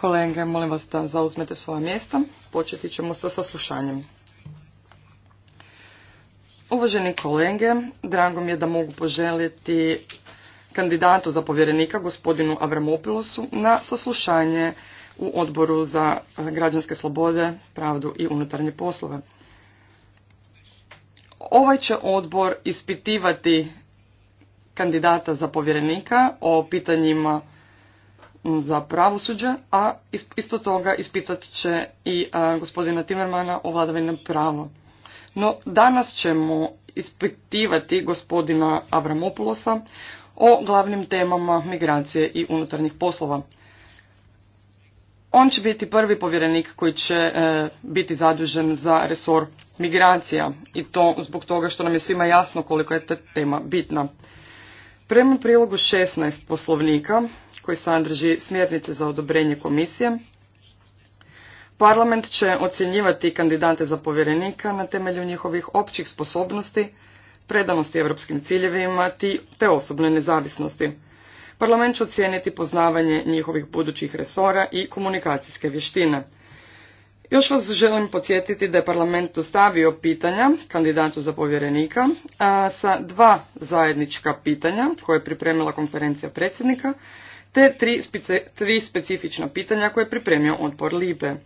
Kolege, molim vas da zauzmete svoje mjesta. Početi ćemo sa saslušanjem. Uvaženi kolege, drago mi je da mogu poželjeti kandidatu za povjerenika, gospodinu Avramopilosu, na saslušanje u odboru za eh, građanske slobode, pravdu i unutarnje poslove. Ovaj će odbor ispitivati kandidata za povjerenika o pitanjima za pravosuđe, a isto toga ispitat će i gospodina Timmermana o vladavinom pravu. No danas ćemo ispitivati gospodina Avramopulosa o glavnim temama migracije i unutarnjih poslova. On će biti prvi povjerenik koji će e, biti zadužen za resor migracija i to zbog toga što nam je svima jasno koliko je ta tema bitna. Prema prilogu 16 poslovnika koji sadrži smjernice za odobrenje komisije. Parlament će ocjenjivati kandidate za povjerenika na temelju njihovih općih sposobnosti, predanosti europskim ciljevima te osobne nezavisnosti. Parlament će ocijeniti poznavanje njihovih budućih resora i komunikacijske vještine. Još vas želim podsjetiti da je parlament dostavio pitanja kandidatu za povjerenika sa dva zajednička pitanja koje je pripremila konferencija predsjednika te tri, tri specifična pitanja koje je pripremio odbor Libe. E,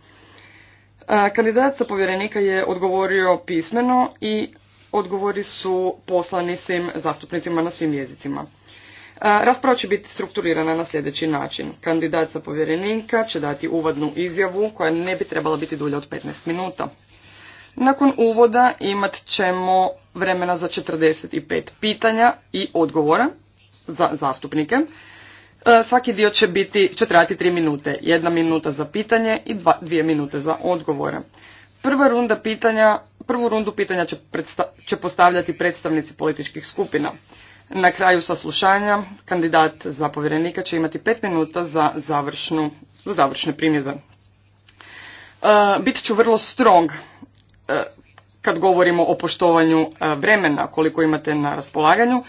kandidat za povjerenika je odgovorio pismeno i odgovori su poslani svim zastupnicima na svim jezicima. E, rasprava će biti strukturirana na sljedeći način. Kandidat za povjerenika će dati uvodnu izjavu koja ne bi trebala biti dulja od 15 minuta. Nakon uvoda imat ćemo vremena za 45 pitanja i odgovora za zastupnike. E, svaki dio će, biti, će trajati tri minute. Jedna minuta za pitanje i dva, dvije minute za odgovore. Prva runda pitanja, prvu rundu pitanja će, će postavljati predstavnici političkih skupina. Na kraju saslušanja kandidat za povjerenika će imati pet minuta za, završnu, za završne primjedbe. E, bit ću vrlo strong e, kad govorimo o poštovanju vremena koliko imate na raspolaganju,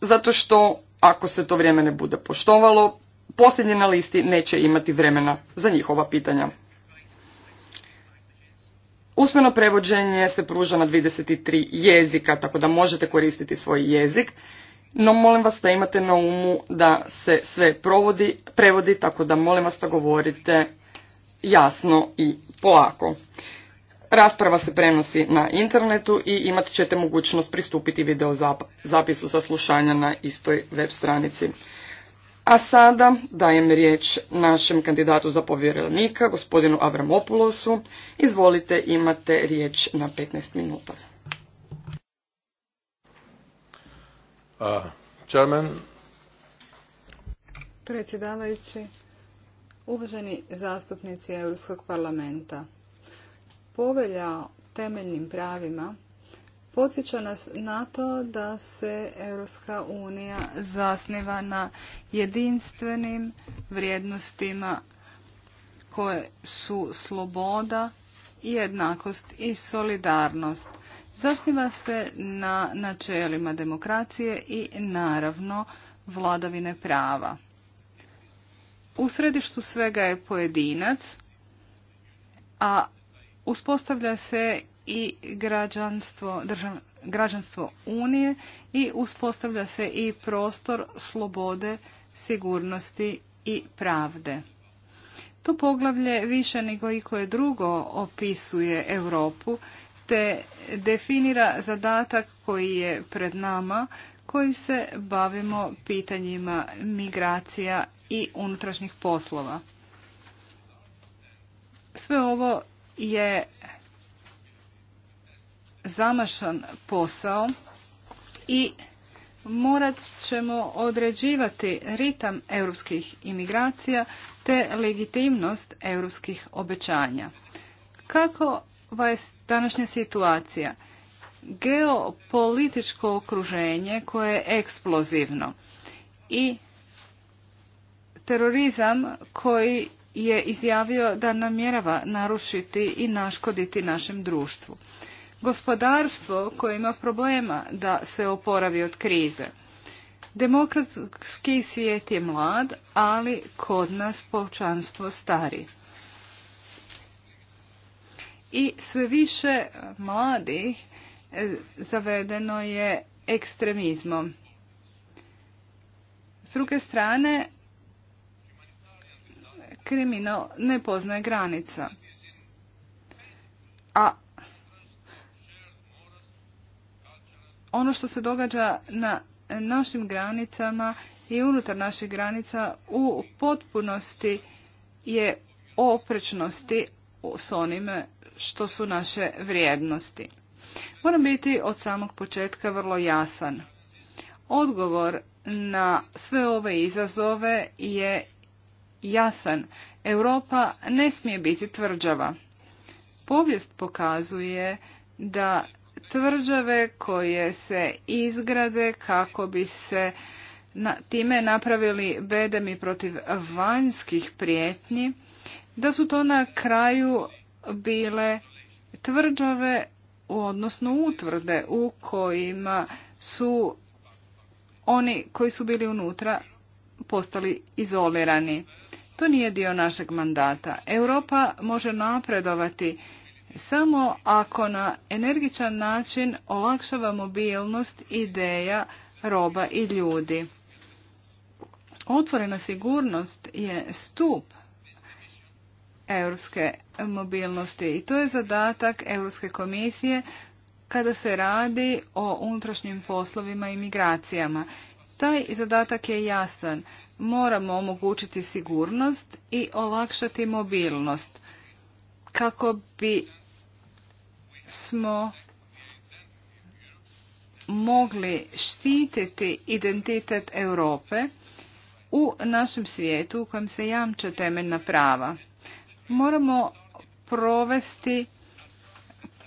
zato što ako se to vrijeme ne bude poštovalo, posljednji na listi neće imati vremena za njihova pitanja. Usmeno prevođenje se pruža na 23 jezika, tako da možete koristiti svoj jezik, no molim vas da imate na umu da se sve provodi, prevodi, tako da molim vas da govorite jasno i polako. Rasprava se prenosi na internetu i imat ćete mogućnost pristupiti video zapisu saslušanja na istoj web stranici. A sada dajem riječ našem kandidatu za povjerenika, gospodinu Avramopulosu. Izvolite, imate riječ na 15 minuta. Predsjedavajući, uvaženi zastupnici Europskog parlamenta povelja temeljnim pravima podsjeća nas na to da se Europska unija zasniva na jedinstvenim vrijednostima koje su sloboda, jednakost i solidarnost. Zasniva se na načelima demokracije i naravno vladavine prava. U središtu svega je pojedinac, a Uspostavlja se i građanstvo, građanstvo Unije i uspostavlja se i prostor slobode, sigurnosti i pravde. To poglavlje više nego i koje drugo opisuje Europu te definira zadatak koji je pred nama koji se bavimo pitanjima migracija i unutrašnjih poslova. Sve ovo je zamašan posao i morat ćemo određivati ritam europskih imigracija te legitimnost europskih obećanja. Kako je današnja situacija? Geopolitičko okruženje koje je eksplozivno i terorizam koji je izjavio da namjerava narušiti i naškoditi našem društvu. Gospodarstvo koje ima problema da se oporavi od krize. Demokratski svijet je mlad, ali kod nas povčanstvo stari. I sve više mladih e, zavedeno je ekstremizmom. S druge strane, kriminal ne poznaje granica. A ono što se događa na našim granicama i unutar naših granica u potpunosti je oprečnosti s onime što su naše vrijednosti. Moram biti od samog početka vrlo jasan. Odgovor na sve ove izazove je jasan. Europa ne smije biti tvrđava. Povijest pokazuje da tvrđave koje se izgrade kako bi se na, time napravili bedemi protiv vanjskih prijetnji, da su to na kraju bile tvrđave, odnosno utvrde u kojima su oni koji su bili unutra postali izolirani. To nije dio našeg mandata. Europa može napredovati samo ako na energičan način olakšava mobilnost ideja, roba i ljudi. Otvorena sigurnost je stup europske mobilnosti i to je zadatak Europske komisije kada se radi o unutrašnjim poslovima i migracijama. Taj zadatak je jasan moramo omogućiti sigurnost i olakšati mobilnost kako bi smo mogli štititi identitet Europe u našem svijetu u kojem se jamče temeljna prava. Moramo provesti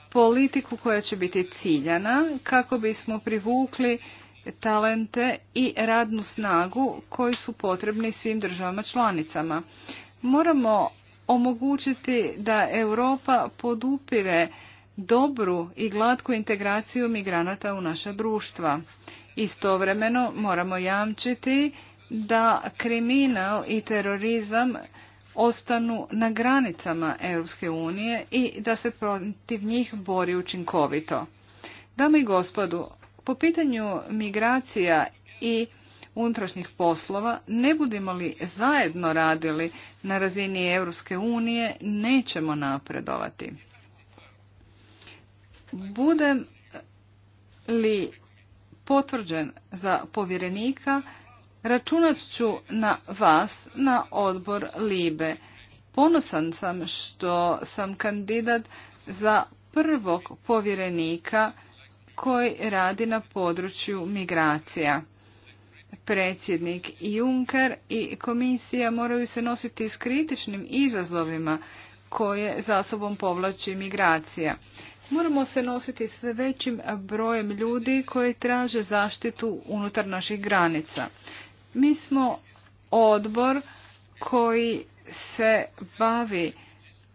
politiku koja će biti ciljana kako bismo privukli talente i radnu snagu koji su potrebni svim državama članicama. Moramo omogućiti da Europa podupire dobru i glatku integraciju migranata u naša društva. Istovremeno moramo jamčiti da kriminal i terorizam ostanu na granicama Europske unije i da se protiv njih bori učinkovito. Dame i gospodu, po pitanju migracija i unutrašnjih poslova, ne budemo li zajedno radili na razini Europske unije, nećemo napredovati. Budem li potvrđen za povjerenika, računat ću na vas, na odbor Libe. Ponosan sam što sam kandidat za prvog povjerenika koji radi na području migracija. Predsjednik Juncker i komisija moraju se nositi s kritičnim izazovima koje za sobom povlači migracija. Moramo se nositi sve većim brojem ljudi koji traže zaštitu unutar naših granica. Mi smo odbor koji se bavi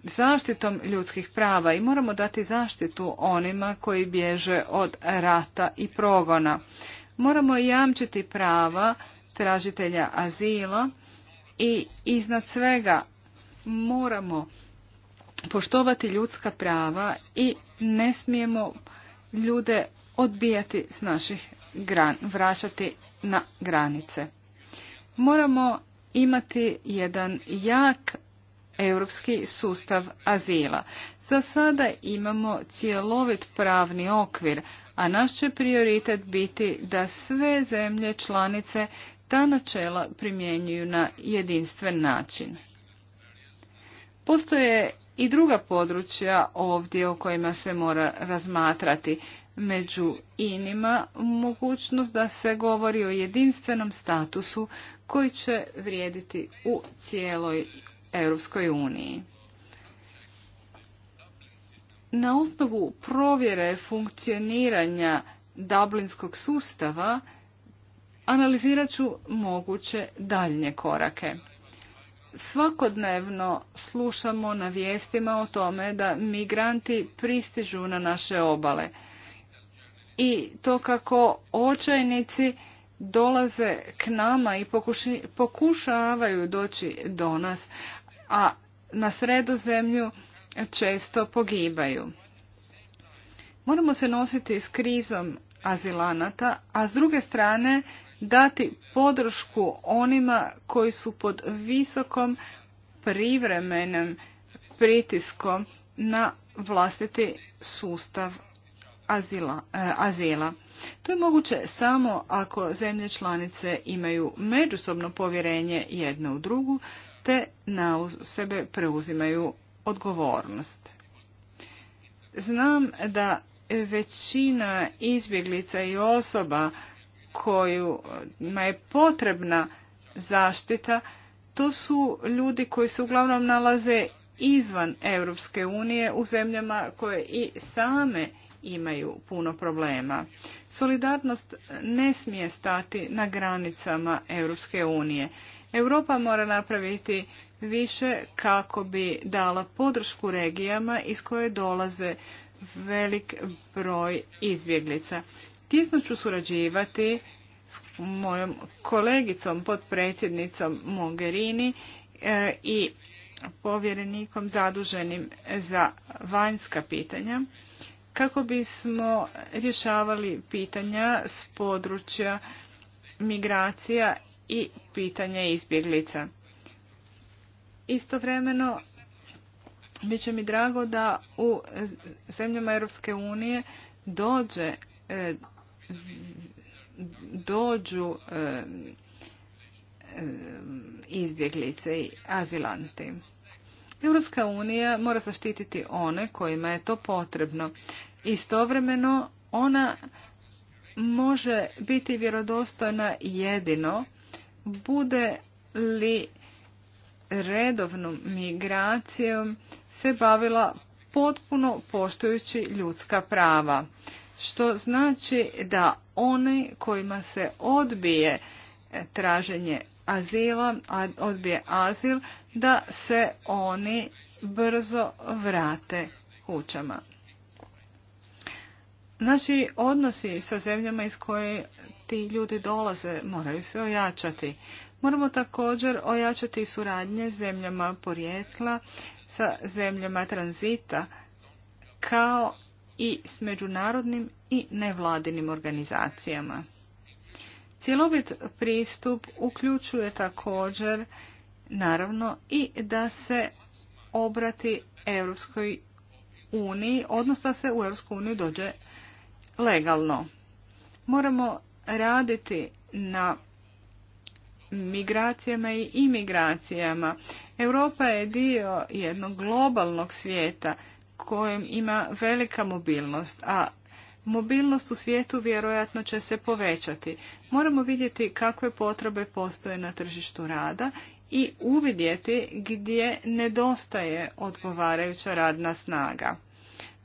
zaštitom ljudskih prava i moramo dati zaštitu onima koji bježe od rata i progona. Moramo jamčiti prava tražitelja azila i iznad svega moramo poštovati ljudska prava i ne smijemo ljude odbijati s naših gran, vraćati na granice. Moramo imati jedan jak europski sustav azila. Za sada imamo cjelovit pravni okvir, a naš će prioritet biti da sve zemlje članice ta načela primjenjuju na jedinstven način. Postoje i druga područja ovdje o kojima se mora razmatrati. Među inima mogućnost da se govori o jedinstvenom statusu koji će vrijediti u cijeloj Europskoj uniji. Na osnovu provjere funkcioniranja Dublinskog sustava analizirat ću moguće daljnje korake. Svakodnevno slušamo na vijestima o tome da migranti pristižu na naše obale i to kako očajnici dolaze k nama i pokušavaju doći do nas, a na sredozemlju često pogibaju. Moramo se nositi s krizom azilanata, a s druge strane dati podršku onima koji su pod visokom privremenim pritiskom na vlastiti sustav azila, e, azila. To je moguće samo ako zemlje članice imaju međusobno povjerenje jedne u drugu te na sebe preuzimaju odgovornost. Znam da većina izbjeglica i osoba kojima je potrebna zaštita, to su ljudi koji se uglavnom nalaze izvan Europske unije u zemljama koje i same imaju puno problema. Solidarnost ne smije stati na granicama Europske unije. Europa mora napraviti više kako bi dala podršku regijama iz koje dolaze velik broj izbjeglica. Tisno ću surađivati s mojom kolegicom, podpredsjednicom Mogherini e, i povjerenikom zaduženim za vanjska pitanja kako bismo rješavali pitanja s područja migracija i pitanje izbjeglica. Istovremeno, bit će mi drago da u zemljama Europske unije dođe e, dođu e, e, izbjeglice i azilanti. Europska unija mora zaštititi one kojima je to potrebno. Istovremeno ona može biti vjerodostojna jedino bude li redovnom migracijom se bavila potpuno poštujući ljudska prava. Što znači da oni kojima se odbije e, traženje azila, odbije azil, da se oni brzo vrate kućama. Naši odnosi sa zemljama iz koje ti ljudi dolaze, moraju se ojačati. Moramo također ojačati suradnje s zemljama porijetla sa zemljama tranzita, kao i s međunarodnim i nevladinim organizacijama. Cjelovit pristup uključuje također, naravno, i da se obrati Europskoj uniji, odnosno da se u Europsku uniju dođe legalno. Moramo raditi na migracijama i imigracijama. Europa je dio jednog globalnog svijeta kojem ima velika mobilnost, a mobilnost u svijetu vjerojatno će se povećati. Moramo vidjeti kakve potrebe postoje na tržištu rada i uvidjeti gdje nedostaje odgovarajuća radna snaga.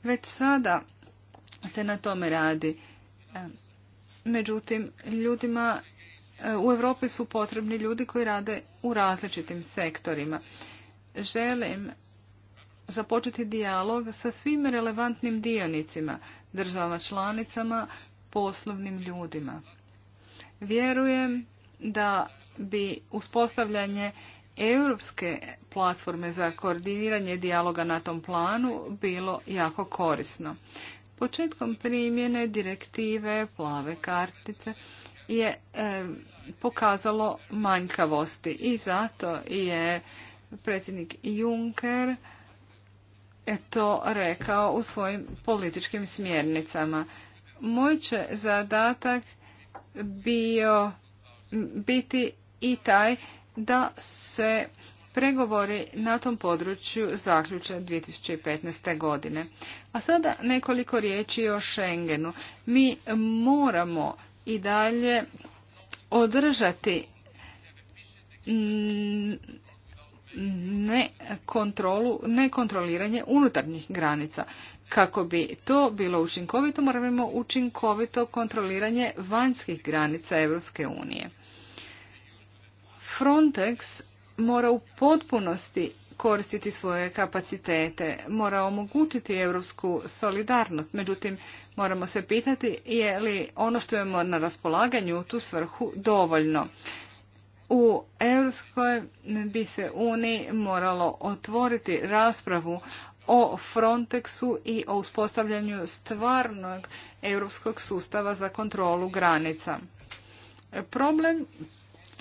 Već sada se na tome radi Međutim, ljudima e, u Europi su potrebni ljudi koji rade u različitim sektorima. Želim započeti dijalog sa svim relevantnim dionicima, državama članicama, poslovnim ljudima. Vjerujem da bi uspostavljanje europske platforme za koordiniranje dijaloga na tom planu bilo jako korisno. Početkom primjene direktive plave kartice je e, pokazalo manjkavosti i zato je predsjednik Juncker e, to rekao u svojim političkim smjernicama. Moj će zadatak bio biti i taj da se pregovori na tom području zaključe 2015. godine. A sada nekoliko riječi o Schengenu. Mi moramo i dalje održati ne kontrolu, ne kontroliranje unutarnjih granica. Kako bi to bilo učinkovito, moramo učinkovito kontroliranje vanjskih granica Europske unije. Frontex mora u potpunosti koristiti svoje kapacitete, mora omogućiti europsku solidarnost. Međutim, moramo se pitati je li ono što imamo na raspolaganju u tu svrhu dovoljno. U Europskoj bi se Uniji moralo otvoriti raspravu o Frontexu i o uspostavljanju stvarnog europskog sustava za kontrolu granica. Problem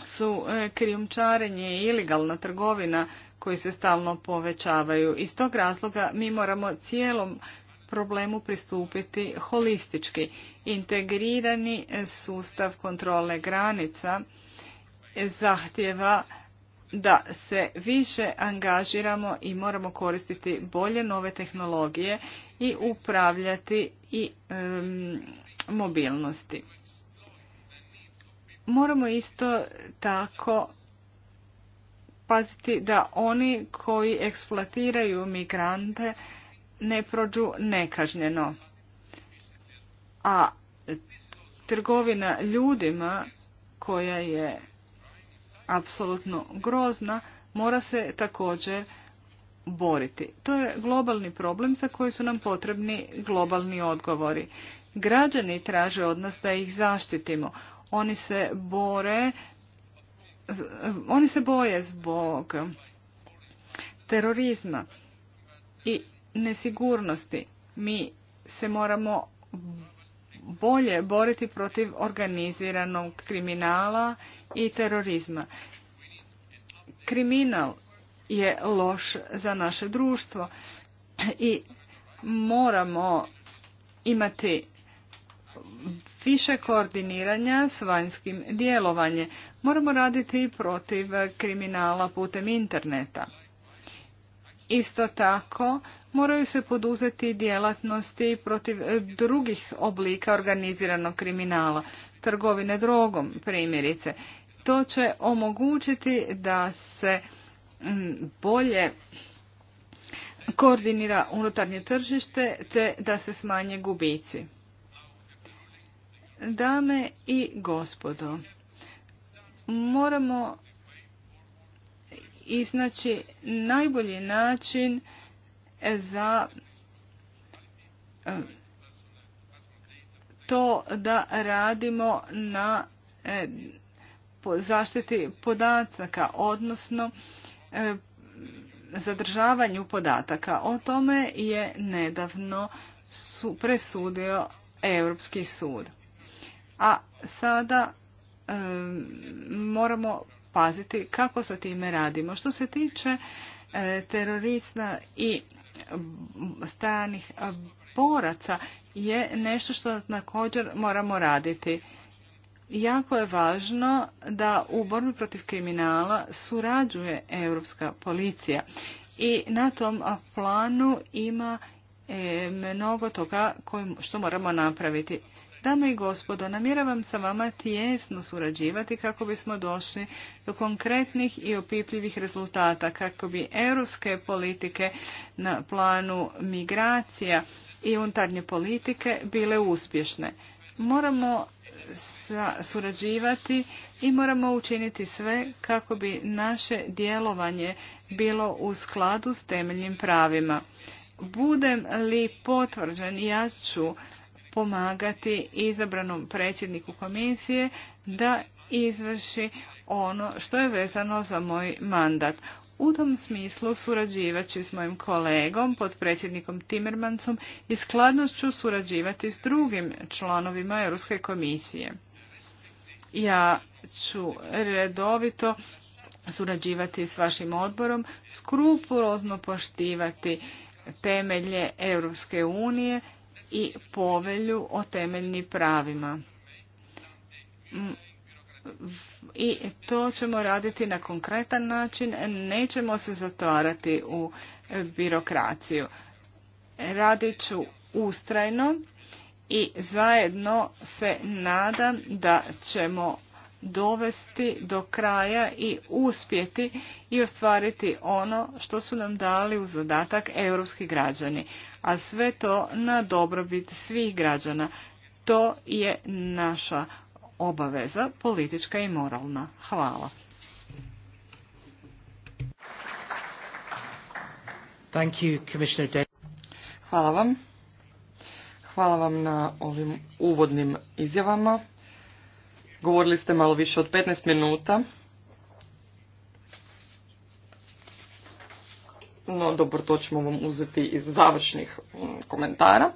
su e, krijumčarenje i ilegalna trgovina koji se stalno povećavaju. Iz tog razloga mi moramo cijelom problemu pristupiti holistički. Integrirani e, sustav kontrole granica e, zahtjeva da se više angažiramo i moramo koristiti bolje nove tehnologije i upravljati i mobilnosti. Moramo isto tako paziti da oni koji eksploatiraju migrante ne prođu nekažnjeno. A trgovina ljudima koja je apsolutno grozna mora se također boriti. To je globalni problem za koji su nam potrebni globalni odgovori. Građani traže od nas da ih zaštitimo. Oni se bore, oni se boje zbog terorizma i nesigurnosti. Mi se moramo bolje boriti protiv organiziranog kriminala i terorizma. Kriminal je loš za naše društvo i moramo imati više koordiniranja s vanjskim djelovanjem. Moramo raditi i protiv kriminala putem interneta. Isto tako, moraju se poduzeti djelatnosti protiv drugih oblika organiziranog kriminala, trgovine drogom primjerice. To će omogućiti da se bolje koordinira unutarnje tržište te da se smanje gubici. Dame i gospodo, moramo iznaći najbolji način za eh, to da radimo na eh, zaštiti podataka, odnosno eh, zadržavanju podataka. O tome je nedavno presudio Europski sud a sada moramo paziti kako sa time radimo. Što se tiče e, terorista i stranih boraca je nešto što također moramo raditi. Jako je važno da u borbi protiv kriminala surađuje europska policija i na tom planu ima e, mnogo toga što moramo napraviti. Dame i gospodo, namjeravam sa vama tijesno surađivati kako bismo došli do konkretnih i opipljivih rezultata, kako bi europske politike na planu migracija i unutarnje politike bile uspješne. Moramo surađivati i moramo učiniti sve kako bi naše djelovanje bilo u skladu s temeljnim pravima. Budem li potvrđen, ja ću pomagati izabranom predsjedniku komisije da izvrši ono što je vezano za moj mandat. U tom smislu surađivaći s mojim kolegom, potpredsjednikom Timmermansom i skladnošću surađivati s drugim članovima Europske komisije. Ja ću redovito surađivati s vašim odborom, skrupulozno poštivati temelje Europske unije i povelju o temeljnim pravima. Mm, I to ćemo raditi na konkretan način, nećemo se zatvarati u e, birokraciju. Radit ću ustrajno i zajedno se nadam da ćemo dovesti do kraja i uspjeti i ostvariti ono što su nam dali u zadatak europski građani, a sve to na dobrobit svih građana. To je naša obaveza, politička i moralna. Hvala. Hvala vam. Hvala vam na ovim uvodnim izjavama. Govorili ste malo više od 15 minuta. No, dobro, to ćemo vam uzeti iz završnih mm, komentara.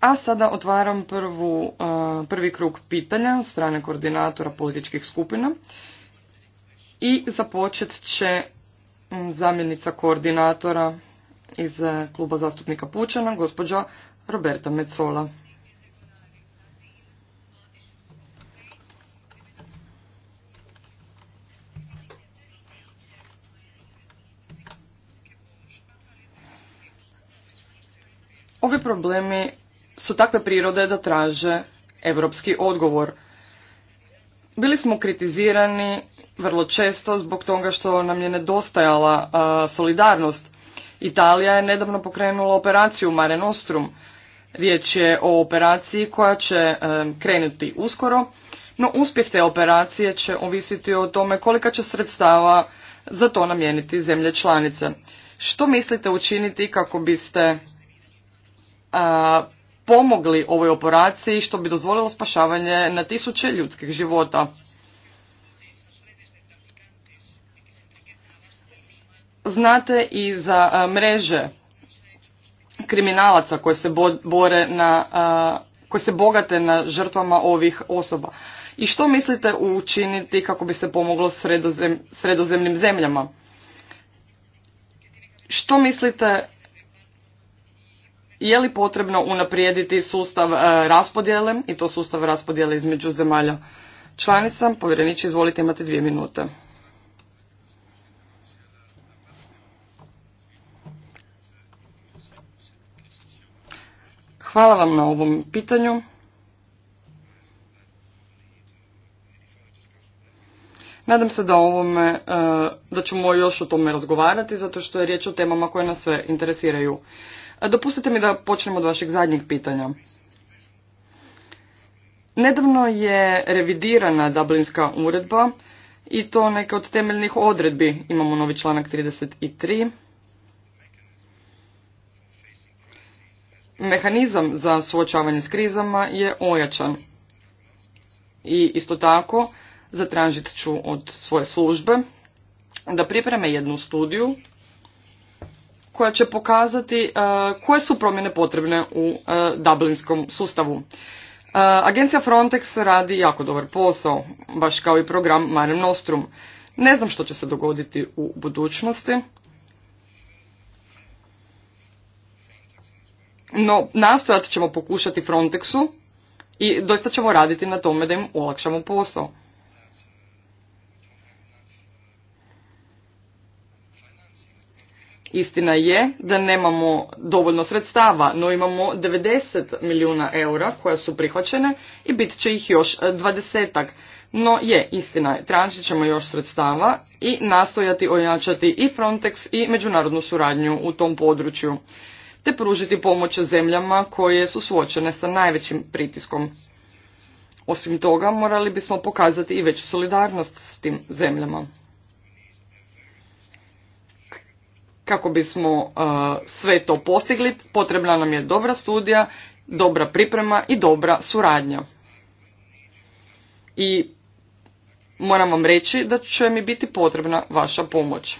A sada otvaram prvu, e, prvi krug pitanja od strane koordinatora političkih skupina. I započet će mm, zamjenica koordinatora iz e, kluba zastupnika Pučana, gospođa Roberta Mecola. problemi su takve prirode da traže europski odgovor. Bili smo kritizirani vrlo često zbog toga što nam je nedostajala solidarnost. Italija je nedavno pokrenula operaciju Mare Nostrum. Riječ je o operaciji koja će e, krenuti uskoro, no uspjeh te operacije će ovisiti o tome kolika će sredstava za to namijeniti zemlje članice. Što mislite učiniti kako biste pomogli ovoj operaciji što bi dozvolilo spašavanje na tisuće ljudskih života. Znate i za mreže kriminalaca koje se bore na, koje se bogate na žrtvama ovih osoba. I što mislite učiniti kako bi se pomoglo sredozem, sredozemnim zemljama? Što mislite je li potrebno unaprijediti sustav e, raspodjele i to sustav raspodjele između zemalja članica. Povjerenić, izvolite, imate dvije minute. Hvala vam na ovom pitanju. Nadam se da, ovome, e, da ćemo još o tome razgovarati, zato što je riječ o temama koje nas sve interesiraju. E, dopustite mi da počnem od vašeg zadnjeg pitanja. Nedavno je revidirana Dublinska uredba i to neke od temeljnih odredbi. Imamo novi članak 33. Mehanizam za suočavanje s krizama je ojačan. I isto tako zatražit ću od svoje službe da pripreme jednu studiju koja će pokazati e, koje su promjene potrebne u e, dublinskom sustavu. E, agencija Frontex radi jako dobar posao, baš kao i program Mare Nostrum. Ne znam što će se dogoditi u budućnosti, no nastojat ćemo pokušati Frontexu i doista ćemo raditi na tome da im olakšamo posao. Istina je da nemamo dovoljno sredstava, no imamo 90 milijuna eura koja su prihvaćene i bit će ih još dvadesetak. No je, istina je, tražit ćemo još sredstava i nastojati ojačati i Frontex i međunarodnu suradnju u tom području, te pružiti pomoć zemljama koje su suočene sa najvećim pritiskom. Osim toga, morali bismo pokazati i veću solidarnost s tim zemljama. Kako bismo uh, sve to postigli, potrebna nam je dobra studija, dobra priprema i dobra suradnja. I moram vam reći da će mi biti potrebna vaša pomoć.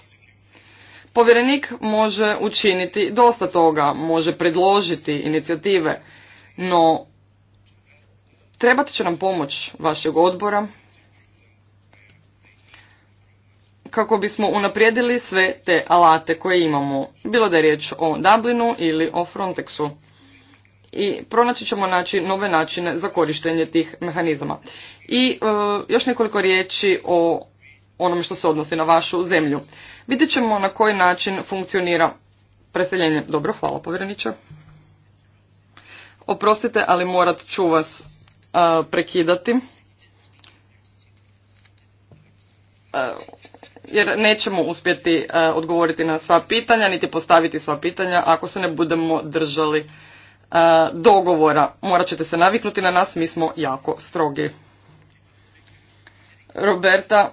Povjerenik može učiniti dosta toga, može predložiti inicijative, no trebati će nam pomoć vašeg odbora, kako bismo unaprijedili sve te alate koje imamo, bilo da je riječ o Dublinu ili o Frontexu. I pronaći ćemo naći nove načine za korištenje tih mehanizama. I e, još nekoliko riječi o onome što se odnosi na vašu zemlju. Vidjet ćemo na koji način funkcionira preseljenje. Dobro, hvala povjereniče. Oprostite, ali morat ću vas e, prekidati. E, jer nećemo uspjeti e, odgovoriti na sva pitanja, niti postaviti sva pitanja ako se ne budemo držali e, dogovora. Morat ćete se naviknuti na nas, mi smo jako strogi. Roberta,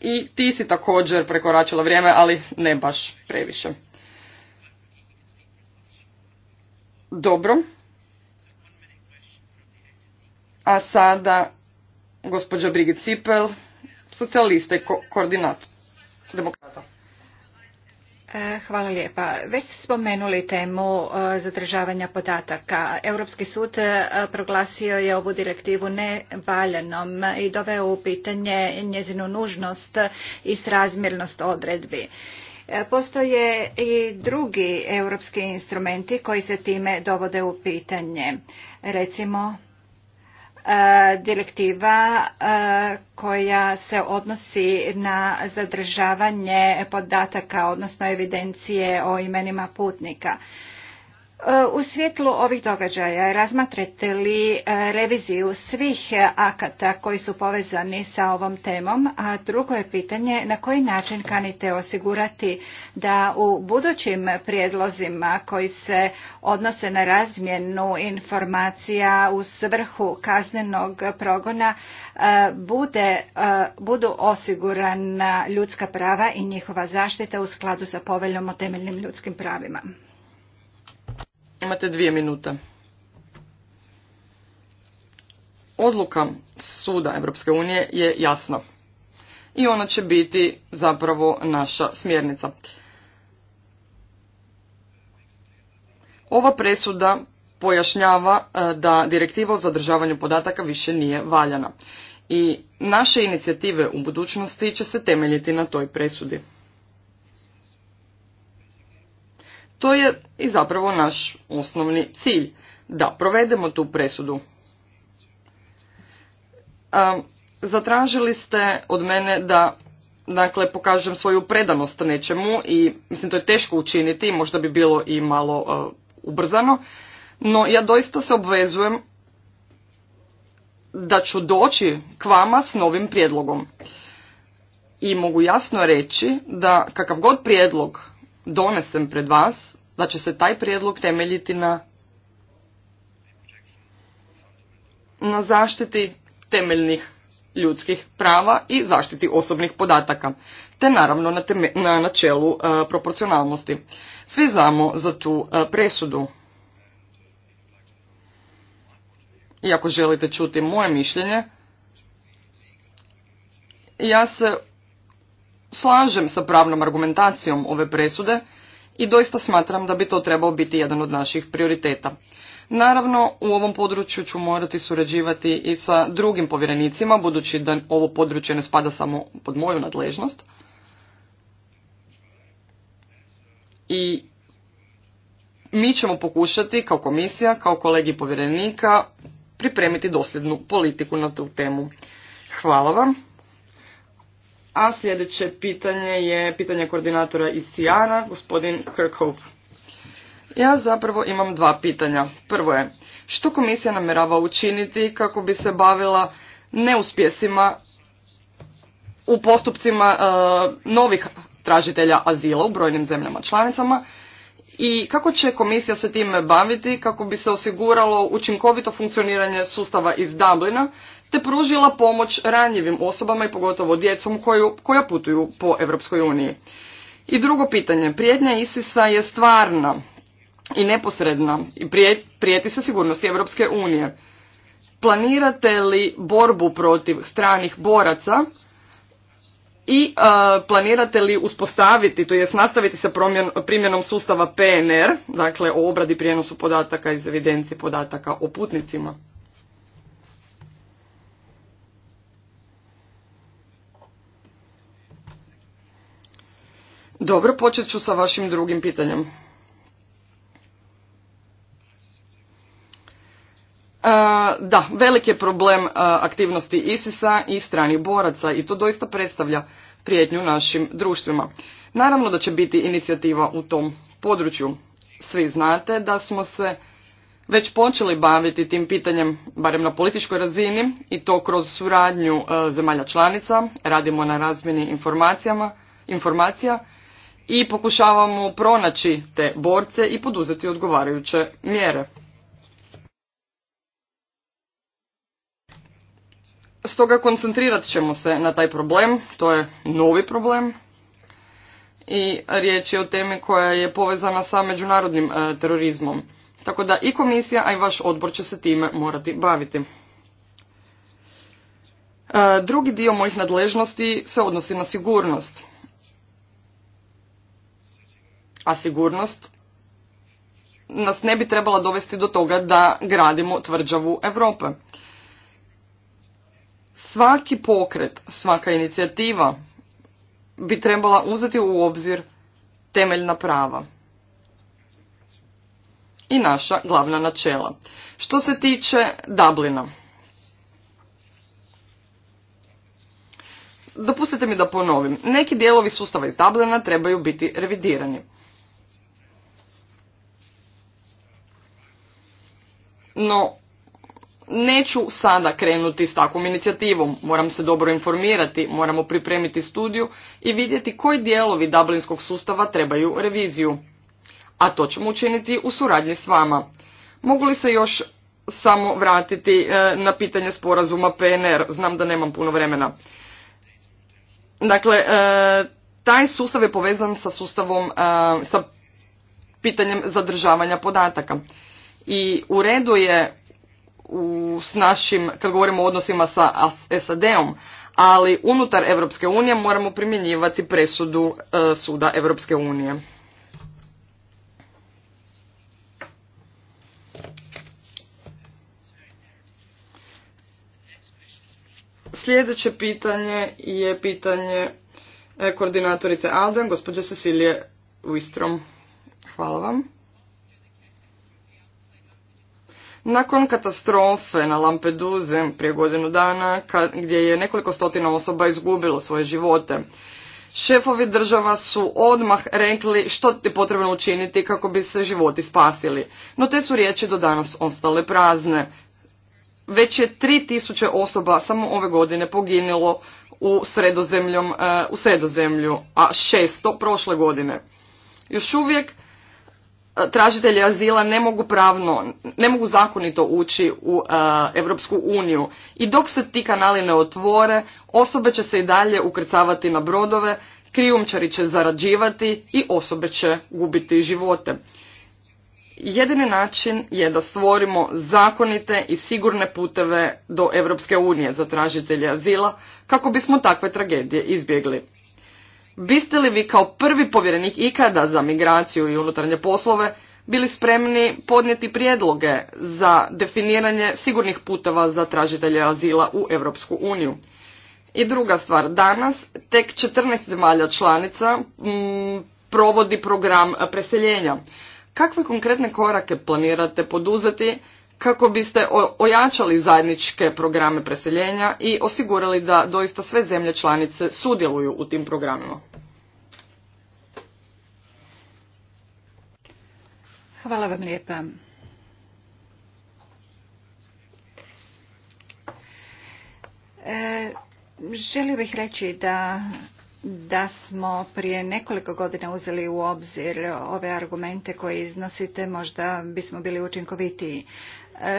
i ti si također prekoračila vrijeme, ali ne baš previše. Dobro. A sada gospođa Brigit Cipel socijalista i koordinat demokrata. E, hvala lijepa. Već ste spomenuli temu e, zadržavanja podataka. Europski sud e, proglasio je ovu direktivu nevaljanom i doveo u pitanje njezinu nužnost i srazmjernost odredbi. Postoje i drugi europski instrumenti koji se time dovode u pitanje. Recimo E, direktiva e, koja se odnosi na zadržavanje podataka, odnosno evidencije o imenima putnika. E, u svjetlu ovih događaja razmatrate li e, reviziju svih akata koji su povezani sa ovom temom, a drugo je pitanje na koji način kanite osigurati da u budućim prijedlozima koji se odnose na razmjenu informacija u svrhu kaznenog progona e, bude, budu osigurana ljudska prava i njihova zaštita u skladu sa poveljom o temeljnim ljudskim pravima. Imate dvije minute. Odluka suda Europske unije je jasna. I ona će biti zapravo naša smjernica. Ova presuda pojašnjava e, da direktiva o zadržavanju podataka više nije valjana. I naše inicijative u budućnosti će se temeljiti na toj presudi. To je i zapravo naš osnovni cilj, da provedemo tu presudu. Zatražili ste od mene da dakle pokažem svoju predanost nečemu i mislim to je teško učiniti, možda bi bilo i malo ubrzano, no ja doista se obvezujem da ću doći k vama s novim prijedlogom. I mogu jasno reći da kakav god prijedlog donesen pred vas, da će se taj prijedlog temeljiti na, na zaštiti temeljnih ljudskih prava i zaštiti osobnih podataka, te naravno na, na načelu e, proporcionalnosti. Svi znamo za tu e, presudu. I ako želite čuti moje mišljenje, ja se slažem sa pravnom argumentacijom ove presude i doista smatram da bi to trebao biti jedan od naših prioriteta. Naravno, u ovom području ću morati surađivati i sa drugim povjerenicima, budući da ovo područje ne spada samo pod moju nadležnost. I mi ćemo pokušati, kao komisija, kao kolegi povjerenika, pripremiti dosljednu politiku na tu temu. Hvala vam. A sljedeće pitanje je pitanje koordinatora iz Sijana, gospodin Kirkhope. Ja zapravo imam dva pitanja. Prvo je, što komisija namjerava učiniti kako bi se bavila neuspjesima u postupcima e, novih tražitelja azila u brojnim zemljama članicama i kako će komisija se time baviti kako bi se osiguralo učinkovito funkcioniranje sustava iz Dublina te pružila pomoć ranjivim osobama i pogotovo djecom koja putuju po Europskoj uniji. I drugo pitanje, prijetnja Isisa je stvarna i neposredna i prijeti se sigurnosti Europske unije. Planirate li borbu protiv stranih boraca i e, planirate li uspostaviti, to jest nastaviti sa primjenom sustava PNR, dakle o obradi prijenosu podataka iz evidencije podataka o putnicima? Dobro, počet ću sa vašim drugim pitanjem. E, da, velik je problem e, aktivnosti ISIS-a i stranih boraca i to doista predstavlja prijetnju našim društvima. Naravno da će biti inicijativa u tom području. Svi znate da smo se već počeli baviti tim pitanjem, barem na političkoj razini, i to kroz suradnju e, zemalja članica, radimo na razmjeni informacijama, informacija, i pokušavamo pronaći te borce i poduzeti odgovarajuće mjere. Stoga koncentrirat ćemo se na taj problem, to je novi problem i riječ je o temi koja je povezana sa međunarodnim e, terorizmom. Tako da i komisija, a i vaš odbor će se time morati baviti. E, drugi dio mojih nadležnosti se odnosi na sigurnost. A sigurnost nas ne bi trebala dovesti do toga da gradimo tvrđavu Europe. Svaki pokret, svaka inicijativa bi trebala uzeti u obzir temeljna prava i naša glavna načela. Što se tiče Dublina, dopustite mi da ponovim, neki dijelovi sustava iz Dublina trebaju biti revidirani. No, neću sada krenuti s takvom inicijativom. Moram se dobro informirati, moramo pripremiti studiju i vidjeti koji dijelovi dublinskog sustava trebaju reviziju. A to ćemo učiniti u suradnji s vama. Mogu li se još samo vratiti e, na pitanje sporazuma PNR? Znam da nemam puno vremena. Dakle, e, taj sustav je povezan sa sustavom, e, sa pitanjem zadržavanja podataka. I u redu je u, s našim, kad govorimo o odnosima sa SAD-om, ali unutar Europske unije moramo primjenjivati presudu e, suda Europske unije. Sljedeće pitanje je pitanje e, koordinatorice Alden, gospođe Cecilije Wistrom. Hvala vam. Nakon katastrofe na Lampeduze prije godinu dana, gdje je nekoliko stotina osoba izgubilo svoje živote, šefovi država su odmah rekli što je potrebno učiniti kako bi se životi spasili. No te su riječi do danas ostale prazne. Već je 3000 osoba samo ove godine poginilo u, sredozemlju, e, u sredozemlju, a 600 prošle godine. Još uvijek tražitelji azila ne mogu pravno, ne mogu zakonito ući u Europsku uniju. I dok se ti kanali ne otvore, osobe će se i dalje ukrcavati na brodove, krijumčari će zarađivati i osobe će gubiti živote. Jedini način je da stvorimo zakonite i sigurne puteve do Europske unije za tražitelje azila kako bismo takve tragedije izbjegli. Biste li vi kao prvi povjerenik ikada za migraciju i unutarnje poslove bili spremni podnijeti prijedloge za definiranje sigurnih puteva za tražitelje azila u Europsku uniju? I druga stvar, danas tek 14 zemalja članica mm, provodi program preseljenja. Kakve konkretne korake planirate poduzeti kako biste ojačali zajedničke programe preseljenja i osigurali da doista sve zemlje članice sudjeluju u tim programima. Hvala vam lijepa. E, želio bih reći da da smo prije nekoliko godina uzeli u obzir ove argumente koje iznosite, možda bismo bili učinkovitiji.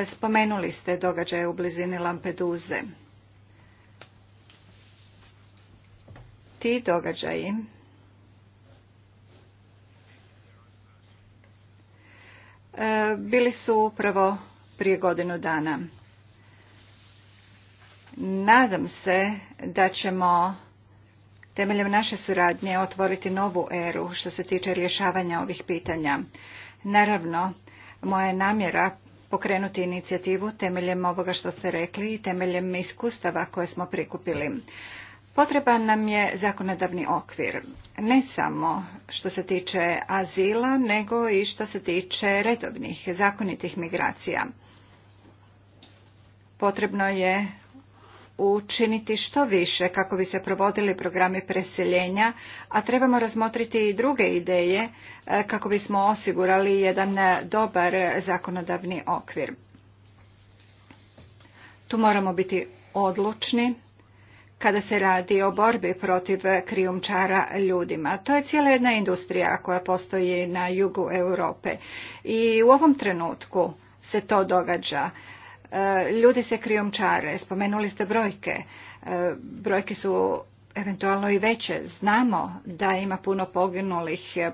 Spomenuli ste događaje u blizini Lampeduze. Ti događaji bili su upravo prije godinu dana. Nadam se da ćemo temeljem naše suradnje otvoriti novu eru što se tiče rješavanja ovih pitanja. Naravno, moja namjera pokrenuti inicijativu temeljem ovoga što ste rekli i temeljem iskustava koje smo prikupili. Potreban nam je zakonodavni okvir, ne samo što se tiče azila, nego i što se tiče redovnih, zakonitih migracija. Potrebno je učiniti što više kako bi se provodili programi preseljenja, a trebamo razmotriti i druge ideje e, kako bismo osigurali jedan e, dobar zakonodavni okvir. Tu moramo biti odlučni kada se radi o borbi protiv krijumčara ljudima. To je cijela jedna industrija koja postoji na jugu Europe i u ovom trenutku se to događa. E, ljudi se krijomčare, spomenuli ste brojke. E, brojke su eventualno i veće. Znamo da ima puno poginulih, e,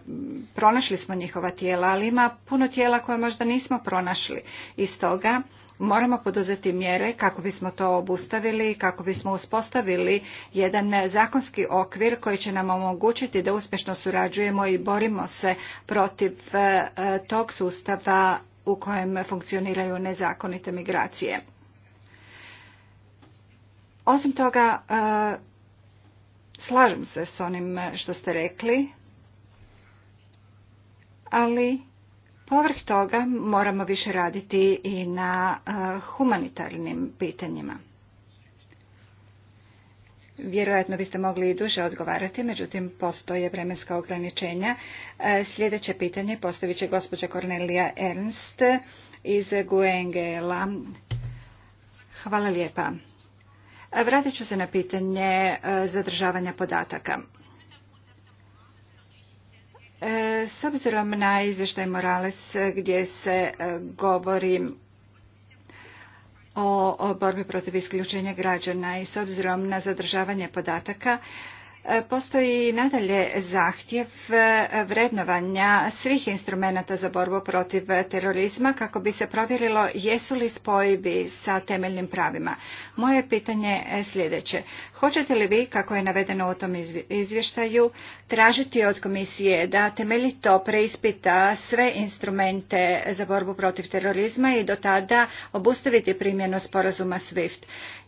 pronašli smo njihova tijela, ali ima puno tijela koje možda nismo pronašli. I stoga moramo poduzeti mjere kako bismo to obustavili, kako bismo uspostavili jedan zakonski okvir koji će nam omogućiti da uspješno surađujemo i borimo se protiv tog sustava u kojem funkcioniraju nezakonite migracije. Osim toga, e, slažem se s onim što ste rekli, ali povrh toga moramo više raditi i na e, humanitarnim pitanjima. Vjerojatno biste mogli i duže odgovarati, međutim postoje vremenska ograničenja. E, sljedeće pitanje postavit će gospođa Kornelija Ernst iz Guengela. Hvala lijepa. E, vratit ću se na pitanje e, zadržavanja podataka. S obzirom na izvještaj Morales gdje se govori o borbi protiv isključenja građana i s obzirom na zadržavanje podataka E, postoji nadalje zahtjev e, vrednovanja svih instrumenata za borbu protiv terorizma kako bi se provjerilo jesu li spojivi sa temeljnim pravima. Moje pitanje je sljedeće. Hoćete li vi, kako je navedeno u tom izvještaju, tražiti od komisije da temeljito preispita sve instrumente za borbu protiv terorizma i do tada obustaviti primjenu sporazuma SWIFT?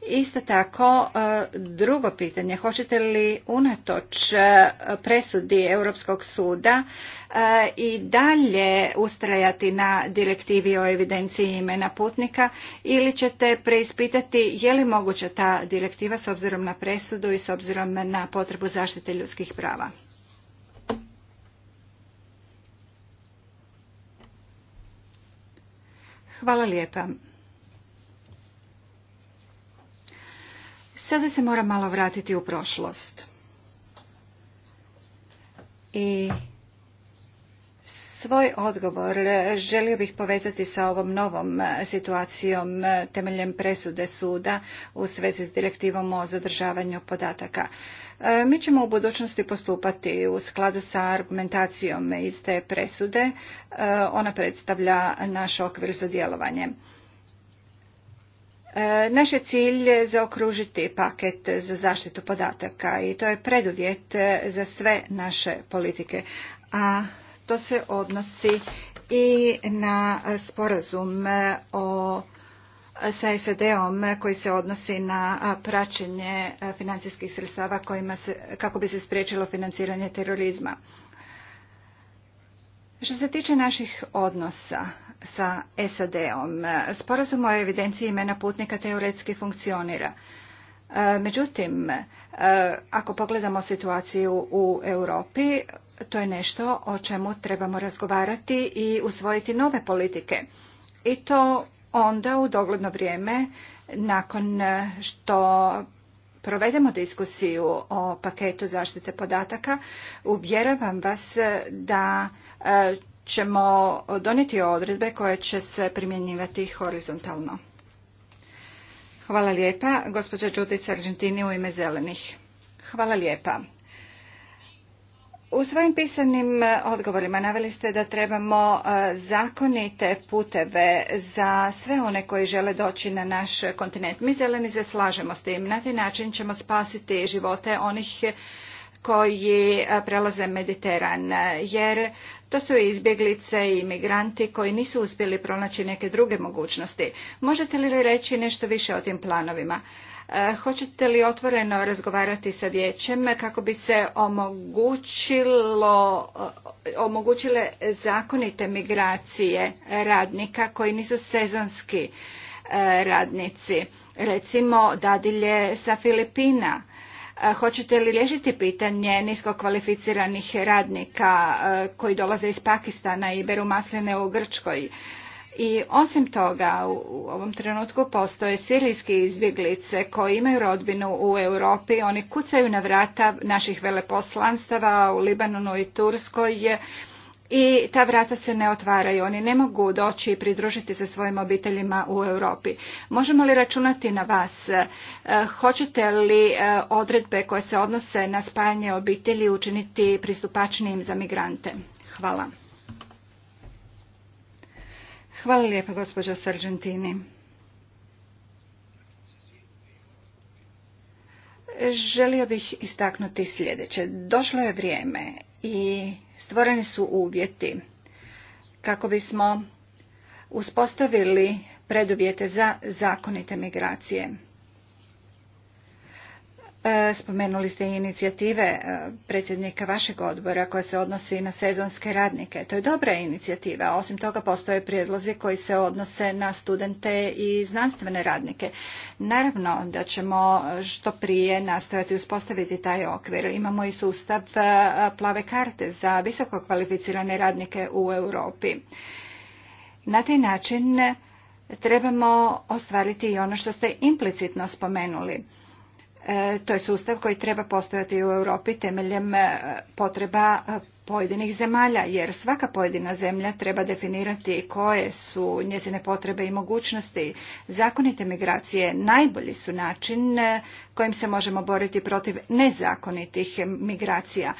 Isto tako, e, drugo pitanje, hoćete li unatoč e, presudi Europskog suda e, i dalje ustrajati na direktivi o evidenciji imena putnika ili ćete preispitati je li moguća ta direktiva s obzirom na presudu i s obzirom na potrebu zaštite ljudskih prava? Hvala lijepa. Sada se moram malo vratiti u prošlost i svoj odgovor želio bih povezati sa ovom novom situacijom temeljem presude suda u svezi s direktivom o zadržavanju podataka. E, mi ćemo u budućnosti postupati u skladu sa argumentacijom iz te presude. E, ona predstavlja naš okvir za djelovanje. E, naš je cilj zaokružiti paket za zaštitu podataka i to je preduvjet e, za sve naše politike, a to se odnosi i na sporazum e, o sa SAD-om koji se odnosi na praćenje financijskih sredstava kojima se, kako bi se spriječilo financiranje terorizma. Što se tiče naših odnosa sa SAD-om, sporazum o evidenciji imena putnika teoretski funkcionira. E, međutim, e, ako pogledamo situaciju u Europi, to je nešto o čemu trebamo razgovarati i usvojiti nove politike. I to onda u dogledno vrijeme nakon što provedemo diskusiju o paketu zaštite podataka, uvjeravam vas da e, ćemo donijeti odredbe koje će se primjenjivati horizontalno. Hvala lijepa, gospođa Đudica Argentini u ime zelenih. Hvala lijepa. U svojim pisanim e, odgovorima naveli ste da trebamo e, zakonite puteve za sve one koji žele doći na naš kontinent. Mi zeleni se slažemo s tim. Na taj način ćemo spasiti živote onih koji e, prelaze Mediteran, jer to su izbjeglice i imigranti koji nisu uspjeli pronaći neke druge mogućnosti. Možete li reći nešto više o tim planovima? E, hoćete li otvoreno razgovarati sa vijećem kako bi se omogućilo, e, omogućile zakonite migracije radnika koji nisu sezonski e, radnici, recimo dadilje sa Filipina? Hoćete li riješiti pitanje niskokvalificiranih radnika koji dolaze iz Pakistana i beru masline u Grčkoj? I osim toga, u ovom trenutku postoje sirijski izbjeglice koji imaju rodbinu u Europi. Oni kucaju na vrata naših veleposlanstava u Libanonu i Turskoj i ta vrata se ne otvaraju. Oni ne mogu doći i pridružiti se svojim obiteljima u Europi. Možemo li računati na vas? E, hoćete li e, odredbe koje se odnose na spajanje obitelji učiniti pristupačnijim za migrante? Hvala. Hvala lijepa gospođo Sargentini. Želio bih istaknuti sljedeće. Došlo je vrijeme i stvoreni su uvjeti kako bismo uspostavili preduvjete za zakonite migracije. E, spomenuli ste i inicijative e, predsjednika vašeg odbora koja se odnosi na sezonske radnike. To je dobra inicijativa. Osim toga postoje prijedlozi koji se odnose na studente i znanstvene radnike. Naravno da ćemo što prije nastojati uspostaviti taj okvir. Imamo i sustav e, plave karte za visoko kvalificirane radnike u Europi. Na taj način trebamo ostvariti i ono što ste implicitno spomenuli E, to je sustav koji treba postojati u Europi temeljem e, potreba e, pojedinih zemalja, jer svaka pojedina zemlja treba definirati koje su njezine potrebe i mogućnosti. Zakonite migracije najbolji su način kojim se možemo boriti protiv nezakonitih migracija.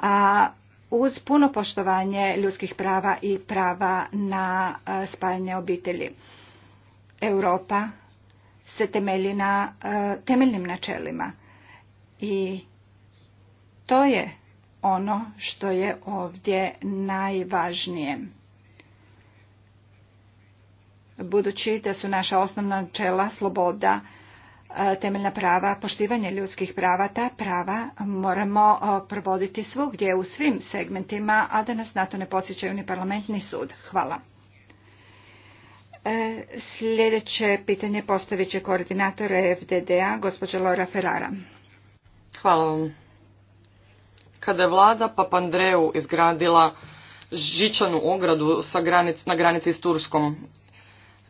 A uz puno poštovanje ljudskih prava i prava na spajanje obitelji. Europa se temelji na e, temeljnim načelima. I to je ono što je ovdje najvažnije. Budući da su naša osnovna načela sloboda, e, temeljna prava, poštivanje ljudskih prava, ta prava moramo e, provoditi svugdje u svim segmentima, a da nas na to ne posjećaju ni parlament ni sud. Hvala. E, sljedeće pitanje postavit će koordinatora FDD-a, gospođa Laura Ferrara. Hvala vam. Kada je vlada Papandreu izgradila žičanu ogradu na granici s Turskom,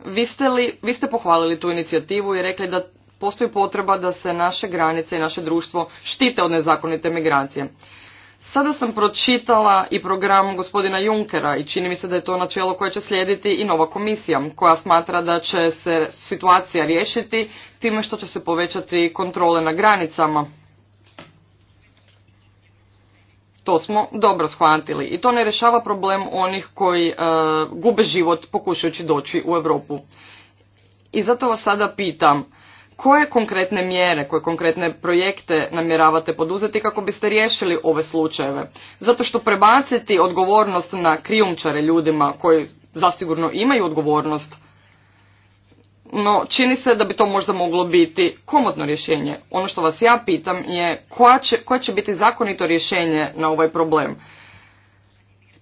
vi ste, vi ste pohvalili tu inicijativu i rekli da postoji potreba da se naše granice i naše društvo štite od nezakonite migracije. Sada sam pročitala i program gospodina Junkera i čini mi se da je to načelo koje će slijediti i nova komisija koja smatra da će se situacija riješiti time što će se povećati kontrole na granicama. To smo dobro shvatili i to ne rješava problem onih koji e, gube život pokušajući doći u Europu. I zato vas sada pitam, koje konkretne mjere, koje konkretne projekte namjeravate poduzeti kako biste riješili ove slučajeve? Zato što prebaciti odgovornost na krijumčare ljudima koji zasigurno imaju odgovornost, no čini se da bi to možda moglo biti komotno rješenje. Ono što vas ja pitam je koja će, koja će biti zakonito rješenje na ovaj problem?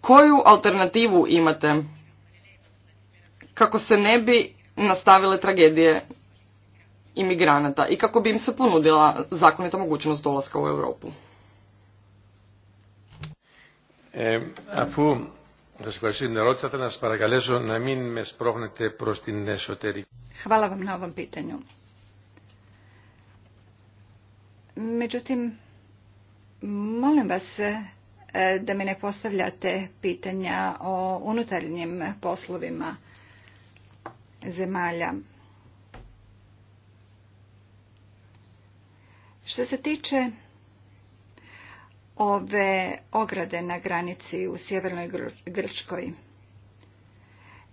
Koju alternativu imate kako se ne bi nastavile tragedije imigranata i kako bi im se ponudila zakonita mogućnost dolaska u Europu. E, apu, na min mes Hvala vam na ovom pitanju. Međutim, molim vas e, da mi ne postavljate pitanja o unutarnjim poslovima zemalja Što se tiče ove ograde na granici u sjevernoj Grčkoj,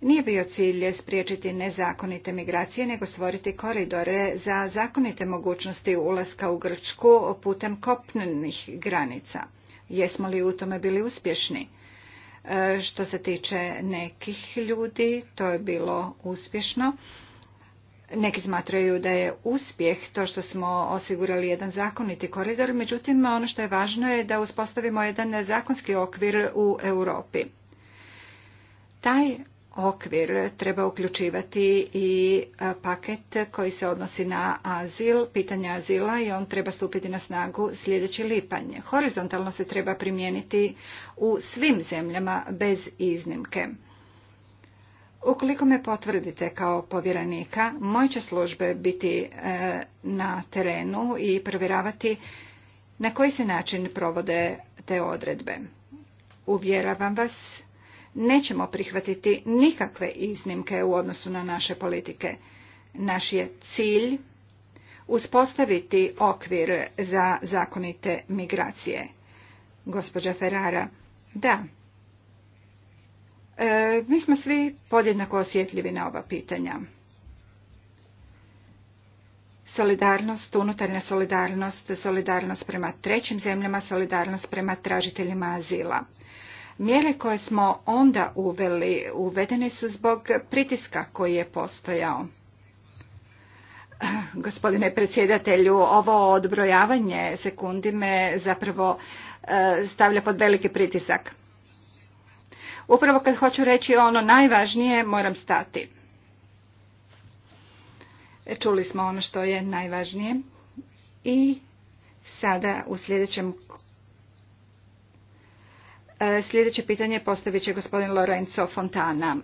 nije bio cilj spriječiti nezakonite migracije, nego stvoriti koridore za zakonite mogućnosti ulaska u Grčku putem kopnenih granica. Jesmo li u tome bili uspješni? E, što se tiče nekih ljudi, to je bilo uspješno neki smatraju da je uspjeh to što smo osigurali jedan zakoniti koridor, međutim ono što je važno je da uspostavimo jedan zakonski okvir u Europi. Taj okvir treba uključivati i e, paket koji se odnosi na azil, pitanje azila i on treba stupiti na snagu sljedeći lipanje. Horizontalno se treba primijeniti u svim zemljama bez iznimke. Ukoliko me potvrdite kao povjerenika, moje će službe biti e, na terenu i provjeravati na koji se način provode te odredbe. Uvjeravam vas, nećemo prihvatiti nikakve iznimke u odnosu na naše politike. Naš je cilj uspostaviti okvir za zakonite migracije. Gospođa Ferrara, da, E, mi smo svi podjednako osjetljivi na ova pitanja. Solidarnost, unutarnja solidarnost, solidarnost prema trećim zemljama, solidarnost prema tražiteljima azila. Mjere koje smo onda uveli, uvedene su zbog pritiska koji je postojao. Gospodine predsjedatelju, ovo odbrojavanje sekundi me zapravo e, stavlja pod veliki pritisak. Upravo kad hoću reći ono najvažnije, moram stati. E, čuli smo ono što je najvažnije. I sada u sljedećem e, Sljedeće pitanje postavit će gospodin Lorenzo Fontana.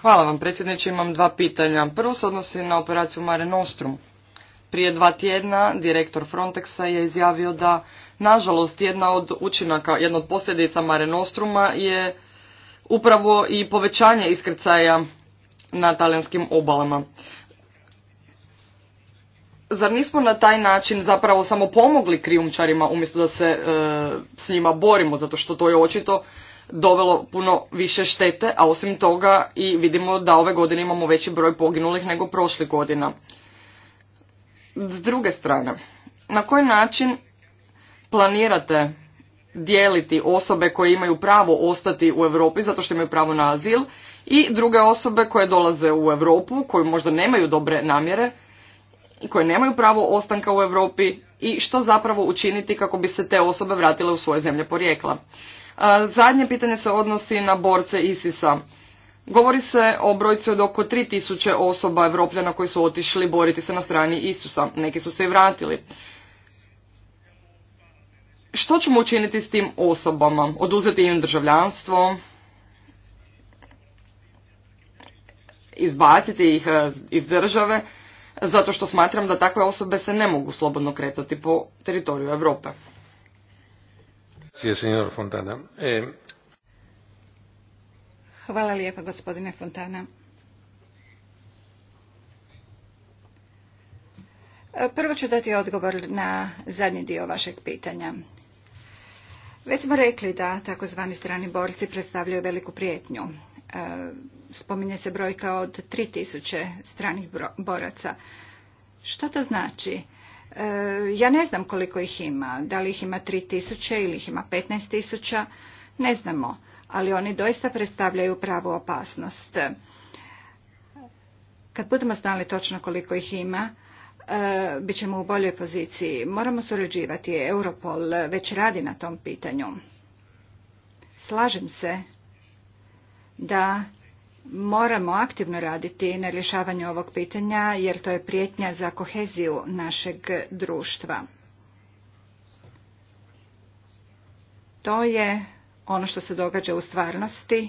Hvala vam predsjedniče, imam dva pitanja. Prvo se odnosi na operaciju Mare Nostrum. Prije dva tjedna direktor Frontexa je izjavio da Nažalost, jedna od učinaka, jedna od posljedica Mare Nostruma je upravo i povećanje iskrcaja na talijanskim obalama. Zar nismo na taj način zapravo samo pomogli krijumčarima umjesto da se e, s njima borimo, zato što to je očito dovelo puno više štete, a osim toga i vidimo da ove godine imamo veći broj poginulih nego prošli godina. S druge strane, na koji način planirate dijeliti osobe koje imaju pravo ostati u Europi zato što imaju pravo na azil i druge osobe koje dolaze u Europu, koje možda nemaju dobre namjere i koje nemaju pravo ostanka u Europi i što zapravo učiniti kako bi se te osobe vratile u svoje zemlje porijekla. E, zadnje pitanje se odnosi na borce Isisa. Govori se o brojci od oko 3000 osoba evropljana koji su otišli boriti se na strani Isusa. Neki su se i vratili što ćemo učiniti s tim osobama? Oduzeti im državljanstvo? Izbaciti ih eh, iz države? Zato što smatram da takve osobe se ne mogu slobodno kretati po teritoriju Europe. E, Hvala lijepa gospodine Fontana. Prvo ću dati odgovor na zadnji dio vašeg pitanja. Već smo rekli da takozvani strani borci predstavljaju veliku prijetnju. E, spominje se brojka od 3000 stranih boraca. Što to znači? E, ja ne znam koliko ih ima. Da li ih ima 3000 ili ih ima 15000? Ne znamo, ali oni doista predstavljaju pravu opasnost. Kad budemo znali točno koliko ih ima, Eh, bit ćemo u boljoj poziciji. Moramo surađivati. Europol već radi na tom pitanju. Slažem se da moramo aktivno raditi na rješavanju ovog pitanja jer to je prijetnja za koheziju našeg društva. To je ono što se događa u stvarnosti,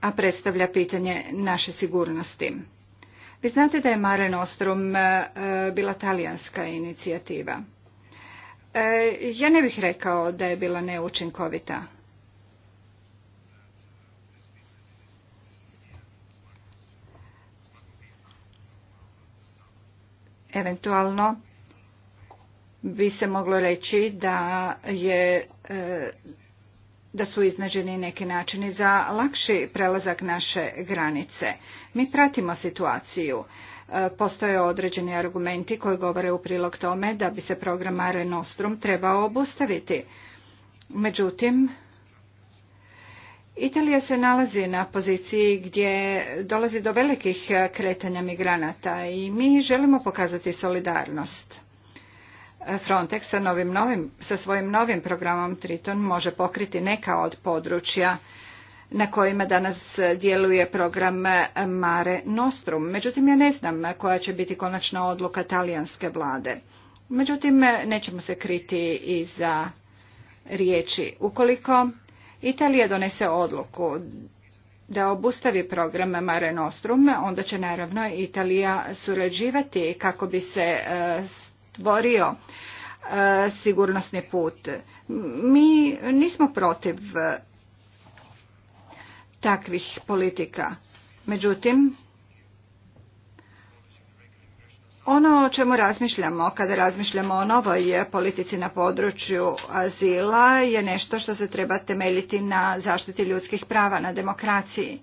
a predstavlja pitanje naše sigurnosti. Vi znate da je Mare Nostrum e, bila talijanska inicijativa. E, ja ne bih rekao da je bila neučinkovita. Eventualno bi se moglo reći da je e, da su iznađeni neki načini za lakši prelazak naše granice. Mi pratimo situaciju. E, postoje određeni argumenti koji govore u prilog tome da bi se program Mare Nostrum trebao obustaviti. Međutim, Italija se nalazi na poziciji gdje dolazi do velikih kretanja migranata i mi želimo pokazati solidarnost. Frontex sa, sa svojim novim programom Triton može pokriti neka od područja na kojima danas djeluje program Mare Nostrum. Međutim, ja ne znam koja će biti konačna odluka talijanske vlade. Međutim, nećemo se kriti i za riječi. Ukoliko Italija donese odluku da obustavi program Mare Nostrum, onda će naravno Italija surađivati kako bi se e, stvorio e, sigurnosni put. Mi nismo protiv takvih politika. Međutim, ono o čemu razmišljamo kada razmišljamo o novoj politici na području azila je nešto što se treba temeljiti na zaštiti ljudskih prava, na demokraciji.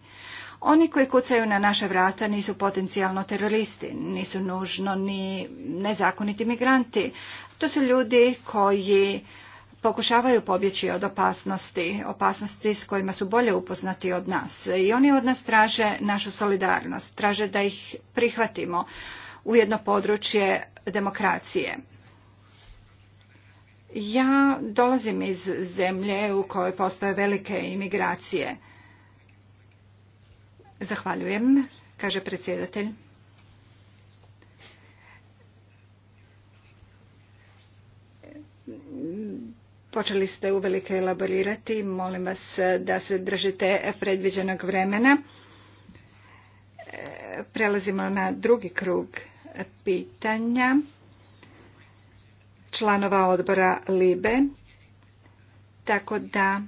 Oni koji kucaju na naša vrata nisu potencijalno teroristi, nisu nužno ni nezakoniti migranti. To su ljudi koji pokušavaju pobjeći od opasnosti, opasnosti s kojima su bolje upoznati od nas. I oni od nas traže našu solidarnost, traže da ih prihvatimo u jedno područje demokracije. Ja dolazim iz zemlje u kojoj postoje velike imigracije. Zahvaljujem, kaže predsjedatelj. Počeli ste uvelike elaborirati. Molim vas da se držite predviđenog vremena. E, prelazimo na drugi krug pitanja članova odbora LIBE. Tako da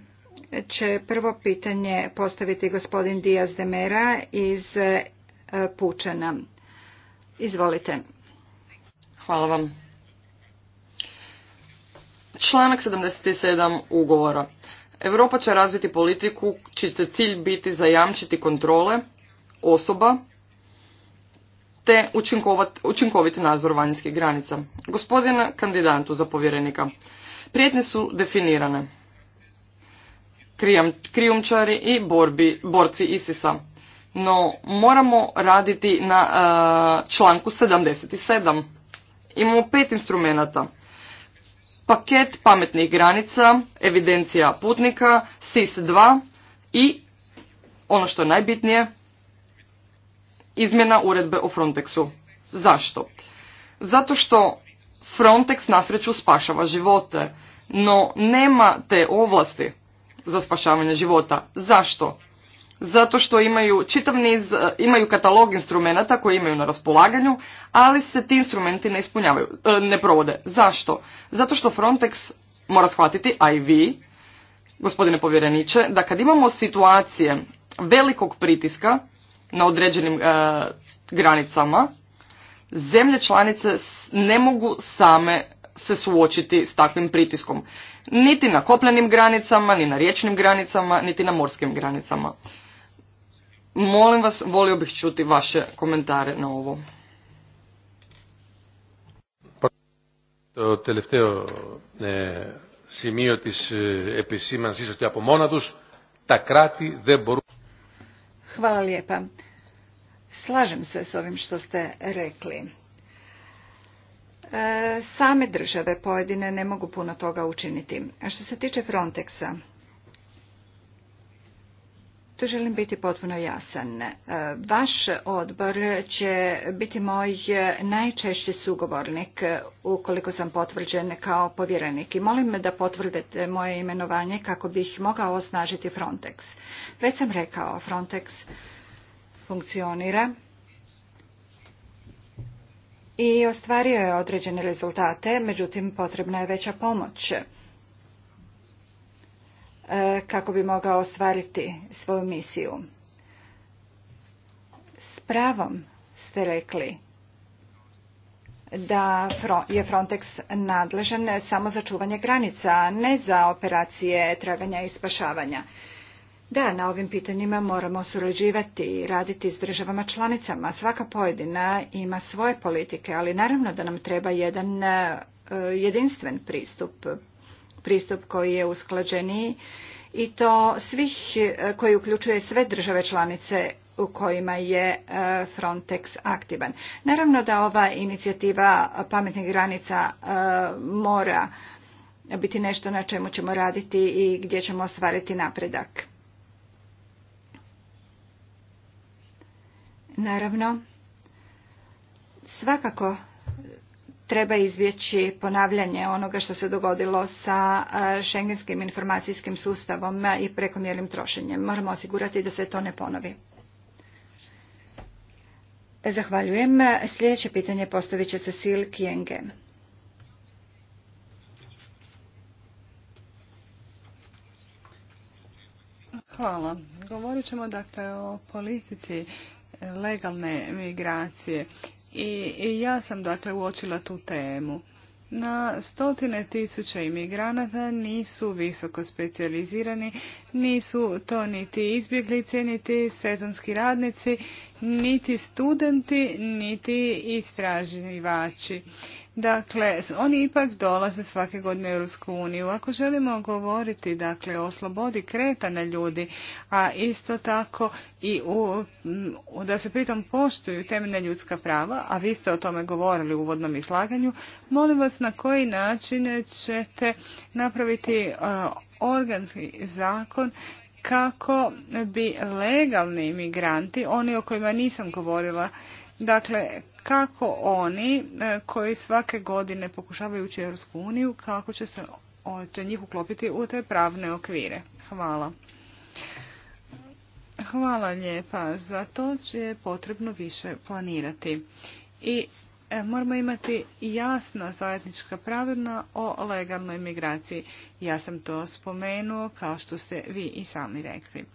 će prvo pitanje postaviti gospodin Dijaz Mera iz e, Pučana. Izvolite. Hvala vam. Članak 77 ugovora. Europa će razviti politiku čiji će cilj biti zajamčiti kontrole osoba te učinkoviti nadzor vanjskih granica. Gospodine kandidatu za povjerenika, prijetnje su definirane. krijumčari i borbi, borci ISIS-a. No moramo raditi na članku 77. Imamo pet instrumenata paket pametnih granica, evidencija putnika, SIS-2 i, ono što je najbitnije, izmjena uredbe o Frontexu. Zašto? Zato što Frontex nasreću spašava živote, no nema te ovlasti za spašavanje života. Zašto? zato što imaju čitav niz, e, imaju katalog instrumenata koji imaju na raspolaganju, ali se ti instrumenti ne ispunjavaju, e, ne provode. Zašto? Zato što Frontex mora shvatiti, a i vi, gospodine povjereniče, da kad imamo situacije velikog pritiska na određenim e, granicama, zemlje članice ne mogu same se suočiti s takvim pritiskom. Niti na kopljenim granicama, ni na riječnim granicama, niti na morskim granicama. Molim vas, volio bih čuti vaše komentare na ovo. Hvala lijepa. Slažem se s ovim što ste rekli. same države pojedine ne mogu puno toga učiniti. A što se tiče Frontexa, tu želim biti potpuno jasan. E, vaš odbor će biti moj najčešći sugovornik e, ukoliko sam potvrđen kao povjerenik i molim me da potvrdite moje imenovanje kako bih mogao osnažiti Frontex. Već sam rekao, Frontex funkcionira i ostvario je određene rezultate, međutim potrebna je veća pomoć. E, kako bi mogao ostvariti svoju misiju. S pravom ste rekli da je Frontex nadležan samo za čuvanje granica, a ne za operacije traganja i spašavanja. Da, na ovim pitanjima moramo surađivati i raditi s državama članicama. Svaka pojedina ima svoje politike, ali naravno da nam treba jedan e, jedinstven pristup pristup koji je usklađeniji i to svih e, koji uključuje sve države članice u kojima je e, Frontex aktivan. Naravno da ova inicijativa pametnih granica e, mora biti nešto na čemu ćemo raditi i gdje ćemo ostvariti napredak. Naravno, svakako treba izbjeći ponavljanje onoga što se dogodilo sa Schengenskim e, informacijskim sustavom i prekomjernim trošenjem. Moramo osigurati da se to ne ponovi. Zahvaljujem. Sljedeće pitanje postavit će Sil Kjenge. Hvala. Govorit ćemo dakle o politici legalne migracije i ja sam dakle uočila tu temu. Na stotine tisuća imigranata nisu visoko specijalizirani, nisu to niti izbjeglice, niti sezonski radnici, niti studenti, niti istraživači. Dakle, oni ipak dolaze svake godine u Europsku uniju. Ako želimo govoriti dakle, o slobodi na ljudi, a isto tako i u, da se pritom poštuju temeljna ljudska prava, a vi ste o tome govorili u uvodnom izlaganju, molim vas na koji način ćete napraviti e, organski zakon kako bi legalni imigranti, oni o kojima nisam govorila, dakle kako oni e, koji svake godine pokušavaju ući u Europsku uniju, kako će se će njih uklopiti u te pravne okvire. Hvala. Hvala lijepa. Za to je potrebno više planirati. I e, moramo imati jasna zajednička pravilna o legalnoj migraciji. Ja sam to spomenuo kao što ste vi i sami rekli.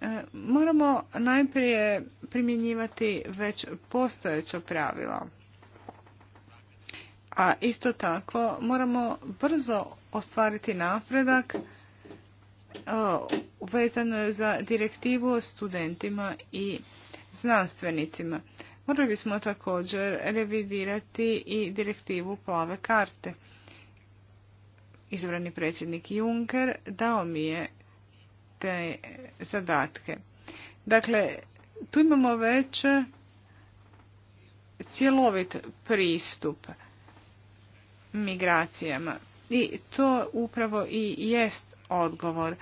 E, moramo najprije primjenjivati već postojeća pravila. A isto tako moramo brzo ostvariti napredak e, vezano za direktivu o studentima i znanstvenicima. Morali smo također revidirati i direktivu plave karte. Izvrani predsjednik Juncker dao mi je te zadatke. Dakle, tu imamo već cjelovit pristup migracijama. I to upravo i jest odgovor.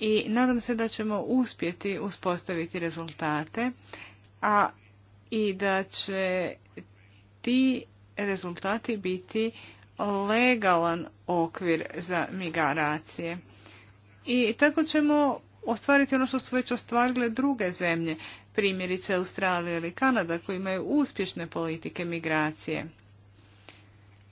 I nadam se da ćemo uspjeti uspostaviti rezultate, a i da će ti rezultati biti legalan okvir za migracije i tako ćemo ostvariti ono što su već ostvarile druge zemlje, primjerice Australija ili Kanada koji imaju uspješne politike migracije.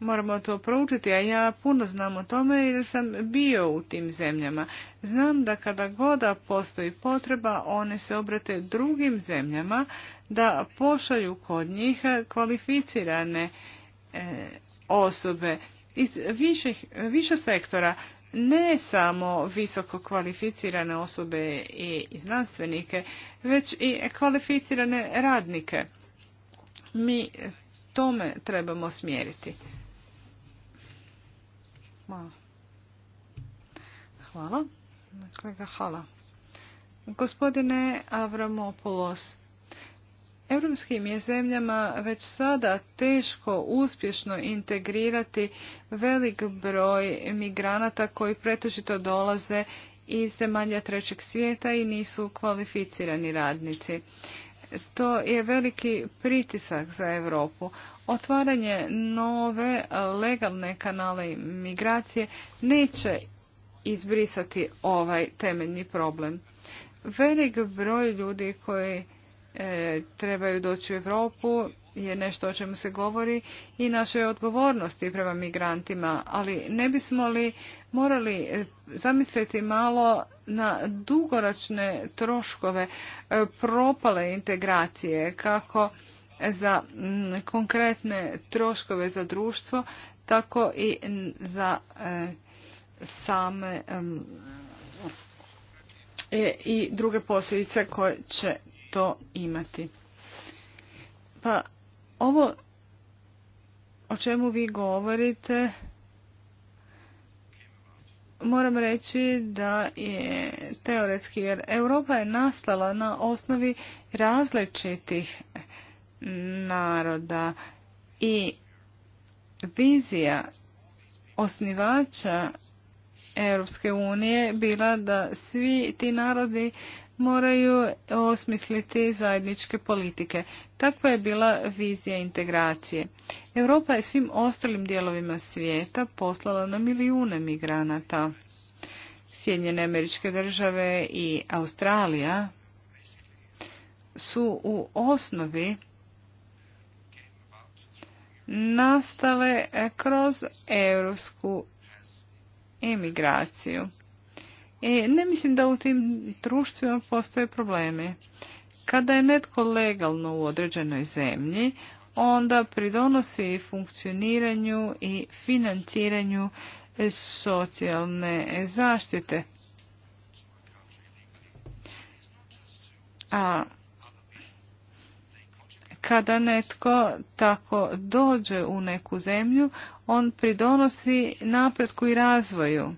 Moramo to proučiti, a ja puno znam o tome jer sam bio u tim zemljama. Znam da kada goda postoji potreba, one se obrate drugim zemljama da pošalju kod njih kvalificirane e, osobe iz više sektora, ne samo visoko kvalificirane osobe i znanstvenike, već i kvalificirane radnike. Mi tome trebamo smjeriti. Hvala. Hvala. Gospodine Avramopoulos, Europskim je zemljama već sada teško uspješno integrirati velik broj migranata koji pretežito dolaze iz zemalja trećeg svijeta i nisu kvalificirani radnici. To je veliki pritisak za Europu. Otvaranje nove legalne kanale migracije neće izbrisati ovaj temeljni problem. Velik broj ljudi koji E, trebaju doći u Europu je nešto o čemu se govori i našoj odgovornosti prema migrantima, ali ne bismo li morali e, zamisliti malo na dugoročne troškove e, propale integracije kako za konkretne troškove za društvo, tako i za same i druge posljedice koje će to imati. Pa ovo o čemu vi govorite moram reći da je teoretski jer Europa je nastala na osnovi različitih naroda i vizija osnivača Europske unije bila da svi ti narodi moraju osmisliti zajedničke politike. Takva je bila vizija integracije. Europa je svim ostalim dijelovima svijeta poslala na milijune migranata. Sjedinjene američke države i Australija su u osnovi nastale kroz europsku emigraciju. I ne mislim da u tim društvima postoje problemi. Kada je netko legalno u određenoj zemlji, onda pridonosi funkcioniranju i financiranju socijalne zaštite. A kada netko tako dođe u neku zemlju, on pridonosi napretku i razvoju.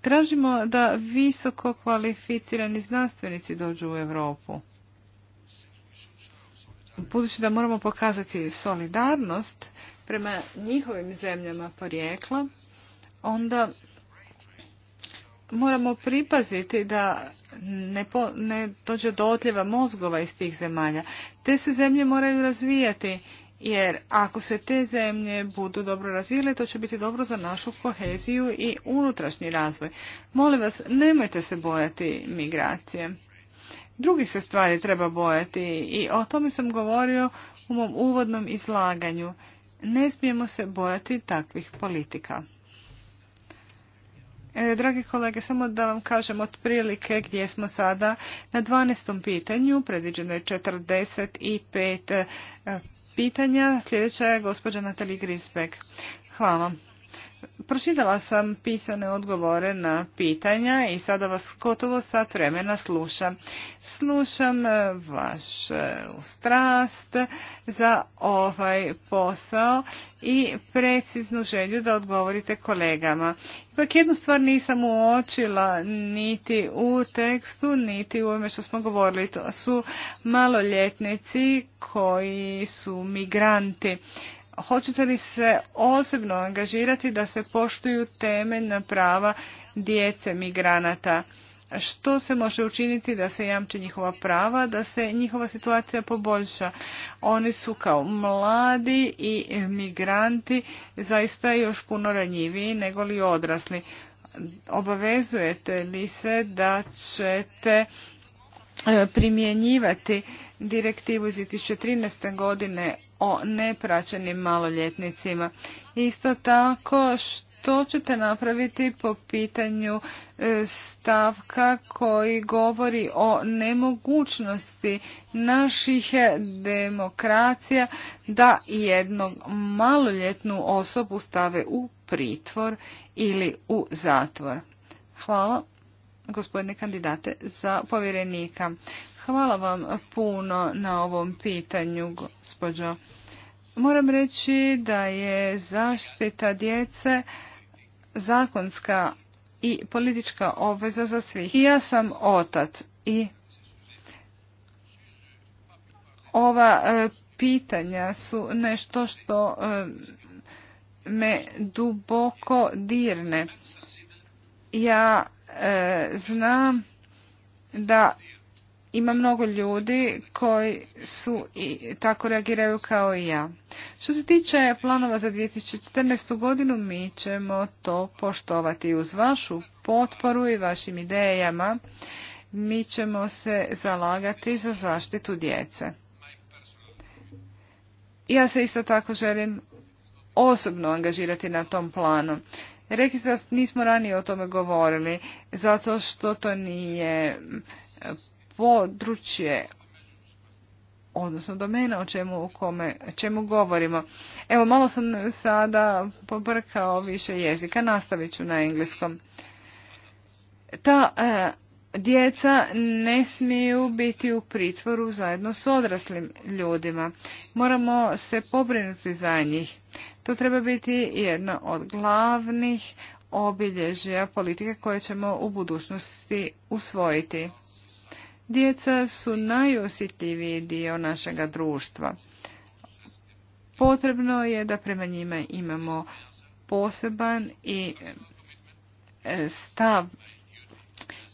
Tražimo da visoko kvalificirani znanstvenici dođu u Europu. Budući da moramo pokazati solidarnost prema njihovim zemljama porijekla, onda moramo pripaziti da ne, ne dođe do odljeva mozgova iz tih zemalja. Te se zemlje moraju razvijati jer ako se te zemlje budu dobro razvijele, to će biti dobro za našu koheziju i unutrašnji razvoj. Molim vas, nemojte se bojati migracije. Drugi se stvari treba bojati i o tome sam govorio u mom uvodnom izlaganju. Ne smijemo se bojati takvih politika. E, dragi kolege, samo da vam kažem otprilike gdje smo sada. Na 12. pitanju predviđeno je 45 pitanja. Sljedeća je gospođa Natalija Grisbeck. Hvala. Pročitala sam pisane odgovore na pitanja i sada vas gotovo sat vremena slušam. Slušam e, vaš e, strast za ovaj posao i preciznu želju da odgovorite kolegama. Ipak jednu stvar nisam uočila niti u tekstu, niti u ovome što smo govorili. To su maloljetnici koji su migranti hoćete li se osobno angažirati da se poštuju temeljna prava djece migranata? Što se može učiniti da se jamče njihova prava, da se njihova situacija poboljša? Oni su kao mladi i migranti zaista još puno ranjiviji nego li odrasli. Obavezujete li se da ćete e, primjenjivati direktivu iz 2013. godine o nepraćenim maloljetnicima. Isto tako što ćete napraviti po pitanju e, stavka koji govori o nemogućnosti naših demokracija da jednog maloljetnu osobu stave u pritvor ili u zatvor. Hvala gospodine kandidate za povjerenika. Hvala vam puno na ovom pitanju, gospođo. Moram reći da je zaštita djece zakonska i politička obveza za svih. I ja sam otac i ova e, pitanja su nešto što e, me duboko dirne. Ja e, znam da ima mnogo ljudi koji su i tako reagiraju kao i ja. Što se tiče planova za 2014. godinu, mi ćemo to poštovati uz vašu potporu i vašim idejama. Mi ćemo se zalagati za zaštitu djece. Ja se isto tako želim osobno angažirati na tom planu. Rekli da nismo ranije o tome govorili, zato što to nije područje odnosno domena o čemu, kome, čemu govorimo. Evo, malo sam sada pobrkao više jezika, nastavit ću na engleskom. Ta e, djeca ne smiju biti u pritvoru zajedno s odraslim ljudima. Moramo se pobrinuti za njih. To treba biti jedna od glavnih obilježja politike koje ćemo u budućnosti usvojiti. Djeca su najosjetljiviji dio našega društva. Potrebno je da prema njima imamo poseban i e, stav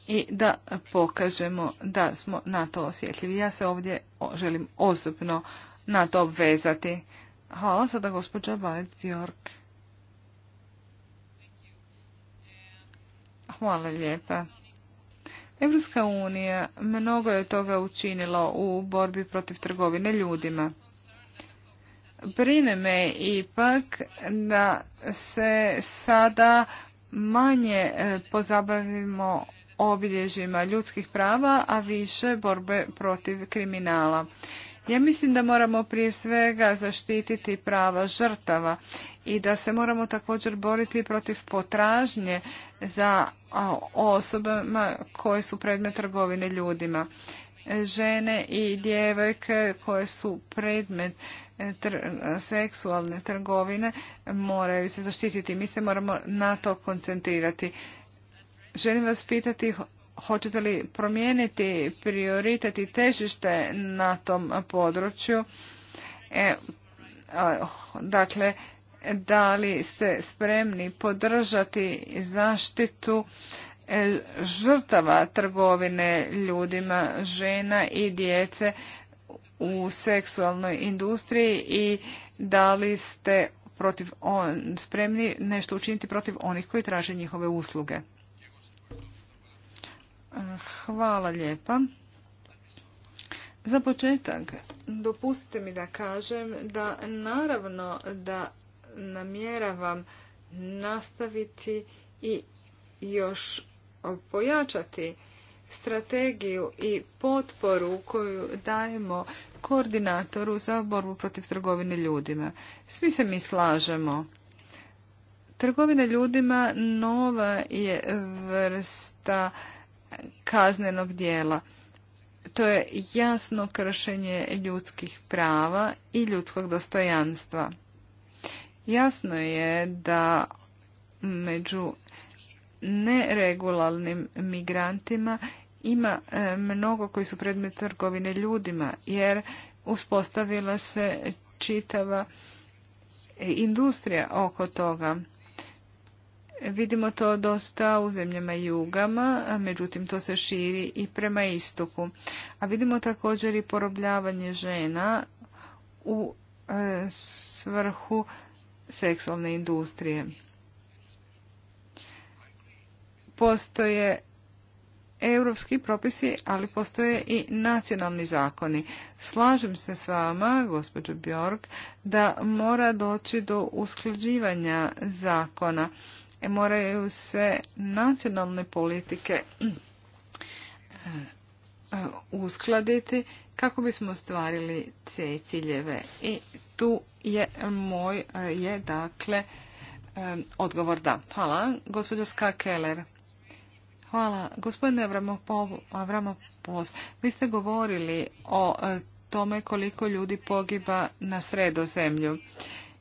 i da pokažemo da smo na to osjetljivi. Ja se ovdje želim osobno na to obvezati. Hvala sada gospođa Bjork. Hvala lijepa. Evropska unija mnogo je toga učinila u borbi protiv trgovine ljudima. Brine me ipak da se sada manje e, pozabavimo obilježjima ljudskih prava, a više borbe protiv kriminala. Ja mislim da moramo prije svega zaštititi prava žrtava i da se moramo također boriti protiv potražnje za osobama koje su predmet trgovine ljudima. Žene i djevojke koje su predmet e, seksualne trgovine moraju se zaštititi. Mi se moramo na to koncentrirati. Želim vas pitati hoćete li promijeniti prioritet i težište na tom području. E, dakle, da li ste spremni podržati zaštitu e, žrtava trgovine ljudima, žena i djece u seksualnoj industriji i da li ste protiv spremni nešto učiniti protiv onih koji traže njihove usluge. Hvala lijepa. Za početak, dopustite mi da kažem da naravno da namjeravam nastaviti i još pojačati strategiju i potporu koju dajemo koordinatoru za borbu protiv trgovine ljudima. Svi se mi slažemo. Trgovina ljudima nova je vrsta kaznenog dijela. To je jasno kršenje ljudskih prava i ljudskog dostojanstva. Jasno je da među neregularnim migrantima ima e, mnogo koji su predmet trgovine ljudima jer uspostavila se čitava e, industrija oko toga. Vidimo to dosta u zemljama jugama, međutim to se širi i prema istoku. A vidimo također i porobljavanje žena u e, svrhu seksualne industrije. Postoje europski propisi, ali postoje i nacionalni zakoni. Slažem se s vama, gospođo Bjork, da mora doći do usklađivanja zakona. E, moraju se nacionalne politike e, e, uskladiti kako bismo ostvarili te ciljeve. I tu je moj je dakle odgovor da. Hvala, gospođo Ska Keller. Hvala. Gospodine Avramopos. vi ste govorili o e, tome koliko ljudi pogiba na sredozemlju. zemlju.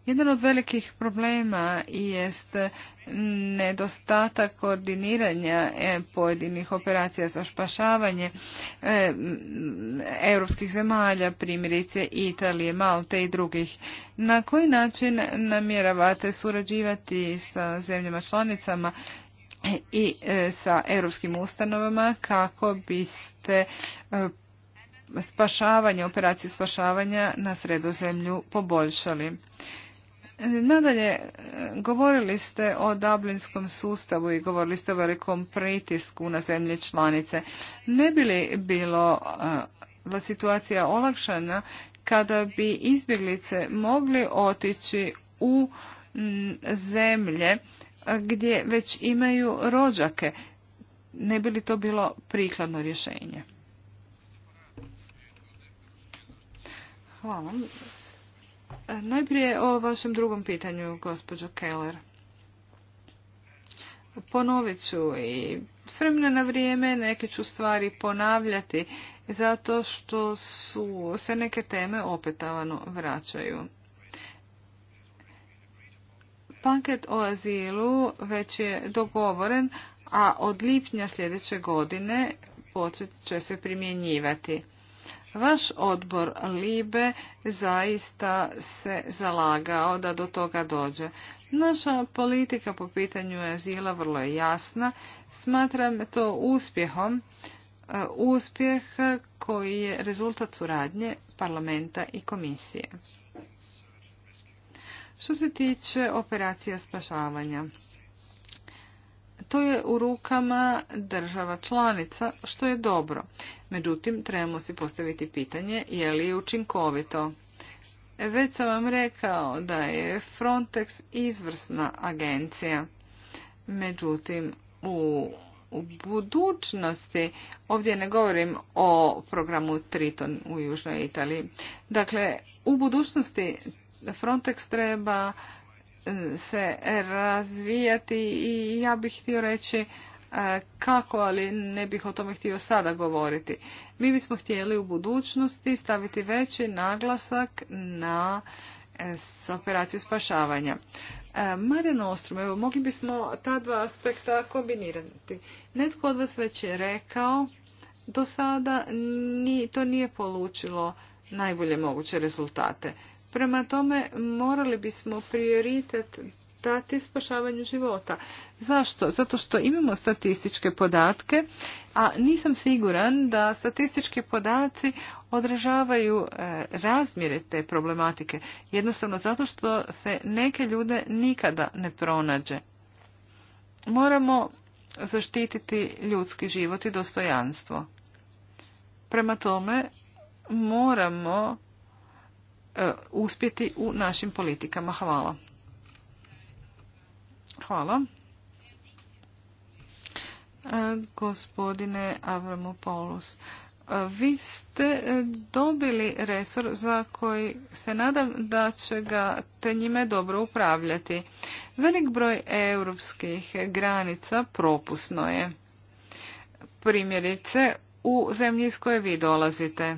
Jedan od velikih problema jest nedostatak koordiniranja e, pojedinih operacija za spašavanje e, europskih zemalja, primjerice Italije, Malte i drugih. Na koji način namjeravate surađivati sa zemljama članicama i e, sa europskim ustanovama kako biste spašavanje, operacije spašavanja na sredozemlju poboljšali? Nadalje, e, govorili ste o dublinskom sustavu i govorili ste o velikom pritisku na zemlje članice. Ne bi li bilo e, situacija olakšana kada bi izbjeglice mogli otići u zemlje e, gdje već imaju rođake? Ne bi li to bilo prikladno rješenje? Hvala. E, najprije o vašem drugom pitanju, gospođo Keller. Ponovit ću i s vremena na vrijeme neke ću stvari ponavljati zato što su se neke teme opetavano vraćaju. Panket o azilu već je dogovoren, a od lipnja sljedeće godine počet će se primjenjivati. Vaš odbor Libe zaista se zalagao da do toga dođe. Naša politika po pitanju azila vrlo je jasna. Smatram to uspjehom, e, uspjeh koji je rezultat suradnje parlamenta i komisije. Što se tiče operacija spašavanja, to je u rukama država članica, što je dobro. Međutim, trebamo si postaviti pitanje je li učinkovito. E, već sam vam rekao da je Frontex izvrsna agencija. Međutim, u u budućnosti, ovdje ne govorim o programu Triton u Južnoj Italiji, dakle, u budućnosti Frontex treba se razvijati i ja bih htio reći e, kako, ali ne bih o tome htio sada govoriti. Mi bismo htjeli u budućnosti staviti veći naglasak na e, operaciju spašavanja. E, Marjan Ostrom, evo, mogli bismo ta dva aspekta kombinirati. Netko od vas već je rekao, do sada ni, to nije polučilo najbolje moguće rezultate. Prema tome morali bismo prioritet dati spašavanju života. Zašto? Zato što imamo statističke podatke, a nisam siguran da statistički podaci odražavaju e, razmjere te problematike. Jednostavno zato što se neke ljude nikada ne pronađe. Moramo zaštititi ljudski život i dostojanstvo. Prema tome moramo E, uspjeti u našim politikama. Hvala. Hvala. E, gospodine Avramopoulos, e, vi ste dobili resor za koji se nadam da će ga te njime dobro upravljati. Velik broj europskih granica propusno je. Primjerice, u zemlji iz koje vi dolazite.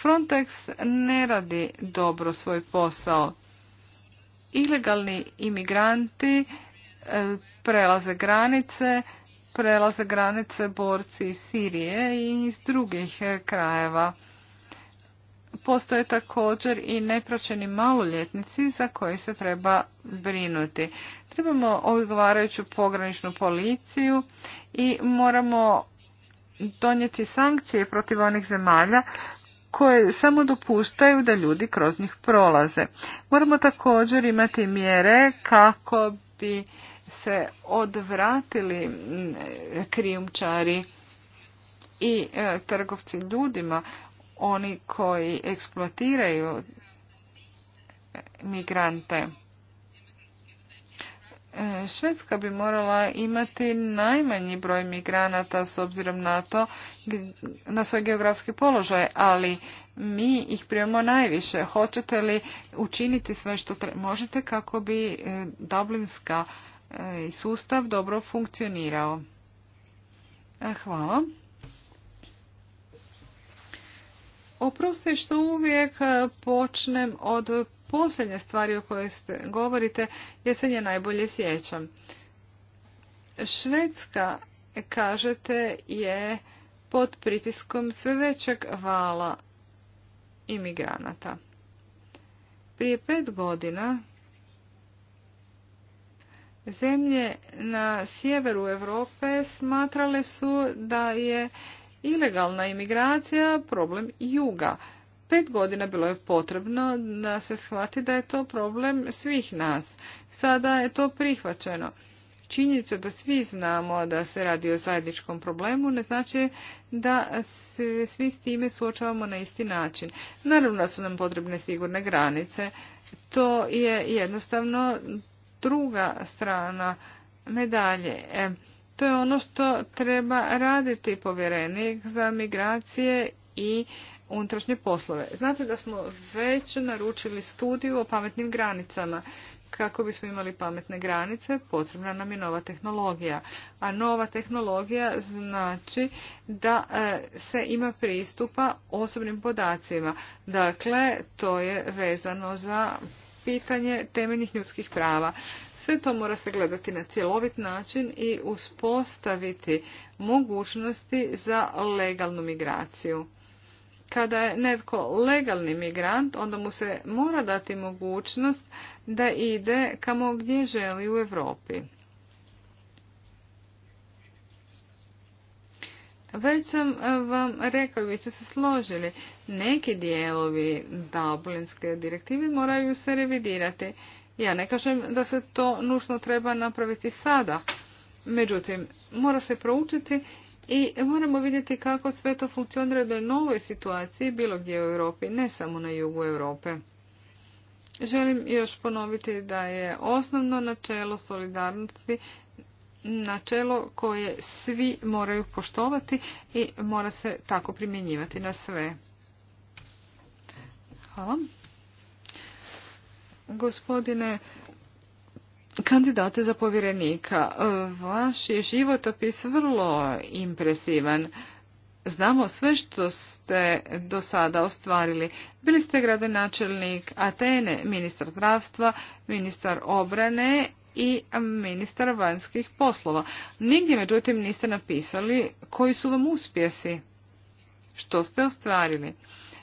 Frontex ne radi dobro svoj posao. Ilegalni imigranti e, prelaze granice, prelaze granice borci iz Sirije i iz drugih e, krajeva. Postoje također i nepraćeni maloljetnici za koje se treba brinuti. Trebamo odgovarajuću pograničnu policiju i moramo donijeti sankcije protiv onih zemalja koje samo dopuštaju da ljudi kroz njih prolaze. Moramo također imati mjere kako bi se odvratili krijumčari i e, trgovci ljudima, oni koji eksploatiraju migrante. E, Švedska bi morala imati najmanji broj migranata s obzirom na to na svoj geografski položaj, ali mi ih primamo najviše. Hoćete li učiniti sve što možete kako bi e, Dublinska e, sustav dobro funkcionirao? Hvala. Oprosti što uvijek počnem od posljednje stvari o kojoj ste govorite, jer se nje najbolje sjećam. Švedska, kažete, je pod pritiskom sve većeg vala imigranata. Prije pet godina zemlje na sjeveru Europe smatrale su da je ilegalna imigracija problem juga Pet godina bilo je potrebno da se shvati da je to problem svih nas. Sada je to prihvaćeno. Činjenica da svi znamo da se radi o zajedničkom problemu ne znači da se svi s time suočavamo na isti način. Naravno su nam potrebne sigurne granice. To je jednostavno druga strana medalje. E, to je ono što treba raditi povjerenik za migracije i unutrašnje poslove. Znate da smo već naručili studiju o pametnim granicama. Kako bismo imali pametne granice, potrebna nam je nova tehnologija. A nova tehnologija znači da e, se ima pristupa osobnim podacima. Dakle, to je vezano za pitanje temeljnih ljudskih prava. Sve to mora se gledati na cjelovit način i uspostaviti mogućnosti za legalnu migraciju kada je netko legalni migrant, onda mu se mora dati mogućnost da ide kamo gdje želi u Europi. Već sam e, vam rekao, vi ste se složili, neki dijelovi Dublinske direktive moraju se revidirati. Ja ne kažem da se to nužno treba napraviti sada. Međutim, mora se proučiti i moramo vidjeti kako sve to funkcionira u novoj situaciji bilo gdje u Europi, ne samo na jugu Europe. Želim još ponoviti da je osnovno načelo solidarnosti načelo koje svi moraju poštovati i mora se tako primjenjivati na sve. Hvala. Gospodine kandidate za povjerenika. E, vaš je životopis vrlo impresivan. Znamo sve što ste do sada ostvarili. Bili ste gradonačelnik Atene, ministar zdravstva, ministar obrane i ministar vanjskih poslova. Nigdje međutim niste napisali koji su vam uspjesi. Što ste ostvarili?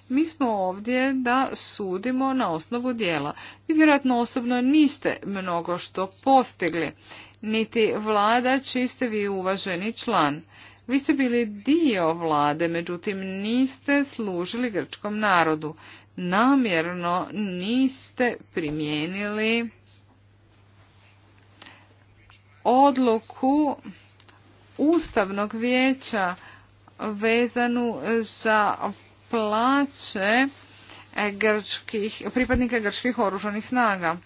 Mi smo ovdje da sudimo na osnovu dijela. Vi vjerojatno osobno niste mnogo što postigli, niti vlada čiji ste vi uvaženi član. Vi ste bili dio vlade, međutim niste služili grčkom narodu. Namjerno niste primijenili odluku Ustavnog vijeća vezanu za plaće grčkih, pripadnika grčkih oružanih snaga.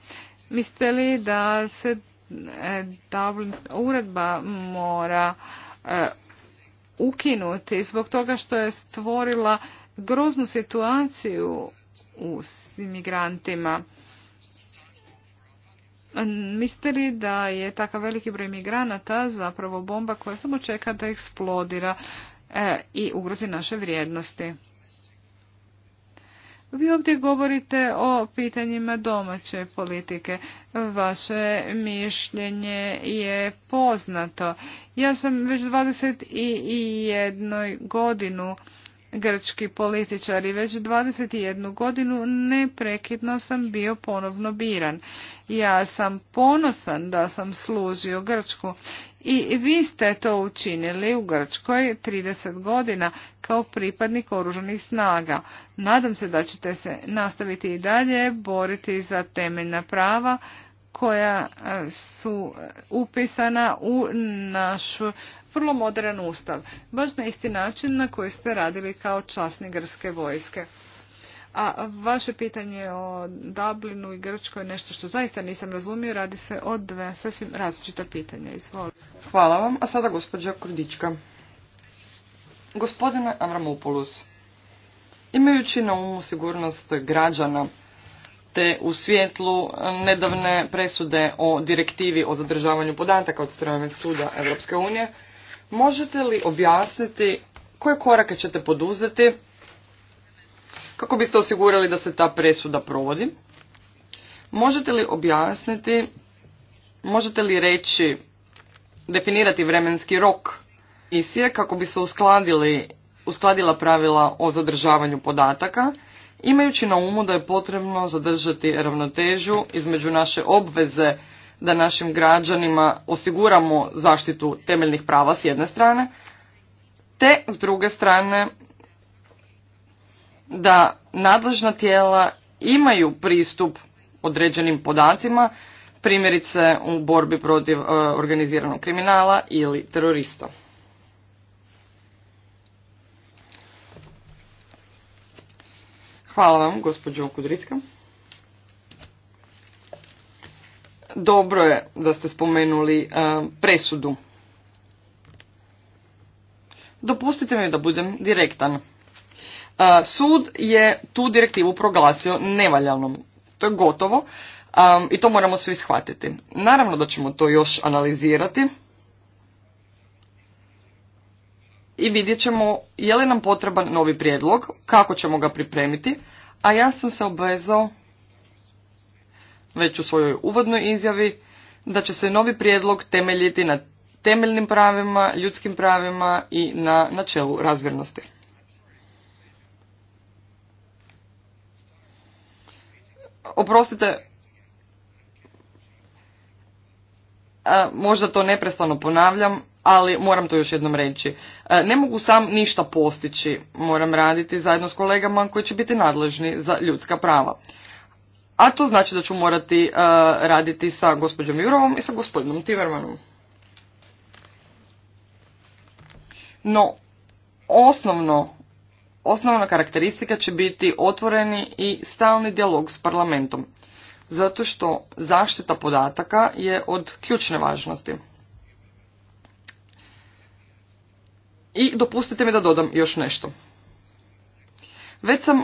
Mislite li da se e, Dublinska uredba mora e, ukinuti zbog toga što je stvorila groznu situaciju u imigrantima? Mislite li da je takav veliki broj migranata zapravo bomba koja samo čeka da eksplodira e, i ugrozi naše vrijednosti? Vi ovdje govorite o pitanjima domaće politike. Vaše mišljenje je poznato. Ja sam već 21 godinu grčki političari. Već 21 godinu neprekidno sam bio ponovno biran. Ja sam ponosan da sam služio Grčku i vi ste to učinili u Grčkoj 30 godina kao pripadnik oružanih snaga. Nadam se da ćete se nastaviti i dalje boriti za temeljna prava koja su upisana u našu vrlo moderan ustav, baš na isti način na koji ste radili kao časni grske vojske. A vaše pitanje o Dublinu i Grčkoj je nešto što zaista nisam razumio, radi se o dve sasvim različita pitanja. Hvala vam, a sada gospođa Kurdička. Gospodine Avramopoulos, imajući na umu sigurnost građana, te u svijetlu nedavne presude o direktivi o zadržavanju podataka od strane suda Europske unije, Možete li objasniti koje korake ćete poduzeti kako biste osigurali da se ta presuda provodi? Možete li objasniti, možete li reći, definirati vremenski rok misije kako bi se uskladili, uskladila pravila o zadržavanju podataka, imajući na umu da je potrebno zadržati ravnotežu između naše obveze da našim građanima osiguramo zaštitu temeljnih prava s jedne strane, te s druge strane da nadležna tijela imaju pristup određenim podacima, primjerice u borbi protiv e, organiziranog kriminala ili terorista. Hvala vam, gospođo Kudricka. Dobro je da ste spomenuli e, presudu. Dopustite mi da budem direktan. E, sud je tu direktivu proglasio nevaljalnom. To je gotovo e, i to moramo svi shvatiti. Naravno da ćemo to još analizirati i vidjet ćemo je li nam potreban novi prijedlog, kako ćemo ga pripremiti, a ja sam se obvezao već u svojoj uvodnoj izjavi da će se novi prijedlog temeljiti na temeljnim pravima, ljudskim pravima i na načelu razvjernosti. Oprostite, možda to neprestano ponavljam, ali moram to još jednom reći. Ne mogu sam ništa postići, moram raditi zajedno s kolegama koji će biti nadležni za ljudska prava a to znači da ću morati e, raditi sa gospođom Jurovom i sa gospodinom Timermanom. No, osnovno, osnovna karakteristika će biti otvoreni i stalni dijalog s parlamentom, zato što zaštita podataka je od ključne važnosti. I dopustite mi da dodam još nešto. Već sam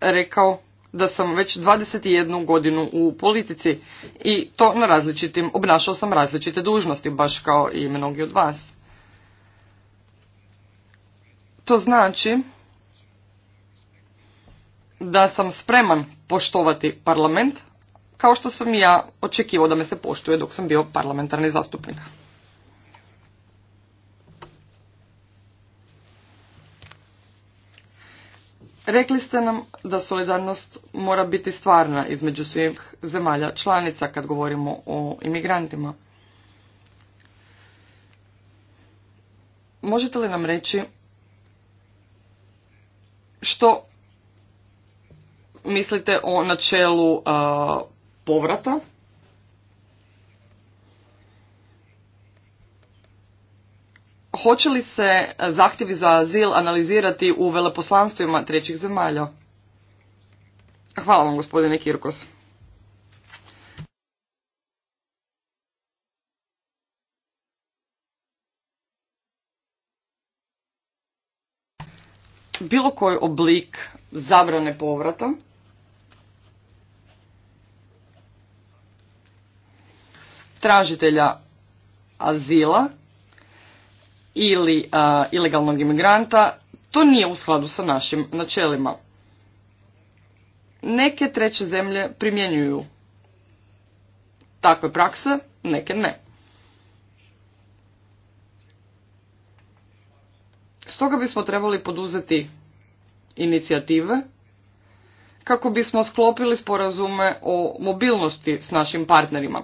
rekao da sam već 21 godinu u politici i to na različitim, obnašao sam različite dužnosti, baš kao i mnogi od vas. To znači da sam spreman poštovati parlament, kao što sam ja očekivao da me se poštuje dok sam bio parlamentarni zastupnik. Rekli ste nam da solidarnost mora biti stvarna između svih zemalja članica kad govorimo o imigrantima. Možete li nam reći što mislite o načelu povrata hoće li se e, zahtjevi za azil analizirati u veleposlanstvima trećih zemalja? Hvala vam gospodine Kirkos. bilo koji oblik zabrane povrata tražitelja azila ili ilegalnog imigranta, to nije u skladu sa našim načelima. Neke treće zemlje primjenjuju takve prakse, neke ne. Stoga bismo trebali poduzeti inicijative kako bismo sklopili sporazume o mobilnosti s našim partnerima.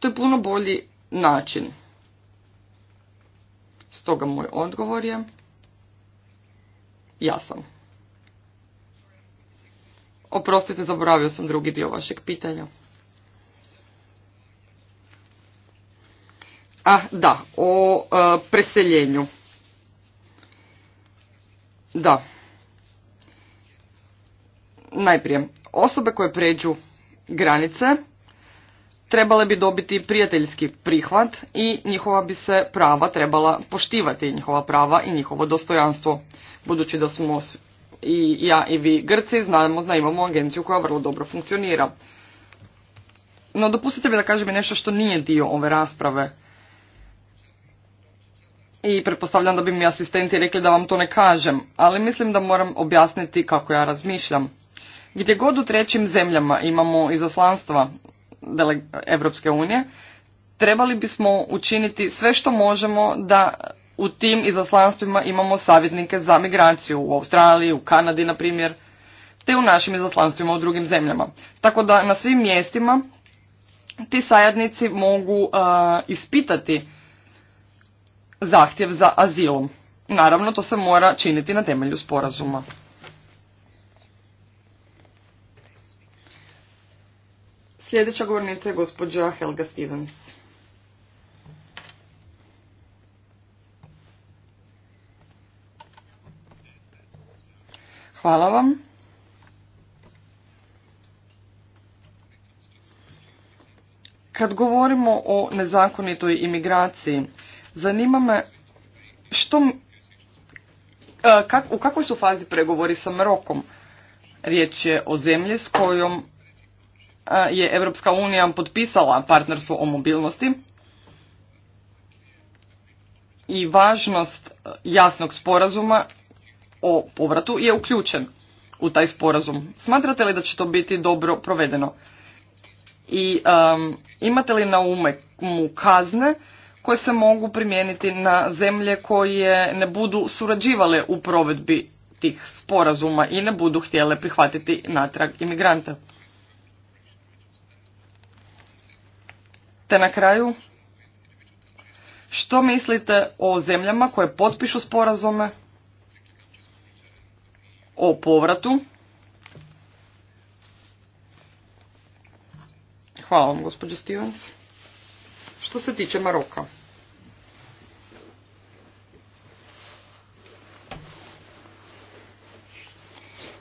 To je puno bolji način. Stoga moj odgovor je sam. Oprostite, zaboravio sam drugi dio vašeg pitanja. A, da, o e, preseljenju. Da. Najprije, osobe koje pređu granice trebale bi dobiti prijateljski prihvat i njihova bi se prava trebala poštivati, njihova prava i njihovo dostojanstvo. Budući da smo i ja i vi Grci znamo da imamo agenciju koja vrlo dobro funkcionira. No dopustite mi da kažem nešto što nije dio ove rasprave. I pretpostavljam da bi mi asistenti rekli da vam to ne kažem, ali mislim da moram objasniti kako ja razmišljam. Gdje god u trećim zemljama imamo izaslanstva Europske unije, trebali bismo učiniti sve što možemo da u tim izaslanstvima imamo savjetnike za migraciju u Australiji, u Kanadi, na primjer, te u našim izaslanstvima u drugim zemljama. Tako da na svim mjestima ti sajadnici mogu uh, ispitati zahtjev za azilom. Naravno, to se mora činiti na temelju sporazuma. Sljedeća govornica je gospođa Helga Stevens. Hvala vam. Kad govorimo o nezakonitoj imigraciji, zanima me što, e, u kakvoj su fazi pregovori sa Marokom? Riječ je o zemlji s kojom Eh, je Europska unija potpisala partnerstvo o mobilnosti i važnost eh, jasnog sporazuma o povratu je uključen u taj sporazum. Smatrate li da će to biti dobro provedeno? I imate li na umu kazne koje se mogu primijeniti na zemlje koje ne budu surađivale u provedbi tih sporazuma i ne budu htjele prihvatiti natrag imigranta? Te na kraju, što mislite o zemljama koje potpišu sporazume o povratu? Hvala vam, gospođo Stevens. Što se tiče Maroka.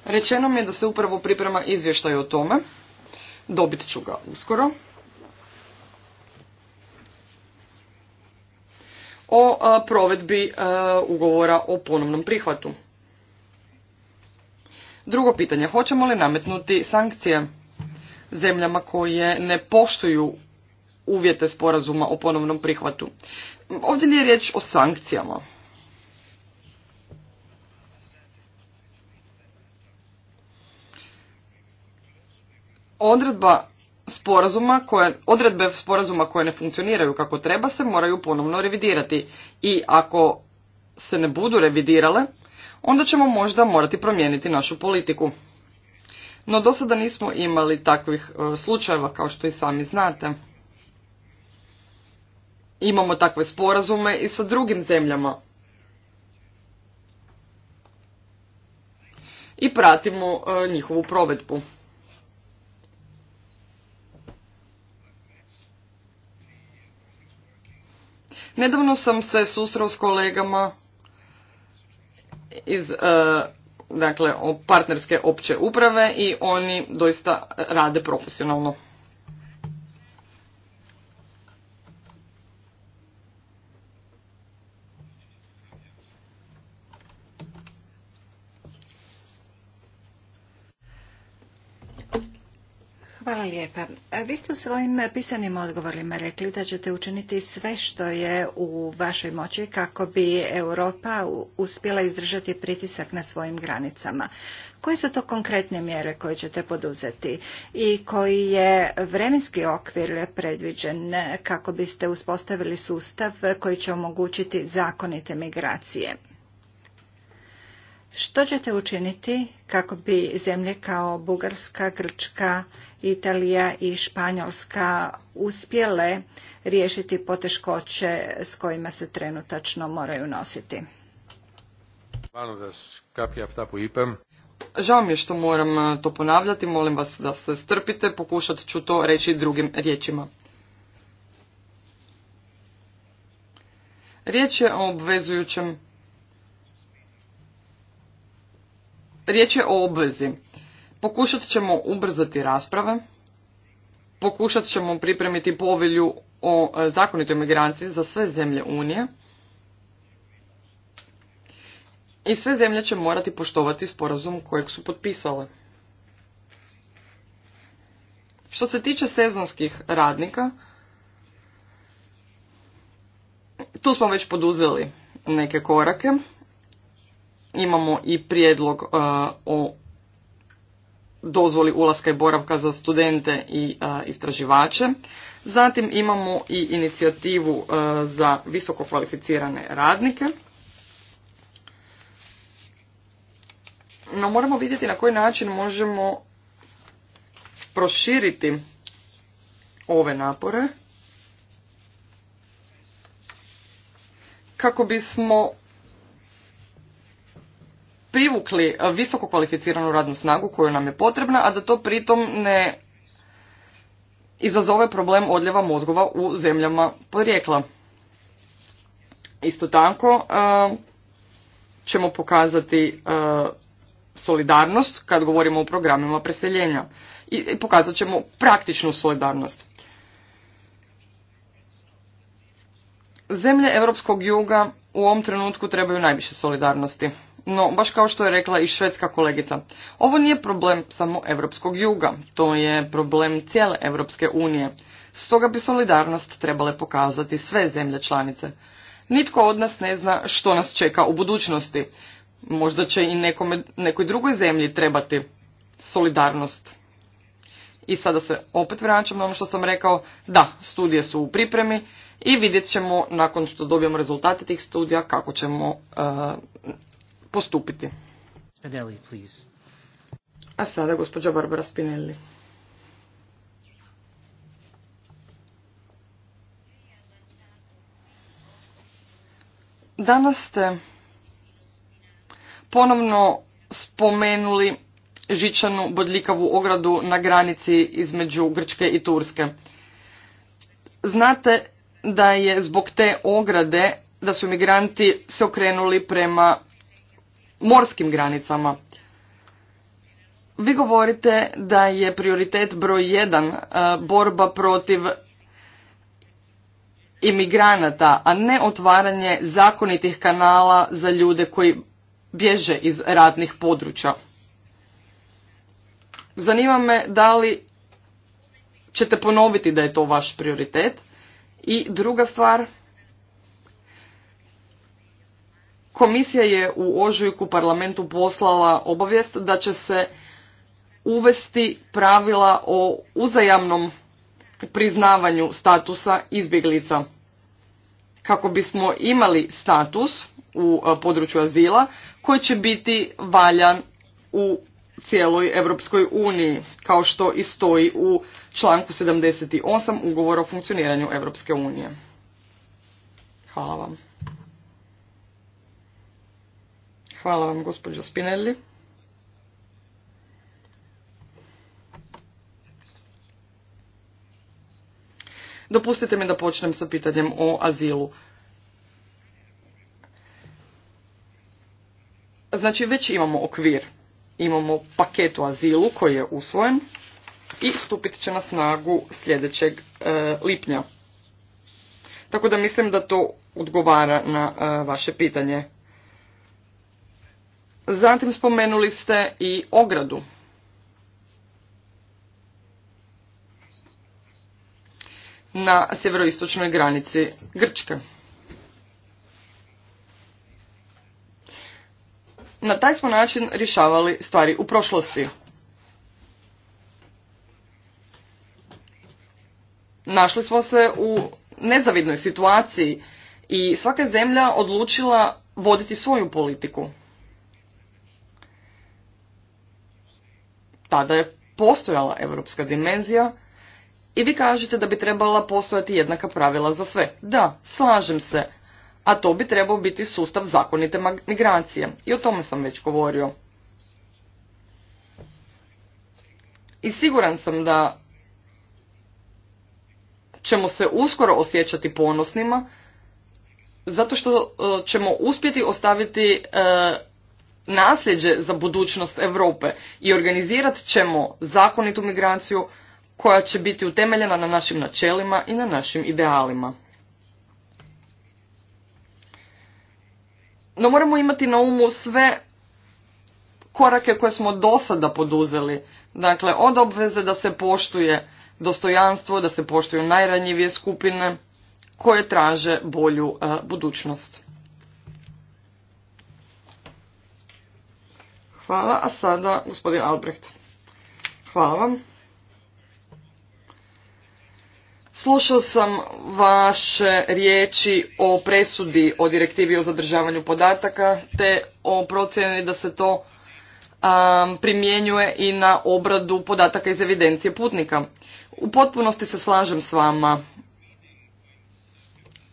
Rečeno mi je da se upravo priprema izvještaj o tome. Dobit ću ga uskoro. o provedbi ugovora o ponovnom prihvatu. Drugo pitanje, hoćemo li nametnuti sankcije zemljama koje ne poštuju uvjete sporazuma o ponovnom prihvatu? Ovdje nije riječ o sankcijama. Odredba sporazuma koje, odredbe sporazuma koje ne funkcioniraju kako treba se moraju ponovno revidirati i ako se ne budu revidirale, onda ćemo možda morati promijeniti našu politiku. No do sada nismo imali takvih e, slučajeva kao što i sami znate. Imamo takve sporazume i sa drugim zemljama. I pratimo e, njihovu provedbu. Nedavno sam se susreo s kolegama iz e, dakle, partnerske opće uprave i oni doista rade profesionalno. lijepa. E, vi ste u svojim pisanim odgovorima rekli da ćete učiniti sve što je u vašoj moći kako bi Europa uspjela izdržati pritisak na svojim granicama. Koje su to konkretne mjere koje ćete poduzeti i koji je vremenski okvir predviđen kako biste uspostavili sustav koji će omogućiti zakonite migracije? Što ćete učiniti kako bi zemlje kao Bugarska, Grčka, Italija i Španjolska uspjele riješiti poteškoće s kojima se trenutačno moraju nositi? Žao mi je što moram e, to ponavljati, molim vas da se strpite, pokušat ću to reći drugim riječima. Riječ je o obvezujućem Riječ je o obvezi. Pokušat ćemo ubrzati rasprave, pokušat ćemo pripremiti povelju o e, zakonitoj migraciji za sve zemlje Unije i sve zemlje će morati poštovati sporazum kojeg su potpisale. Što se tiče sezonskih radnika, tu smo već poduzeli neke korake imamo i prijedlog e, o dozvoli ulaska i boravka za studente i e, istraživače. Zatim imamo i inicijativu e, za visoko kvalificirane radnike. No moramo vidjeti na koji način možemo proširiti ove napore kako bismo privukli eh, visoko kvalificiranu radnu snagu koju nam je potrebna, a da to pritom ne izazove problem odljeva mozgova u zemljama porijekla. Isto tako eh, ćemo pokazati eh, solidarnost kad govorimo o programima preseljenja i pokazat ćemo praktičnu solidarnost. Zemlje Europskog juga u ovom trenutku trebaju najviše solidarnosti. No, baš kao što je rekla i švedska kolegica, ovo nije problem samo europskog juga, to je problem cijele Europske unije. Stoga bi solidarnost trebale pokazati sve zemlje članice. Nitko od nas ne zna što nas čeka u budućnosti. Možda će i nekoj drugoj zemlji trebati solidarnost. I sada se opet vraćam na ono što sam rekao, da, studije su u pripremi i vidjet ćemo nakon što dobijemo rezultate tih studija kako ćemo e, postupiti. please. A sada gospođa Barbara Spinelli. Danas ste ponovno spomenuli žičanu bodljikavu ogradu na granici između Grčke i Turske. Znate da je zbog te ograde da su migranti se okrenuli prema morskim granicama. Vi govorite da je prioritet broj jedan e, borba protiv imigranata, a ne otvaranje zakonitih kanala za ljude koji bježe iz ratnih područja. Zanima me da li ćete ponoviti da je to vaš prioritet. I druga stvar, Komisija je u ožujku parlamentu poslala obavijest da će se uvesti pravila o uzajamnom priznavanju statusa izbjeglica. Kako bismo imali status u e, području azila koji će biti valjan u cijeloj Europskoj uniji, kao što i stoji u članku 78 ugovora o funkcioniranju Europske unije. Hvala vam. Hvala vam, gospođo Spinelli. Dopustite mi da počnem sa pitanjem o azilu. Znači, već imamo okvir. Imamo paket o azilu koji je usvojen i stupit će na snagu sljedećeg e, lipnja. Tako da mislim da to odgovara na e, vaše pitanje. Zatim spomenuli ste i ogradu. na sjeveroistočnoj granici Grčke. Na taj smo način rješavali stvari u prošlosti. Našli smo se u nezavidnoj situaciji i svaka zemlja odlučila voditi svoju politiku. tada je postojala europska dimenzija i vi kažete da bi trebala postojati jednaka pravila za sve. Da, slažem se, a to bi trebao biti sustav zakonite migracije i o tome sam već govorio. I siguran sam da ćemo se uskoro osjećati ponosnima zato što e, ćemo uspjeti ostaviti e, nasljeđe za budućnost Europe i organizirat ćemo zakonitu migraciju koja će biti utemeljena na našim načelima i na našim idealima. No moramo imati na umu sve korake koje smo do sada poduzeli. Dakle, od obveze da se poštuje dostojanstvo, da se poštuju najranjivije skupine koje traže bolju e, budućnost. Hvala, a sada gospodin Albrecht. Hvala vam. Slušao sam vaše riječi o presudi o direktivi o zadržavanju podataka te o procjeni da se to primjenjuje i na obradu podataka iz evidencije putnika. U potpunosti se slažem s vama.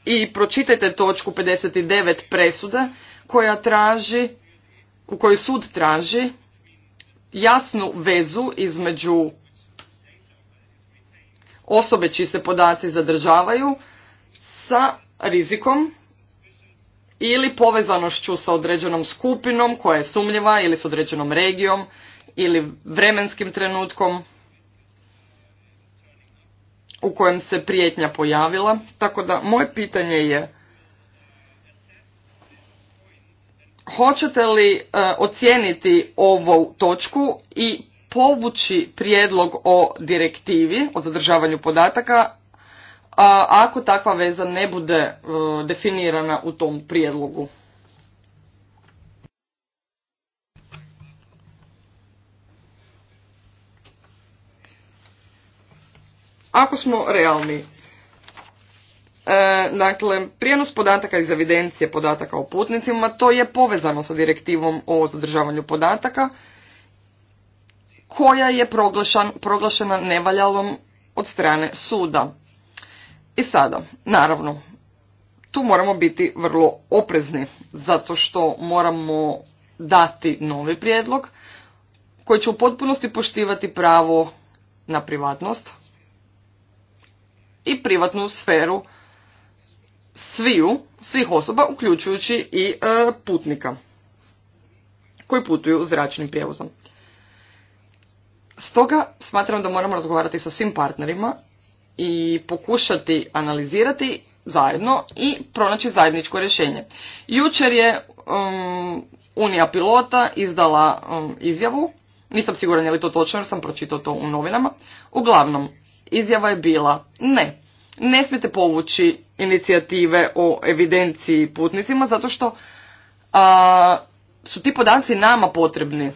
I pročitajte točku 59 presude koja traži u kojoj sud traži jasnu vezu između osobe čiji se podaci zadržavaju sa rizikom ili povezanošću sa određenom skupinom koja je sumnjiva ili s određenom regijom ili vremenskim trenutkom u kojem se prijetnja pojavila. Tako da moje pitanje je hoćete li e, ocijeniti ovu točku i povući prijedlog o direktivi o zadržavanju podataka a ako takva veza ne bude e, definirana u tom prijedlogu. Ako smo realni, E, dakle, prijenos podataka iz evidencije podataka o putnicima, to je povezano sa direktivom o zadržavanju podataka, koja je proglašena nevaljalom od strane suda. I sada, naravno, tu moramo biti vrlo oprezni, zato što moramo dati novi prijedlog koji će u potpunosti poštivati pravo na privatnost i privatnu sferu sviju, svih osoba, uključujući i e, putnika koji putuju zračnim prijevozom. Stoga smatram da moramo razgovarati sa svim partnerima i pokušati analizirati zajedno i pronaći zajedničko rješenje. Jučer je um, Unija pilota izdala um, izjavu, nisam siguran je li to točno jer sam pročitao to u novinama. Uglavnom, izjava je bila ne, ne smijete povući inicijative o evidenciji putnicima zato što su ti podaci nama potrebni.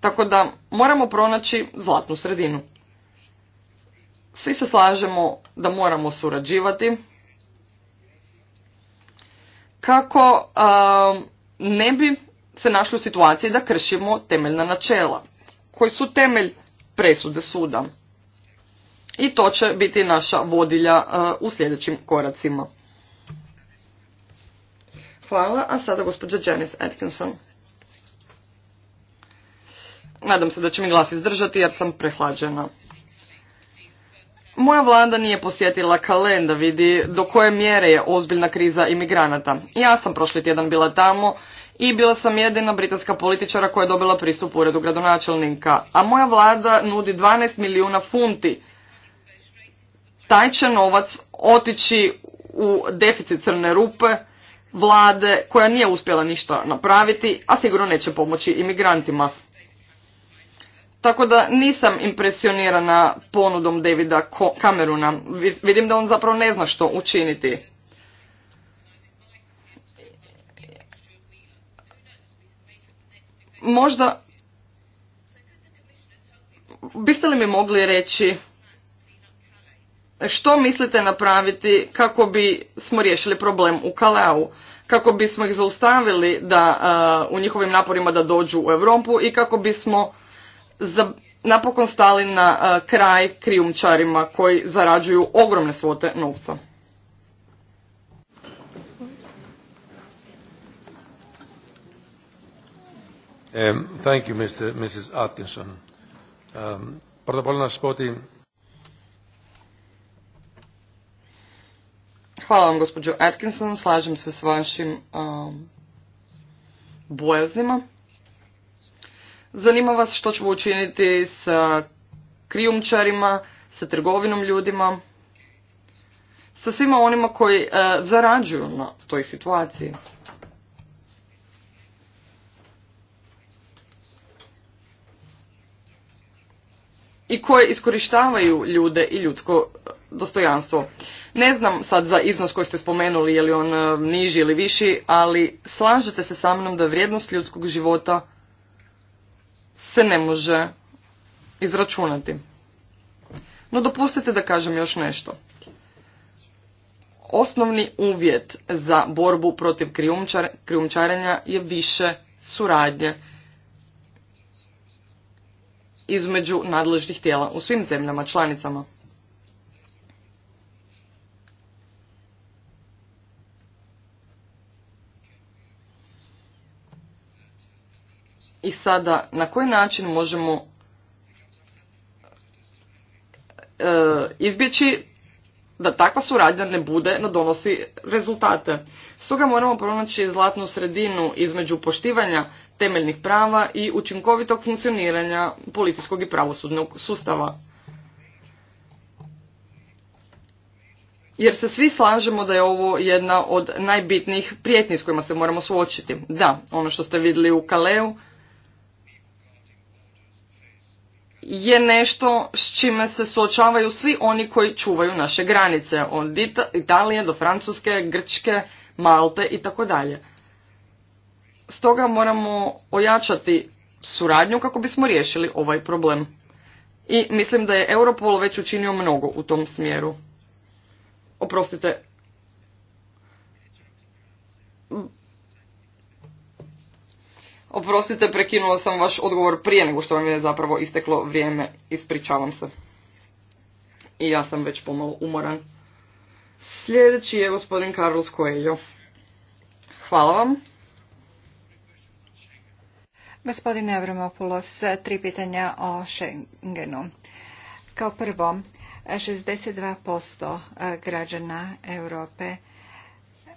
Tako da moramo pronaći zlatnu sredinu. Svi se slažemo da moramo surađivati kako ne bi se našli u situaciji da kršimo temeljna načela koji su temelj presude suda i to će biti naša vodilja e, u sljedećim koracima. Hvala, a sada gospođa Janice Atkinson. Nadam se da će mi glas izdržati jer sam prehlađena. Moja vlada nije posjetila kalenda vidi do koje mjere je ozbiljna kriza imigranata. Ja sam prošli tjedan bila tamo i bila sam jedina britanska političara koja je dobila pristup u uredu gradonačelnika, a moja vlada nudi 12 milijuna funti taj će novac otići u deficit crne rupe vlade koja nije uspjela ništa napraviti, a sigurno neće pomoći imigrantima. Tako da nisam impresionirana ponudom Davida Cameruna. Vidim da on zapravo ne zna što učiniti. Možda biste li mi mogli reći što mislite napraviti kako bi smo riješili problem u Kaleu, kako bismo ih zaustavili da, eh, u njihovim naporima da dođu u Europu i kako bismo za, napokon stali na eh, kraj krijumčarima koji zarađuju ogromne svote novca. Um, thank you, Mr. Mrs. Atkinson. Um, Hvala vam, gospođo Atkinson. Slažem se s vašim um, bojaznima. Zanima vas što ćemo učiniti sa krijumčarima, sa trgovinom ljudima, sa svima onima koji uh, zarađuju na toj situaciji. i koje iskorištavaju ljude i ljudsko dostojanstvo. Ne znam sad za iznos koji ste spomenuli, je li on e, niži ili viši, ali slažete se sa mnom da vrijednost ljudskog života se ne može izračunati. No dopustite da kažem još nešto. Osnovni uvjet za borbu protiv krijumčarenja je više suradnje između nadležnih tijela u svim zemljama članicama. I sada, na koji način možemo e, izbjeći da takva suradnja ne bude, no donosi rezultate. Stoga moramo pronaći zlatnu sredinu između poštivanja temeljnih prava i učinkovitog funkcioniranja policijskog i pravosudnog sustava. Jer se svi slažemo da je ovo jedna od najbitnijih prijetnji s kojima se moramo suočiti. Da, ono što ste vidjeli u Kaleu je nešto s čime se suočavaju svi oni koji čuvaju naše granice, od Italije do Francuske, Grčke, Malte i tako dalje. Stoga moramo ojačati suradnju kako bismo riješili ovaj problem. I mislim da je Europol već učinio mnogo u tom smjeru. Oprostite. Oprostite, prekinula sam vaš odgovor prije nego što vam je zapravo isteklo vrijeme. Ispričavam se. I ja sam već pomalo umoran. Sljedeći je gospodin Carlos Coelho. Hvala vam. Gospodine Avramopoulos, tri pitanja o Schengenu. Kao prvo, 62% e, građana Europe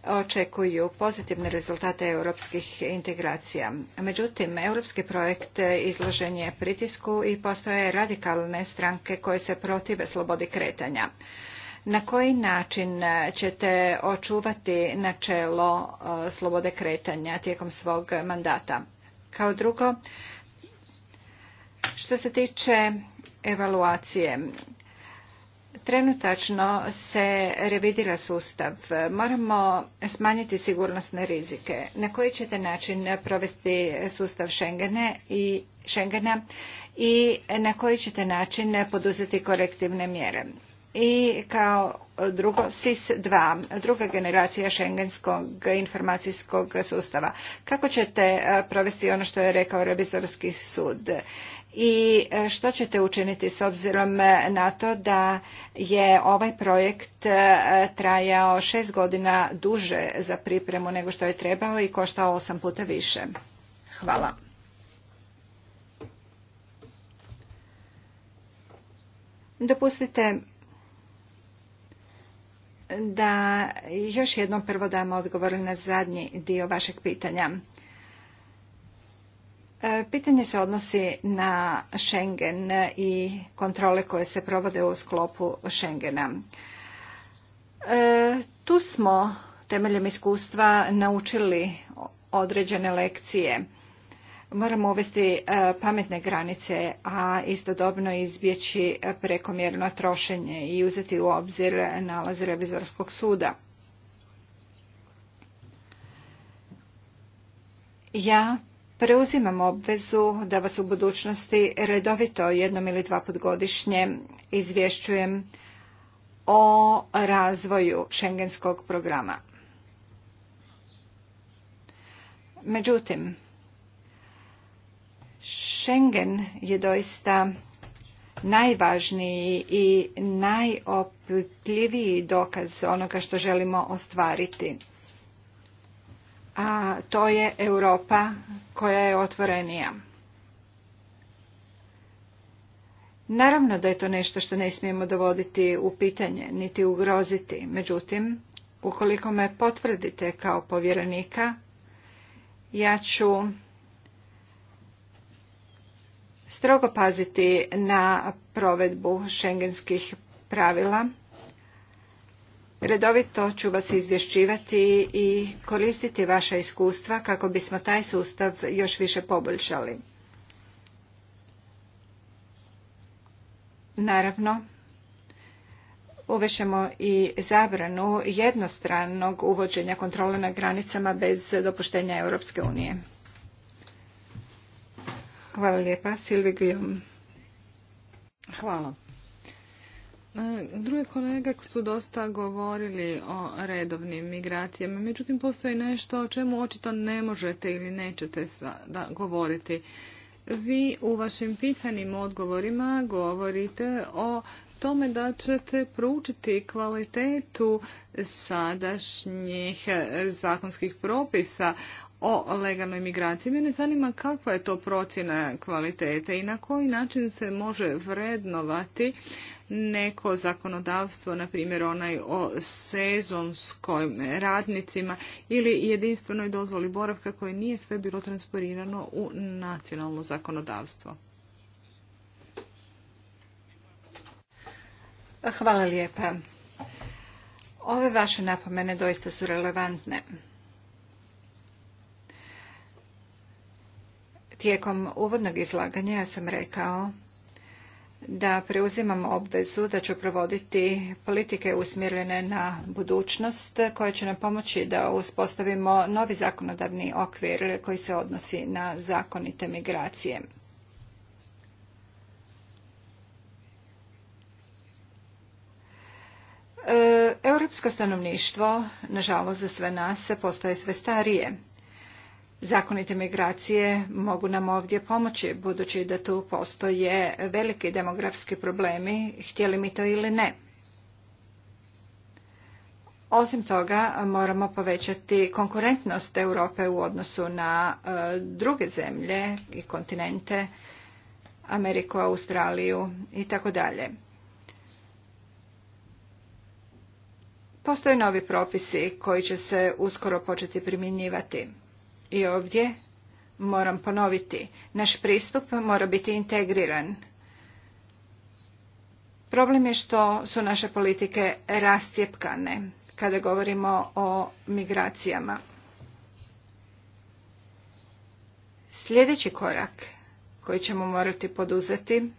očekuju pozitivne rezultate europskih integracija. Međutim, europski projekt izložen je pritisku i postoje radikalne stranke koje se protive slobodi kretanja. Na koji način ćete očuvati načelo e, slobode kretanja tijekom svog mandata? Kao drugo, što se tiče evaluacije, trenutačno se revidira sustav. Moramo smanjiti sigurnosne rizike. Na koji ćete način provesti sustav Schengene i Schengena i na koji ćete način poduzeti korektivne mjere i kao drugo SIS-2, druga generacija Schengenskog informacijskog sustava. Kako ćete e, provesti ono što je rekao revizorski sud? I e, što ćete učiniti s obzirom na to da je ovaj projekt e, trajao šest godina duže za pripremu nego što je trebao i koštao osam puta više? Hvala. Dopustite da još jednom prvo dam odgovor na zadnji dio vašeg pitanja. E, pitanje se odnosi na Schengen i kontrole koje se provode u sklopu Schengena. E, tu smo temeljem iskustva naučili određene lekcije Moramo uvesti e, pametne granice, a istodobno izbjeći prekomjerno trošenje i uzeti u obzir nalaz revizorskog suda. Ja preuzimam obvezu da vas u budućnosti redovito jednom ili dva put godišnje izvješćujem o razvoju šengenskog programa. Međutim, Schengen je doista najvažniji i najopljiviji dokaz onoga što želimo ostvariti. A to je Europa koja je otvorenija. Naravno da je to nešto što ne smijemo dovoditi u pitanje, niti ugroziti. Međutim, ukoliko me potvrdite kao povjerenika, ja ću strogo paziti na provedbu Schengenskih pravila. Redovito ću vas izvješćivati i koristiti vaša iskustva kako bismo taj sustav još više poboljšali. Naravno, uvešemo i zabranu jednostranog uvođenja kontrole na granicama bez dopuštenja Europske unije. Hvala lijepa, Hvala. E, Drugi kolege su dosta govorili o redovnim migracijama, međutim postoji nešto o čemu očito ne možete ili nećete govoriti. Vi u vašim pisanim odgovorima govorite o tome da ćete proučiti kvalitetu sadašnjih zakonskih propisa o legalnoj migraciji. Mene zanima kakva je to procjena kvalitete i na koji način se može vrednovati neko zakonodavstvo, na primjer onaj o sezonskom radnicima ili jedinstvenoj dozvoli boravka koje nije sve bilo transporirano u nacionalno zakonodavstvo. Hvala lijepa. Ove vaše napomene doista su relevantne. Tijekom uvodnog izlaganja ja sam rekao da preuzimam obvezu da ću provoditi politike usmjerene na budućnost koje će nam pomoći da uspostavimo novi zakonodavni okvir koji se odnosi na zakonite migracije. E, europsko stanovništvo, nažalost za sve nas, postaje sve starije Zakonite migracije mogu nam ovdje pomoći, budući da tu postoje veliki demografski problemi, htjeli mi to ili ne. Osim toga, moramo povećati konkurentnost Europe u odnosu na e, druge zemlje i kontinente, Ameriku, Australiju i tako dalje. Postoje novi propisi koji će se uskoro početi primjenjivati. I ovdje moram ponoviti, naš pristup mora biti integriran. Problem je što su naše politike rastjepkane kada govorimo o migracijama. Sljedeći korak koji ćemo morati poduzeti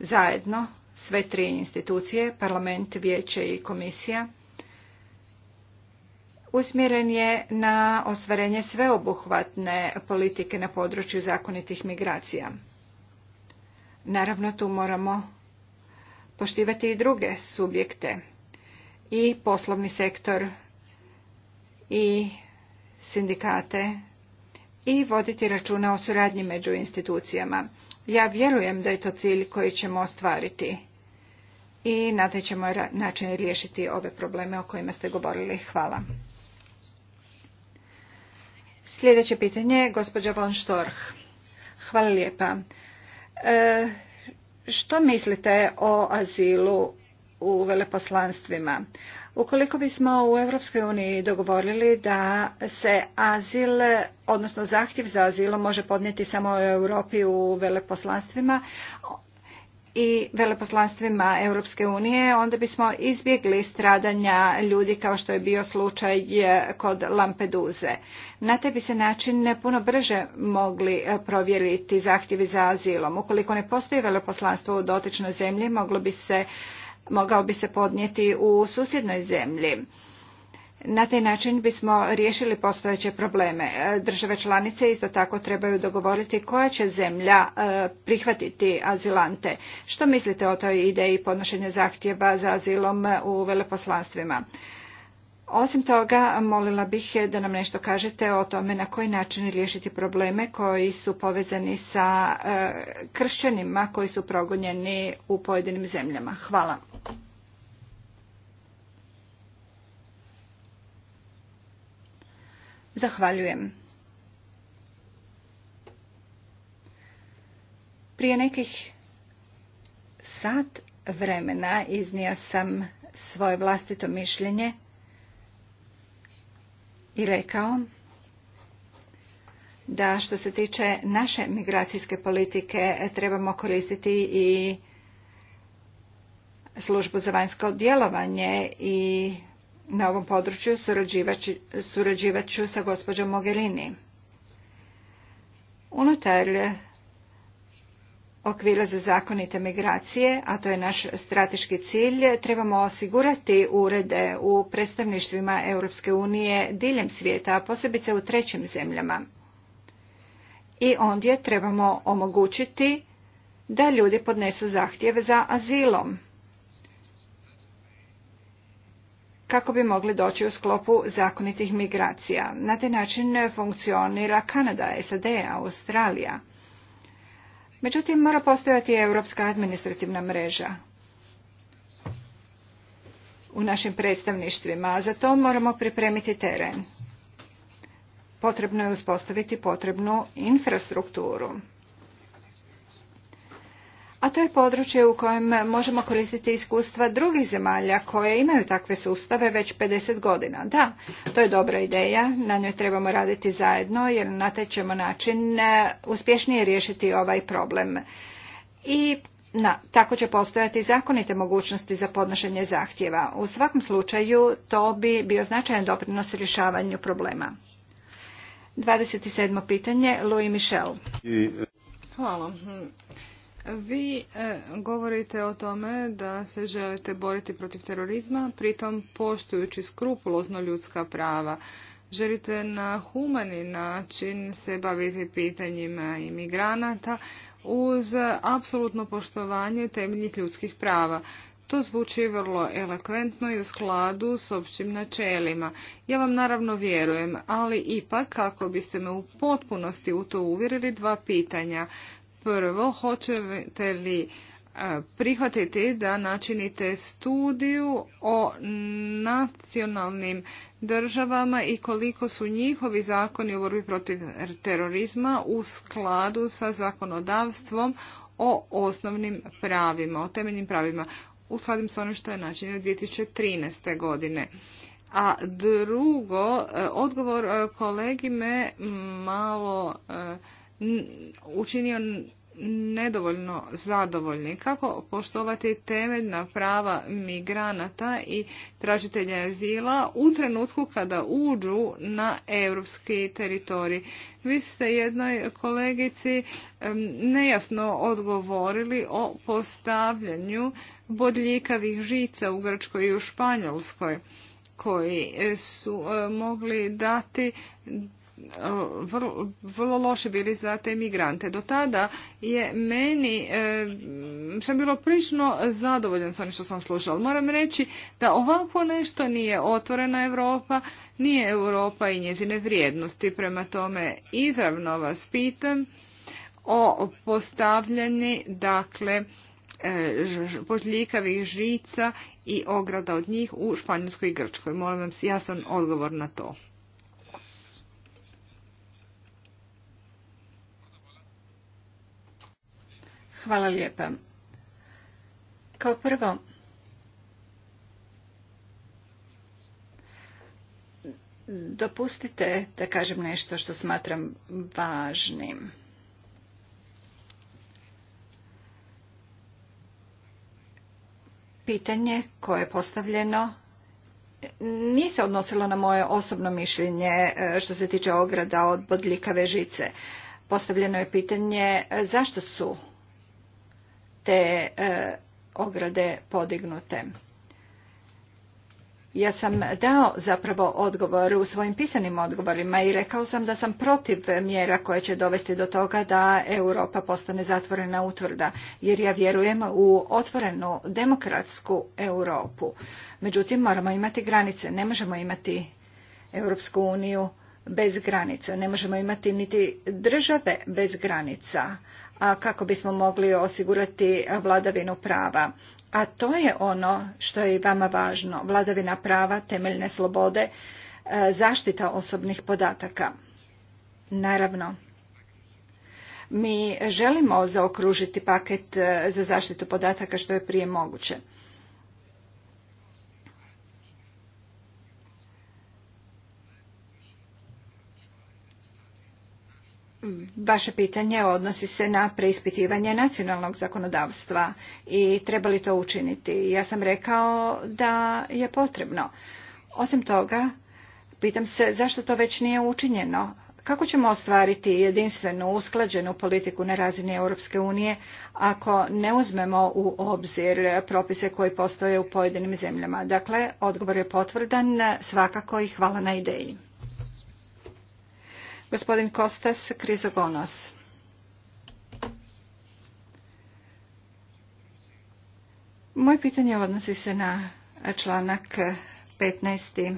zajedno sve tri institucije, parlament, vijeće i komisija – usmjeren je na ostvarenje sveobuhvatne politike na području zakonitih migracija. Naravno, tu moramo poštivati i druge subjekte, i poslovni sektor, i sindikate, i voditi računa o suradnji među institucijama. Ja vjerujem da je to cilj koji ćemo ostvariti i na taj ćemo način riješiti ove probleme o kojima ste govorili. Hvala. Sljedeće pitanje, gospođa von Štorh. Hvala lijepa. E, što mislite o azilu u veleposlanstvima? Ukoliko bismo u Europskoj uniji dogovorili da se azil, odnosno zahtjev za azilom može podnijeti samo u Europi u veleposlanstvima, i veleposlanstvima Europske unije, onda bismo izbjegli stradanja ljudi kao što je bio slučaj e, kod Lampeduze. Na taj bi se način puno brže mogli e, provjeriti zahtjevi za azilom. Ukoliko ne postoji veleposlanstvo u dotičnoj zemlji, moglo bi se, mogao bi se podnijeti u susjednoj zemlji na taj način bismo riješili postojeće probleme. E, države članice isto tako trebaju dogovoriti koja će zemlja e, prihvatiti azilante. Što mislite o toj ideji podnošenja zahtjeva za azilom e, u veleposlanstvima? Osim toga, molila bih da nam nešto kažete o tome na koji način riješiti probleme koji su povezani sa kršćanima koji su progonjeni u pojedinim zemljama. Hvala. Zahvaljujem. Prije nekih sat vremena iznio sam svoje vlastito mišljenje i rekao da što se tiče naše migracijske politike trebamo koristiti i službu za vanjsko djelovanje i na ovom području surađivat ću sa gospođom Mogherini. Unutar okvira za zakonite migracije, a to je naš strateški cilj, trebamo osigurati urede u predstavništvima Europske unije diljem svijeta, a posebice u trećim zemljama. I ondje trebamo omogućiti da ljudi podnesu zahtjeve za azilom kako bi mogli doći u sklopu zakonitih migracija. Na taj način funkcionira Kanada, SAD, Australija. Međutim, mora postojati europska administrativna mreža u našim predstavništvima, a za to moramo pripremiti teren. Potrebno je uspostaviti potrebnu infrastrukturu a to je područje u kojem možemo koristiti iskustva drugih zemalja koje imaju takve sustave već 50 godina. Da, to je dobra ideja, na njoj trebamo raditi zajedno jer na taj ćemo način e, uspješnije riješiti ovaj problem. I na, tako će postojati zakonite mogućnosti za podnošenje zahtjeva. U svakom slučaju to bi bio značajan doprinos rješavanju problema. 27. pitanje, Louis Michel. Hvala. Vi e, govorite o tome da se želite boriti protiv terorizma, pritom poštujući skrupulozno ljudska prava. Želite na humani način se baviti pitanjima imigranata uz apsolutno poštovanje temeljnih ljudskih prava. To zvuči vrlo elokventno i u skladu s općim načelima. Ja vam naravno vjerujem, ali ipak kako biste me u potpunosti u to uvjerili dva pitanja. Prvo, hoćete li e, prihvatiti da načinite studiju o nacionalnim državama i koliko su njihovi zakoni u borbi protiv terorizma u skladu sa zakonodavstvom o osnovnim pravima, o temeljnim pravima, u skladu sa onim što je načinjeno 2013. godine. A drugo, e, odgovor e, kolegi me malo učinio nedovoljno zadovoljni. Kako poštovati temeljna prava migranata i tražitelja azila u trenutku kada uđu na europski teritorij? Vi ste jednoj kolegici nejasno odgovorili o postavljanju bodljikavih žica u Grčkoj i u Španjolskoj koji su e, mogli dati vrlo, vrlo loše bili za te migrante. Do tada je meni e, sam bilo prilično zadovoljan sa onim što sam slušala. Moram reći da ovako nešto nije otvorena Europa, nije Europa i njezine vrijednosti. Prema tome izravno vas pitam o postavljanju dakle e, požljikavih žica i ograda od njih u Španjolskoj i Grčkoj. Molim vam jasan odgovor na to. Hvala lijepa. Kao prvo, dopustite da kažem nešto što smatram važnim. Pitanje koje je postavljeno nije se odnosilo na moje osobno mišljenje e, što se tiče ograda od bodljikave žice. Postavljeno je pitanje e, zašto su te e, ograde podignute. Ja sam dao zapravo odgovor u svojim pisanim odgovorima i rekao sam da sam protiv mjera koje će dovesti do toga da Europa postane zatvorena utvrda, jer ja vjerujem u otvorenu demokratsku Europu. Međutim, moramo imati granice, ne možemo imati Europsku uniju bez granica, ne možemo imati niti države bez granica, a kako bismo mogli osigurati vladavinu prava. A to je ono što je i vama važno, vladavina prava, temeljne slobode, e, zaštita osobnih podataka. Naravno, mi želimo zaokružiti paket e, za zaštitu podataka što je prije moguće. Vaše pitanje odnosi se na preispitivanje nacionalnog zakonodavstva i treba li to učiniti. Ja sam rekao da je potrebno. Osim toga, pitam se zašto to već nije učinjeno. Kako ćemo ostvariti jedinstvenu, usklađenu politiku na razini Europske unije ako ne uzmemo u obzir propise koji postoje u pojedinim zemljama? Dakle, odgovor je potvrdan, svakako i hvala na ideji. Gospodin Kostas Krizogonos. Moje pitanje odnosi se na članak 15.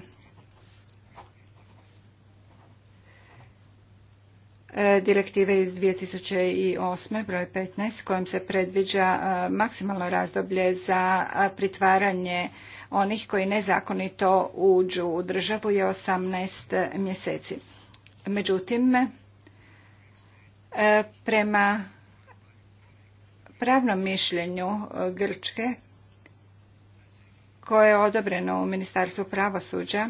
direktive iz 2008. broj 15 kojom se predviđa e, maksimalno razdoblje za e, pritvaranje onih koji nezakonito uđu u državu je 18 mjeseci. Međutim, e, prema pravnom mišljenju e, Grčke, koje je odobreno u Ministarstvu pravosuđa,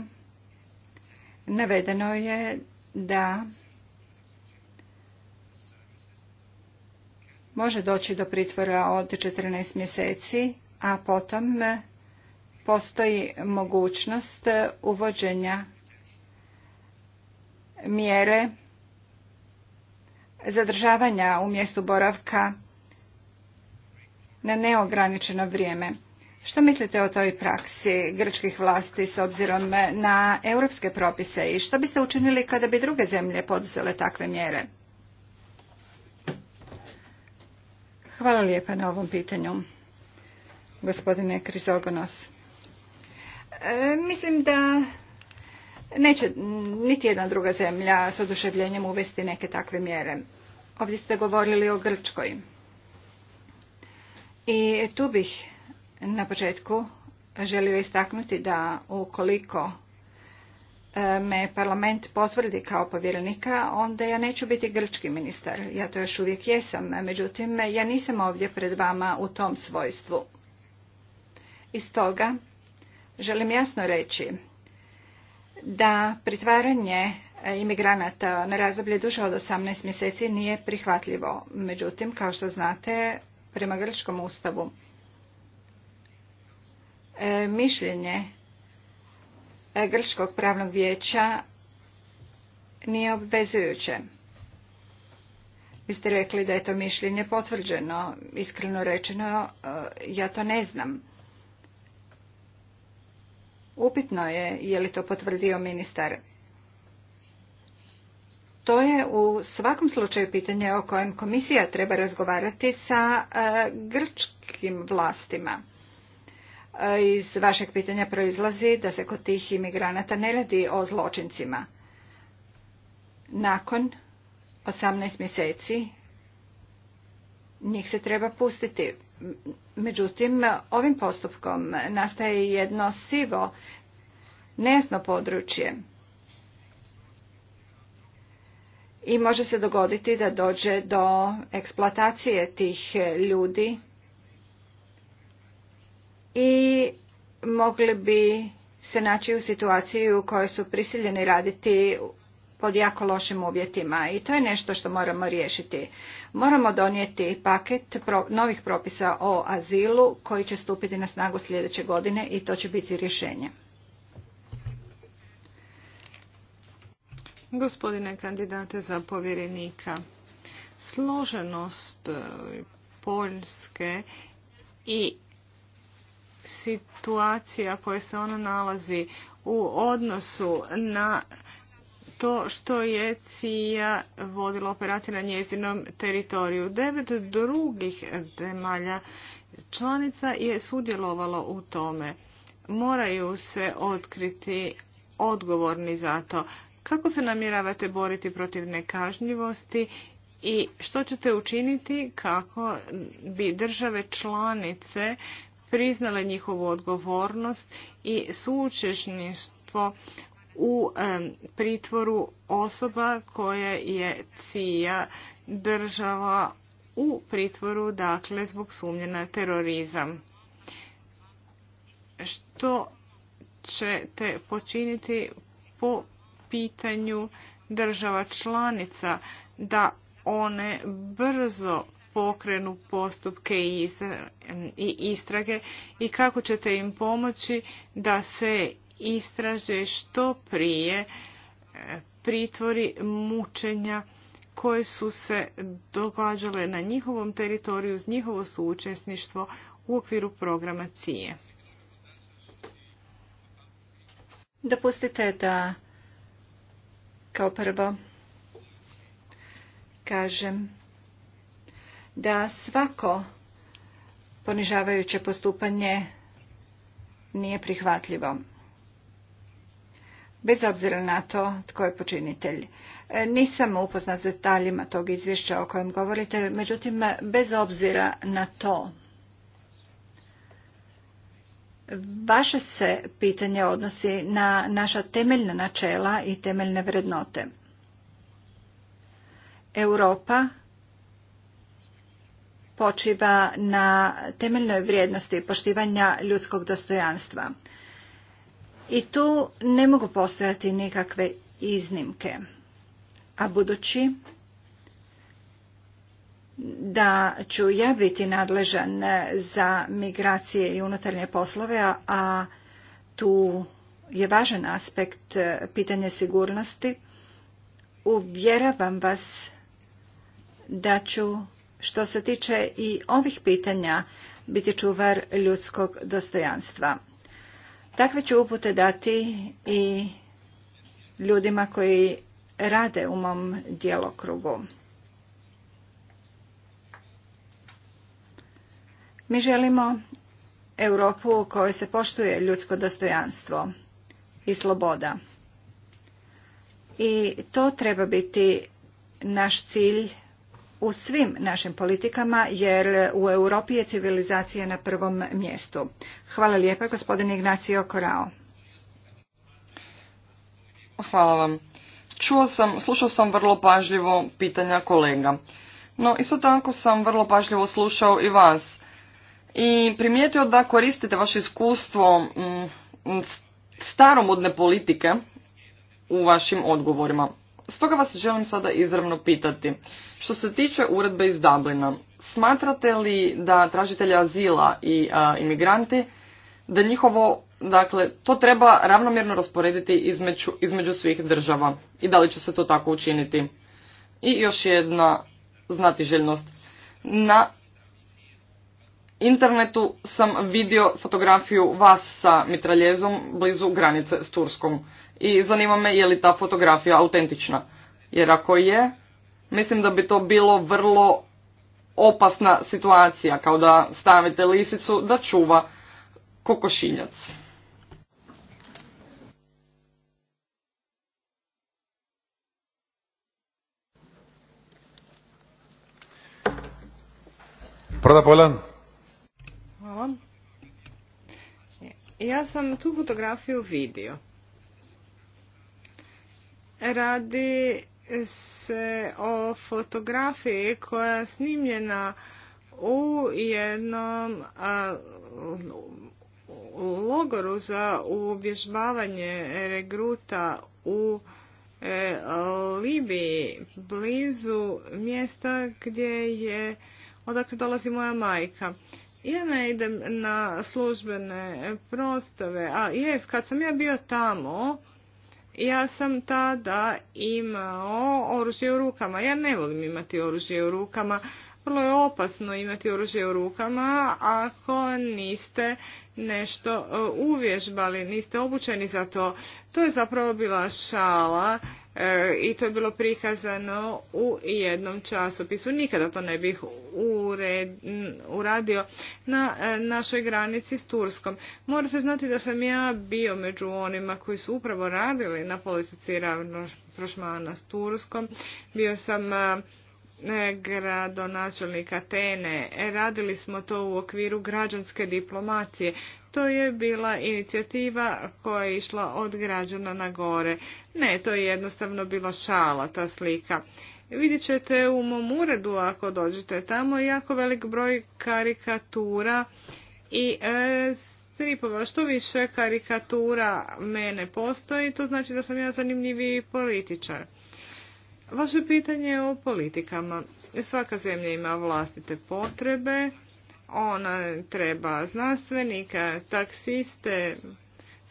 navedeno je da može doći do pritvora od 14 mjeseci, a potom postoji mogućnost uvođenja mjere zadržavanja u mjestu boravka na neograničeno vrijeme. Što mislite o toj praksi grčkih vlasti s obzirom na europske propise i što biste učinili kada bi druge zemlje poduzele takve mjere? Hvala lijepa na ovom pitanju, gospodine Krizogonos. E, mislim da neće niti jedna druga zemlja s oduševljenjem uvesti neke takve mjere. Ovdje ste govorili o Grčkoj. I tu bih na početku želio istaknuti da ukoliko e, me parlament potvrdi kao povjerenika, onda ja neću biti grčki ministar. Ja to još uvijek jesam, međutim ja nisam ovdje pred vama u tom svojstvu. I toga želim jasno reći da pritvaranje e, imigranata na razdoblje duže od 18 mjeseci nije prihvatljivo. Međutim, kao što znate, prema grčkom ustavu e, mišljenje e, grčkog pravnog vijeća nije obvezujuće. Vi ste rekli da je to mišljenje potvrđeno. Iskreno rečeno, ja to ne znam. Upitno je je li to potvrdio ministar. To je u svakom slučaju pitanje o kojem komisija treba razgovarati sa e, grčkim vlastima. E, iz vašeg pitanja proizlazi da se kod tih imigranata ne radi o zločincima. Nakon 18 mjeseci njih se treba pustiti Međutim, ovim postupkom nastaje jedno sivo, nejasno područje. I može se dogoditi da dođe do eksploatacije tih ljudi i mogli bi se naći u situaciji u kojoj su prisiljeni raditi pod jako lošim uvjetima i to je nešto što moramo riješiti. Moramo donijeti paket novih propisa o azilu koji će stupiti na snagu sljedeće godine i to će biti rješenje. Gospodine kandidate za povjerenika, složenost eh, Poljske i situacija koja se ona nalazi u odnosu na to što je CIA vodila operacije na njezinom teritoriju. Devet drugih zemalja članica je sudjelovalo u tome. Moraju se otkriti odgovorni za to. Kako se namjeravate boriti protiv nekažnjivosti i što ćete učiniti kako bi države članice priznale njihovu odgovornost i sučešnjstvo u pritvoru osoba koje je CIA država u pritvoru, dakle, zbog sumnje na terorizam. Što ćete počiniti po pitanju država članica da one brzo pokrenu postupke i istrage i kako ćete im pomoći da se istražuje što prije e, pritvori mučenja koje su se događale na njihovom teritoriju uz njihovo suučesništvo u okviru programa CIE. Dopustite da kao prvo kažem da svako ponižavajuće postupanje nije prihvatljivo bez obzira na to tko je počinitelj. E, nisam upoznat za detaljima tog izvješća o kojem govorite, međutim, bez obzira na to, vaše se pitanje odnosi na naša temeljna načela i temeljne vrednote. Europa počiva na temeljnoj vrijednosti poštivanja ljudskog dostojanstva i tu ne mogu postojati nikakve iznimke. A budući da ću ja biti nadležan za migracije i unutarnje poslove, a tu je važan aspekt e, pitanja sigurnosti, uvjeravam vas da ću što se tiče i ovih pitanja biti čuvar ljudskog dostojanstva. Takve ću upute dati i ljudima koji rade u mom djelokrugu. Mi želimo Europu u kojoj se poštuje ljudsko dostojanstvo i sloboda. I to treba biti naš cilj u svim našim politikama jer u Europi je civilizacija na prvom mjestu. Hvala lijepa gospodine Ignacio Korao. Hvala vam. Čuo sam, slušao sam vrlo pažljivo pitanja kolega. No, isto tako sam vrlo pažljivo slušao i vas. I primijetio da koristite vaše iskustvo mm, staromodne politike u vašim odgovorima. Stoga vas želim sada izravno pitati. Što se tiče uredbe iz Dublina, smatrate li da tražitelji azila i imigranti, da njihovo, dakle, to treba ravnomjerno rasporediti između, između svih država i da li će se to tako učiniti? I još jedna znatiželjnost. Na internetu sam vidio fotografiju vas sa mitraljezom blizu granice s Turskom i zanima me je li ta fotografija autentična. Jer ako je, mislim da bi to bilo vrlo opasna situacija, kao da stavite lisicu da čuva kokošinjac. Prada Ja sam tu fotografiju vidio. Radi se o fotografiji koja je snimljena u jednom logoru za uvježbavanje regruta u e, Libiji, blizu mjesta gdje je odakle dolazi moja majka. Ja ne idem na službene prostave, a jes, kad sam ja bio tamo, ja sam tada imao oružje u rukama. Ja ne volim imati oružje u rukama. Vrlo je opasno imati oružje u rukama ako niste nešto e, uvježbali, niste obučeni za to. To je zapravo bila šala E, i to je bilo prikazano u jednom časopisu. Nikada to ne bih uradio na e, našoj granici s Turskom. Morate znati da sam ja bio među onima koji su upravo radili na politici ravnoprošmana s Turskom. Bio sam e, gradonačelnik Atene. Radili smo to u okviru građanske diplomacije. To je bila inicijativa koja je išla od građana na gore. Ne, to je jednostavno bila šala ta slika. Vidjet ćete u mom uredu ako dođete tamo jako velik broj karikatura i e, stripova. Što više karikatura mene postoji, to znači da sam ja zanimljiviji političar. Vaše pitanje je o politikama. Svaka zemlja ima vlastite potrebe ona treba znanstvenika, taksiste,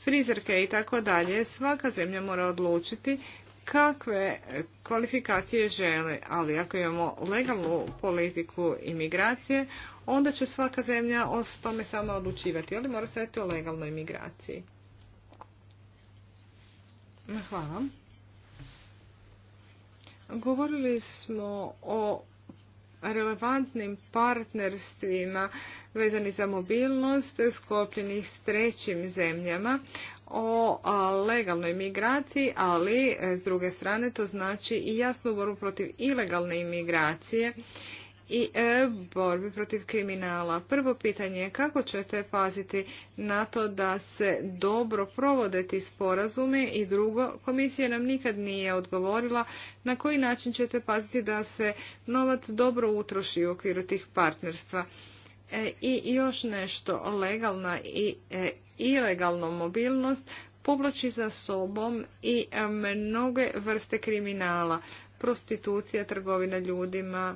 frizerke i tako dalje. Svaka zemlja mora odlučiti kakve kvalifikacije žele, ali ako imamo legalnu politiku imigracije, onda će svaka zemlja o tome sama odlučivati, ali mora se o legalnoj imigraciji. Hvala. Govorili smo o relevantnim partnerstvima vezani za mobilnost skopljenih s trećim zemljama o legalnoj migraciji, ali e, s druge strane to znači i jasnu boru protiv ilegalne imigracije i e, borbi protiv kriminala. Prvo pitanje je kako ćete paziti na to da se dobro provode ti sporazumi i drugo, komisija nam nikad nije odgovorila na koji način ćete paziti da se novac dobro utroši u okviru tih partnerstva. E, I još nešto, legalna i e, ilegalna mobilnost povlači za sobom i mnoge vrste kriminala, prostitucija, trgovina ljudima,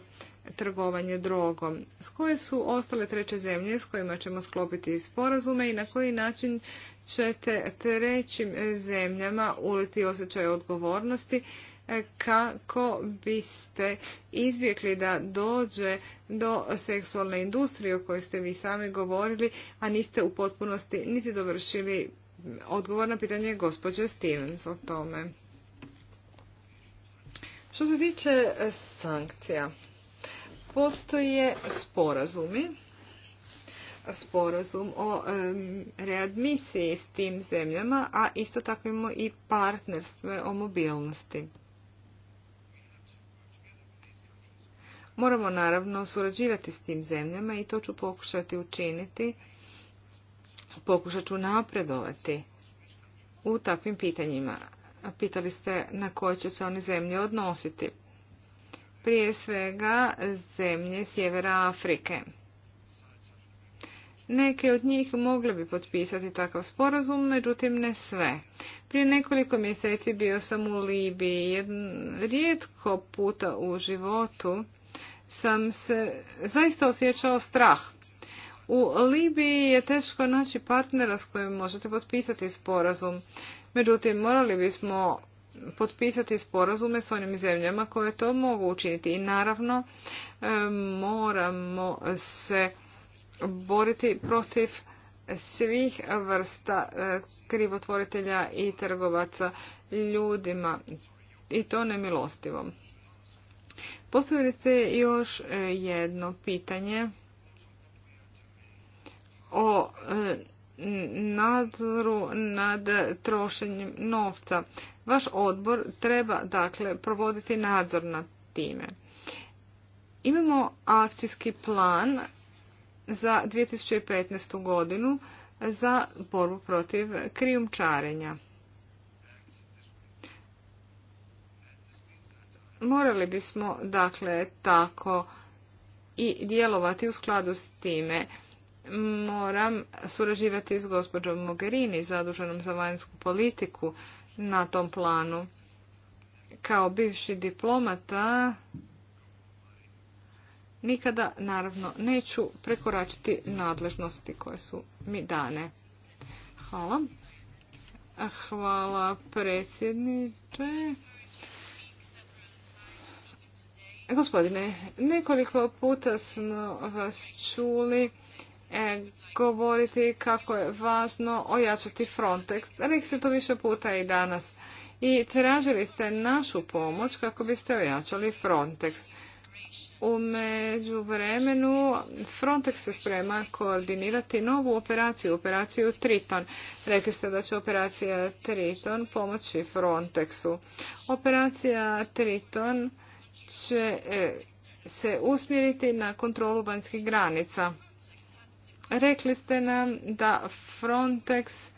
trgovanje drogom. S koje su ostale treće zemlje s kojima ćemo sklopiti sporazume i na koji način ćete trećim zemljama uliti osjećaj odgovornosti e, kako biste izbjegli da dođe do seksualne industrije o kojoj ste vi sami govorili, a niste u potpunosti niti dovršili odgovor na pitanje gospođe Stevens o tome. Što se tiče sankcija, Postoje sporazumi, sporazum o readmisiji s tim zemljama, a isto tako imamo i partnerstve o mobilnosti. Moramo naravno surađivati s tim zemljama i to ću pokušati učiniti, pokušat ću napredovati u takvim pitanjima. Pitali ste na koje će se one zemlje odnositi prije svega zemlje sjevera Afrike. Neke od njih mogle bi potpisati takav sporazum, međutim ne sve. Prije nekoliko mjeseci bio sam u Libiji. rijetko puta u životu sam se zaista osjećao strah. U Libiji je teško naći partnera s kojim možete potpisati sporazum. Međutim, morali bismo potpisati sporazume s onim zemljama koje to mogu učiniti. I naravno e, moramo se boriti protiv svih vrsta e, krivotvoritelja i trgovaca ljudima i to nemilostivom. Postavili ste još e, jedno pitanje o nadzoru nad trošenjem novca. Vaš odbor treba dakle provoditi nadzor nad time. Imamo akcijski plan za 2015. godinu za borbu protiv krijumčarenja. Morali bismo dakle tako i djelovati u skladu s time moram surađivati s gospođom Mogherini, zaduženom za vanjsku politiku na tom planu. Kao bivši diplomata nikada, naravno, neću prekoračiti nadležnosti koje su mi dane. Hvala. Hvala predsjedniče. Gospodine, nekoliko puta smo vas čuli E, govoriti kako je važno ojačati Frontex. Rekli ste to više puta i danas. I tražili ste našu pomoć kako biste ojačali Frontex. U vremenu Frontex se sprema koordinirati novu operaciju, operaciju Triton. Rekli ste da će operacija Triton pomoći Frontexu. Operacija Triton će e, se usmjeriti na kontrolu vanjskih granica. Rekli ste nam da Frontex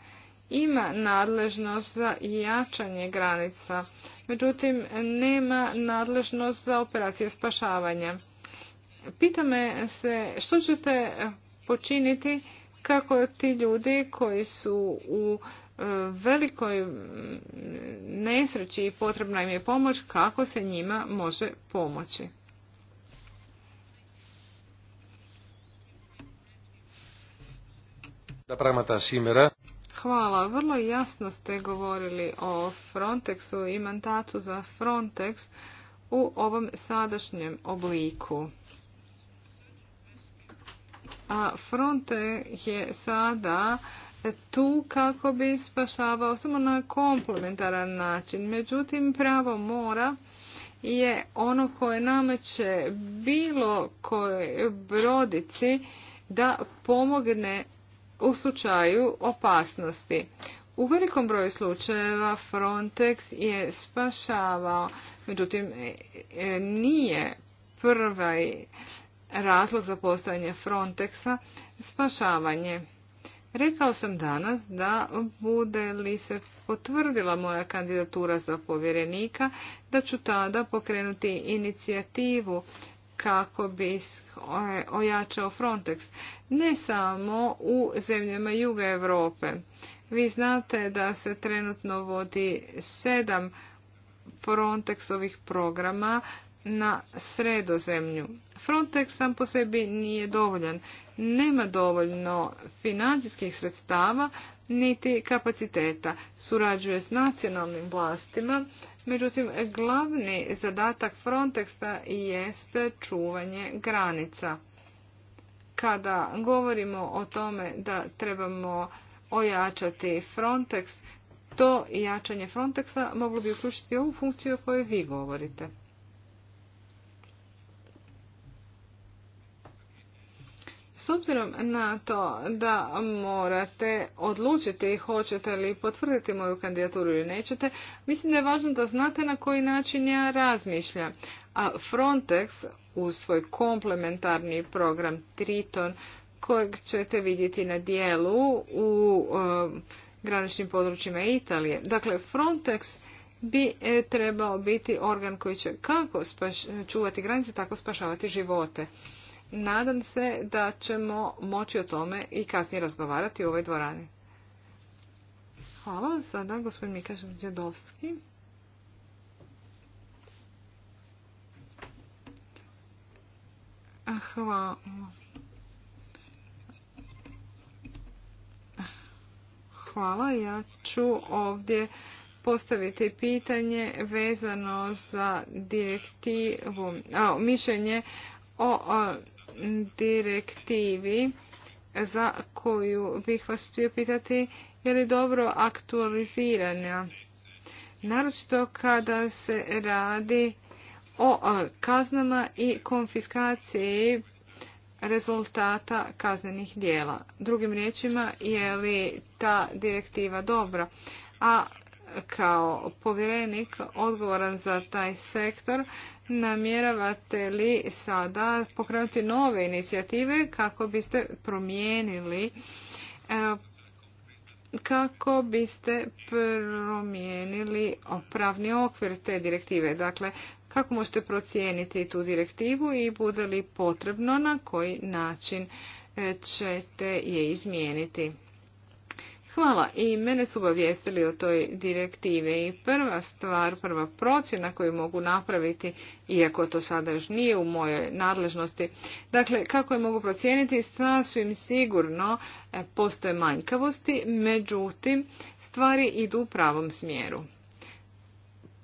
ima nadležnost za jačanje granica, međutim nema nadležnost za operacije spašavanja. Pita me se što ćete počiniti kako ti ljudi koji su u e, velikoj nesreći i potrebna im je pomoć, kako se njima može pomoći. Da pramata Hvala, vrlo jasno ste govorili o Frontexu i mandatu za Frontex u ovom sadašnjem obliku. A Frontex je sada tu kako bi spašavao samo na komplementaran način. Međutim, pravo mora je ono koje nameće bilo koje brodici da pomogne u slučaju opasnosti. U velikom broju slučajeva Frontex je spašavao, međutim e, e, nije prvi razlog za postojanje Frontexa spašavanje. Rekao sam danas da bude li se potvrdila moja kandidatura za povjerenika, da ću tada pokrenuti inicijativu kako bi ojačao Frontex, ne samo u zemljama Juga Europe. Vi znate da se trenutno vodi sedam Frontexovih programa na sredozemlju. Frontex sam po sebi nije dovoljan. Nema dovoljno financijskih sredstava niti kapaciteta. Surađuje s nacionalnim vlastima, međutim glavni zadatak Frontexa jeste čuvanje granica. Kada govorimo o tome da trebamo ojačati Frontex, to jačanje Frontexa moglo bi uključiti ovu funkciju o kojoj vi govorite. S obzirom na to da morate odlučiti hoćete li potvrditi moju kandidaturu ili nećete, mislim da je važno da znate na koji način ja razmišljam. A Frontex u svoj komplementarni program Triton kojeg ćete vidjeti na dijelu u um, graničnim područjima Italije. Dakle, Frontex bi e, trebao biti organ koji će kako čuvati granice, tako spašavati živote nadam se da ćemo moći o tome i kasnije razgovarati u ovoj dvorani. Hvala. Sada gospodin Mikaš Đedovski. Ah, hvala. Hvala. Ja ću ovdje postaviti pitanje vezano za direktivu, a, mišljenje o direktivi za koju bih vas htio pitati je li dobro aktualizirana. Naročito kada se radi o kaznama i konfiskaciji rezultata kaznenih dijela. Drugim riječima je li ta direktiva dobra. A kao povjerenik odgovoran za taj sektor namjeravate li sada pokrenuti nove inicijative kako biste promijenili e, kako biste promijenili pravni okvir te direktive. Dakle, kako možete procijeniti tu direktivu i bude li potrebno na koji način e, ćete je izmijeniti. Hvala. I mene su obavijestili o toj direktive i prva stvar, prva procjena koju mogu napraviti, iako to sada još nije u mojoj nadležnosti, dakle kako je mogu procijeniti, sasvim sigurno e, postoje manjkavosti, međutim stvari idu u pravom smjeru.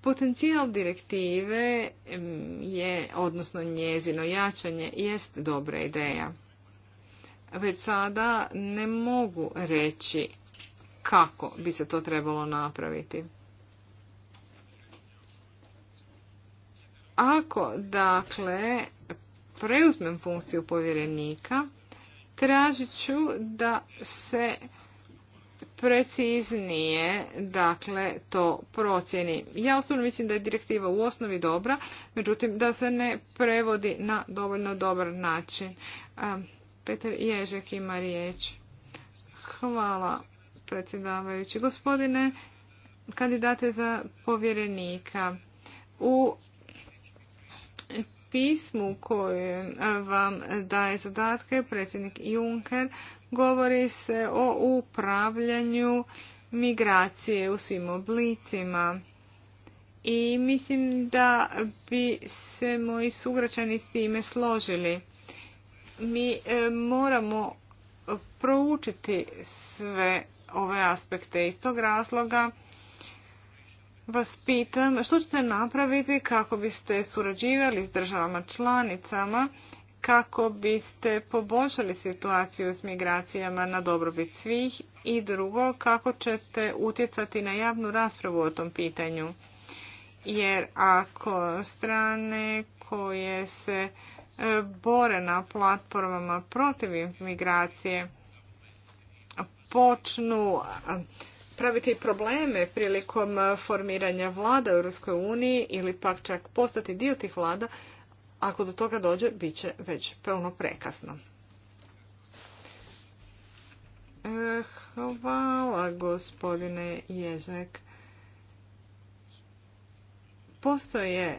Potencijal direktive mm, je, odnosno njezino jačanje, jest dobra ideja. Već sada ne mogu reći kako bi se to trebalo napraviti. Ako, dakle, preuzmem funkciju povjerenika, tražit ću da se preciznije dakle to procjeni. Ja osobno mislim da je direktiva u osnovi dobra, međutim da se ne prevodi na dovoljno dobar način. Petar Ježek ima riječ. Hvala predsjedavajući. Gospodine kandidate za povjerenika, u pismu koju vam daje zadatke predsjednik Juncker govori se o upravljanju migracije u svim oblicima. I mislim da bi se moji sugrađani s time složili. Mi e, moramo proučiti sve ove aspekte. Iz tog razloga vas pitam što ćete napraviti kako biste surađivali s državama članicama kako biste poboljšali situaciju s migracijama na dobrobit svih i drugo kako ćete utjecati na javnu raspravu o tom pitanju. Jer ako strane koje se e, bore na platformama protiv migracije počnu praviti probleme prilikom formiranja vlada u Europskoj uniji ili pak čak postati dio tih vlada, ako do toga dođe, bit će već pelno prekasno. E, hvala, gospodine Ježek. Postoje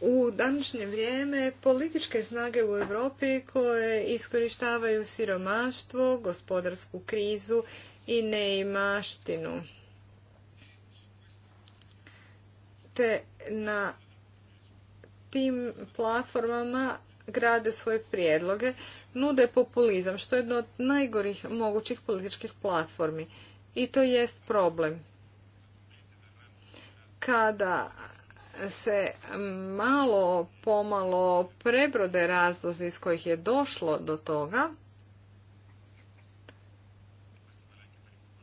u današnje vrijeme političke snage u Europi koje iskorištavaju siromaštvo, gospodarsku krizu i neimaštinu. Te na tim platformama grade svoje prijedloge, nude populizam, što je jedno od najgorih mogućih političkih platformi. I to jest problem. Kada se malo pomalo prebrode razlozi iz kojih je došlo do toga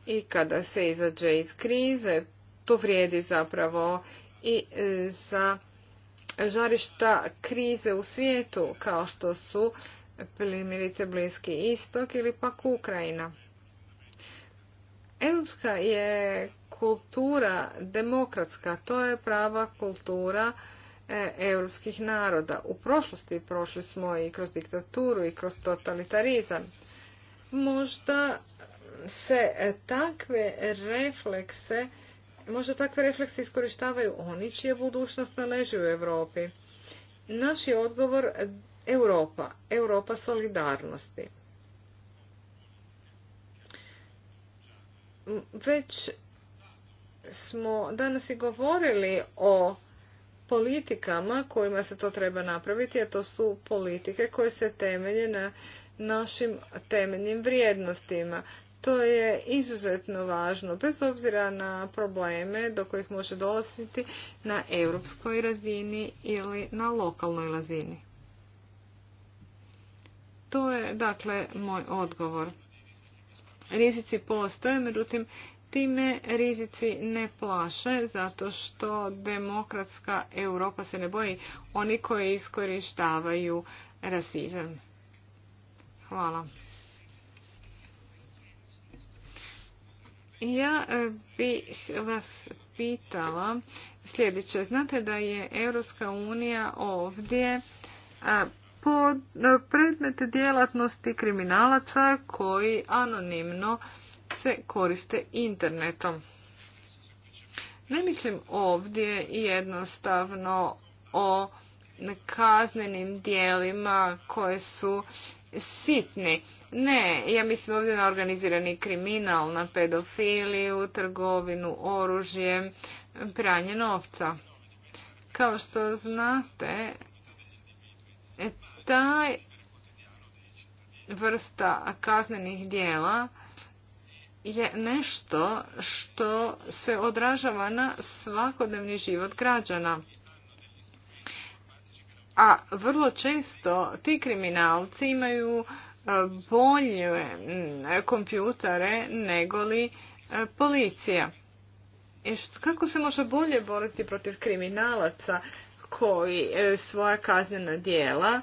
i kada se izađe iz krize, to vrijedi zapravo i e, za žarišta krize u svijetu kao što su primjerice Bliski istok ili pak Ukrajina. Europska je kultura demokratska, to je prava kultura e, europskih naroda. U prošlosti prošli smo i kroz diktaturu i kroz totalitarizam. Možda se e, takve reflekse, možda takve reflekse iskorištavaju oni čija budućnost naleži u Europi. Naš je odgovor Europa, Europa solidarnosti. Već smo danas i govorili o politikama kojima se to treba napraviti, a to su politike koje se temelje na našim temeljnim vrijednostima. To je izuzetno važno, bez obzira na probleme do kojih može dolaziti na europskoj razini ili na lokalnoj razini. To je, dakle, moj odgovor rizici postoje, međutim time rizici ne plaše zato što demokratska Europa se ne boji oni koji iskorištavaju rasizam. Hvala. Ja e, bih vas pitala sljedeće. Znate da je Europska unija ovdje pod e, predmete djelatnosti kriminalaca koji anonimno se koriste internetom. Ne mislim ovdje jednostavno o kaznenim dijelima koje su sitni. Ne, ja mislim ovdje na organizirani kriminal, na pedofiliju, trgovinu, oružje, pranje novca. Kao što znate, taj vrsta kaznenih dijela je nešto što se odražava na svakodnevni život građana. A vrlo često ti kriminalci imaju e, bolje mm, kompjutare nego li e, policija. I e, kako se može bolje boriti protiv kriminalaca koji svoja kaznena dijela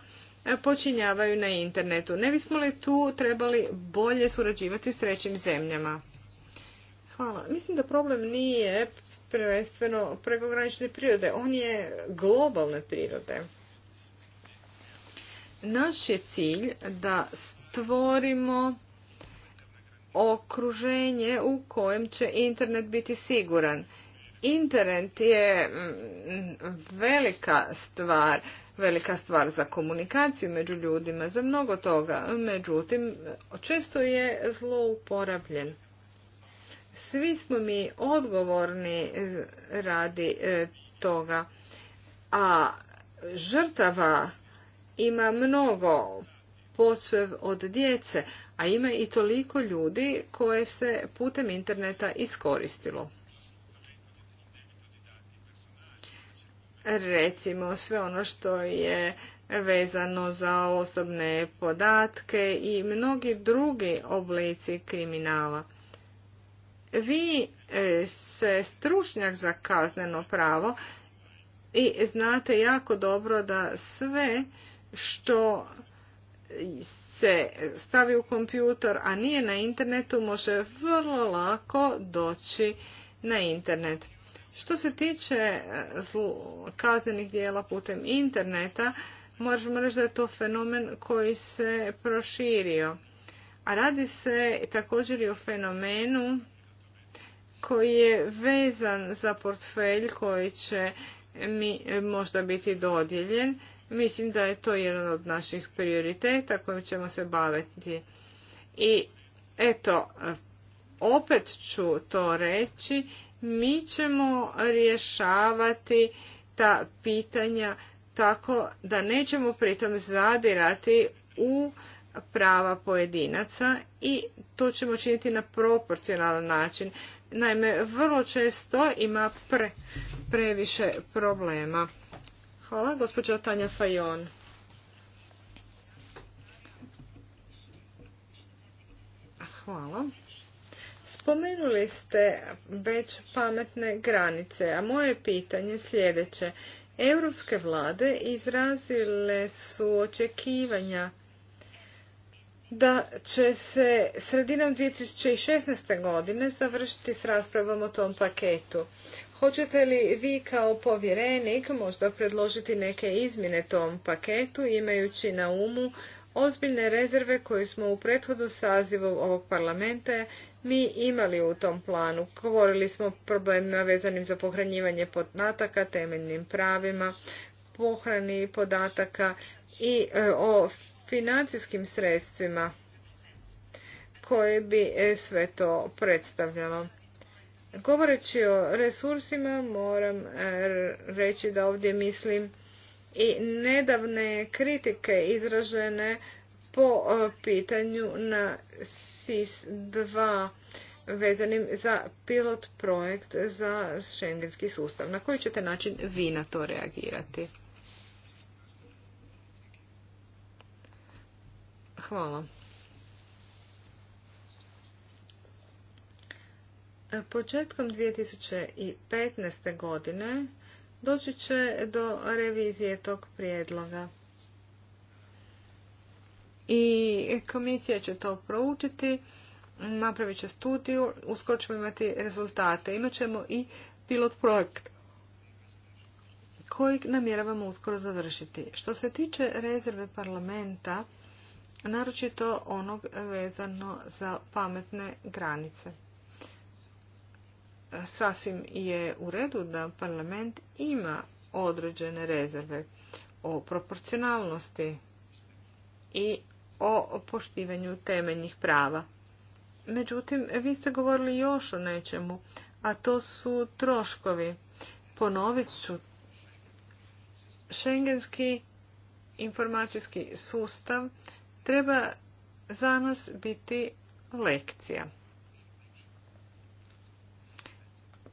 E, počinjavaju na internetu. Ne bismo li tu trebali bolje surađivati s trećim zemljama? Hvala. Mislim da problem nije prvenstveno prekogranične prirode. On je globalne prirode. Naš je cilj da stvorimo okruženje u kojem će internet biti siguran Internet je mm, velika stvar, velika stvar za komunikaciju među ljudima, za mnogo toga. Međutim, često je zlouporabljen. Svi smo mi odgovorni radi e, toga, a žrtava ima mnogo počev od djece, a ima i toliko ljudi koje se putem interneta iskoristilo. recimo sve ono što je vezano za osobne podatke i mnogi drugi oblici kriminala. Vi se stručnjak za kazneno pravo i znate jako dobro da sve što se stavi u kompjutor, a nije na internetu, može vrlo lako doći na internet. Što se tiče e, kaznenih dijela putem interneta, možemo reći da je to fenomen koji se proširio. A radi se također i o fenomenu koji je vezan za portfelj koji će mi e, možda biti dodijeljen. Mislim da je to jedan od naših prioriteta kojim ćemo se baviti. I eto, opet ću to reći, mi ćemo rješavati ta pitanja tako da nećemo pritom zadirati u prava pojedinaca i to ćemo činiti na proporcionalan način. Naime, vrlo često ima pre, previše problema. Hvala, gospođa Tanja Fajon. Hvala. Spomenuli ste već pametne granice, a moje pitanje je sljedeće. Europske vlade izrazile su očekivanja da će se sredinom 2016. godine završiti s raspravom o tom paketu. Hoćete li vi kao povjerenik možda predložiti neke izmjene tom paketu imajući na umu ozbiljne rezerve koje smo u prethodu sazivu ovog parlamenta mi imali u tom planu. Govorili smo o problemima vezanim za pohranjivanje podataka, temeljnim pravima, pohrani podataka i e, o financijskim sredstvima koje bi e, sve to predstavljalo. Govoreći o resursima moram e, reći da ovdje mislim i nedavne kritike izražene po e, pitanju na SIS-2 vezanim za pilot projekt za šengenski sustav. Na koji ćete način vi na to reagirati? Hvala. E, početkom 2015. godine doći će do revizije tog prijedloga. I komisija će to proučiti, napravit će studiju, uskoro ćemo imati rezultate. Imat ćemo i pilot projekt koji namjeravamo uskoro završiti. Što se tiče rezerve parlamenta, naročito onog vezano za pametne granice sasvim je u redu da parlament ima određene rezerve o proporcionalnosti i o poštivanju temeljnih prava. Međutim, vi ste govorili još o nečemu, a to su troškovi. Ponovit ću, šengenski informacijski sustav treba za nas biti lekcija.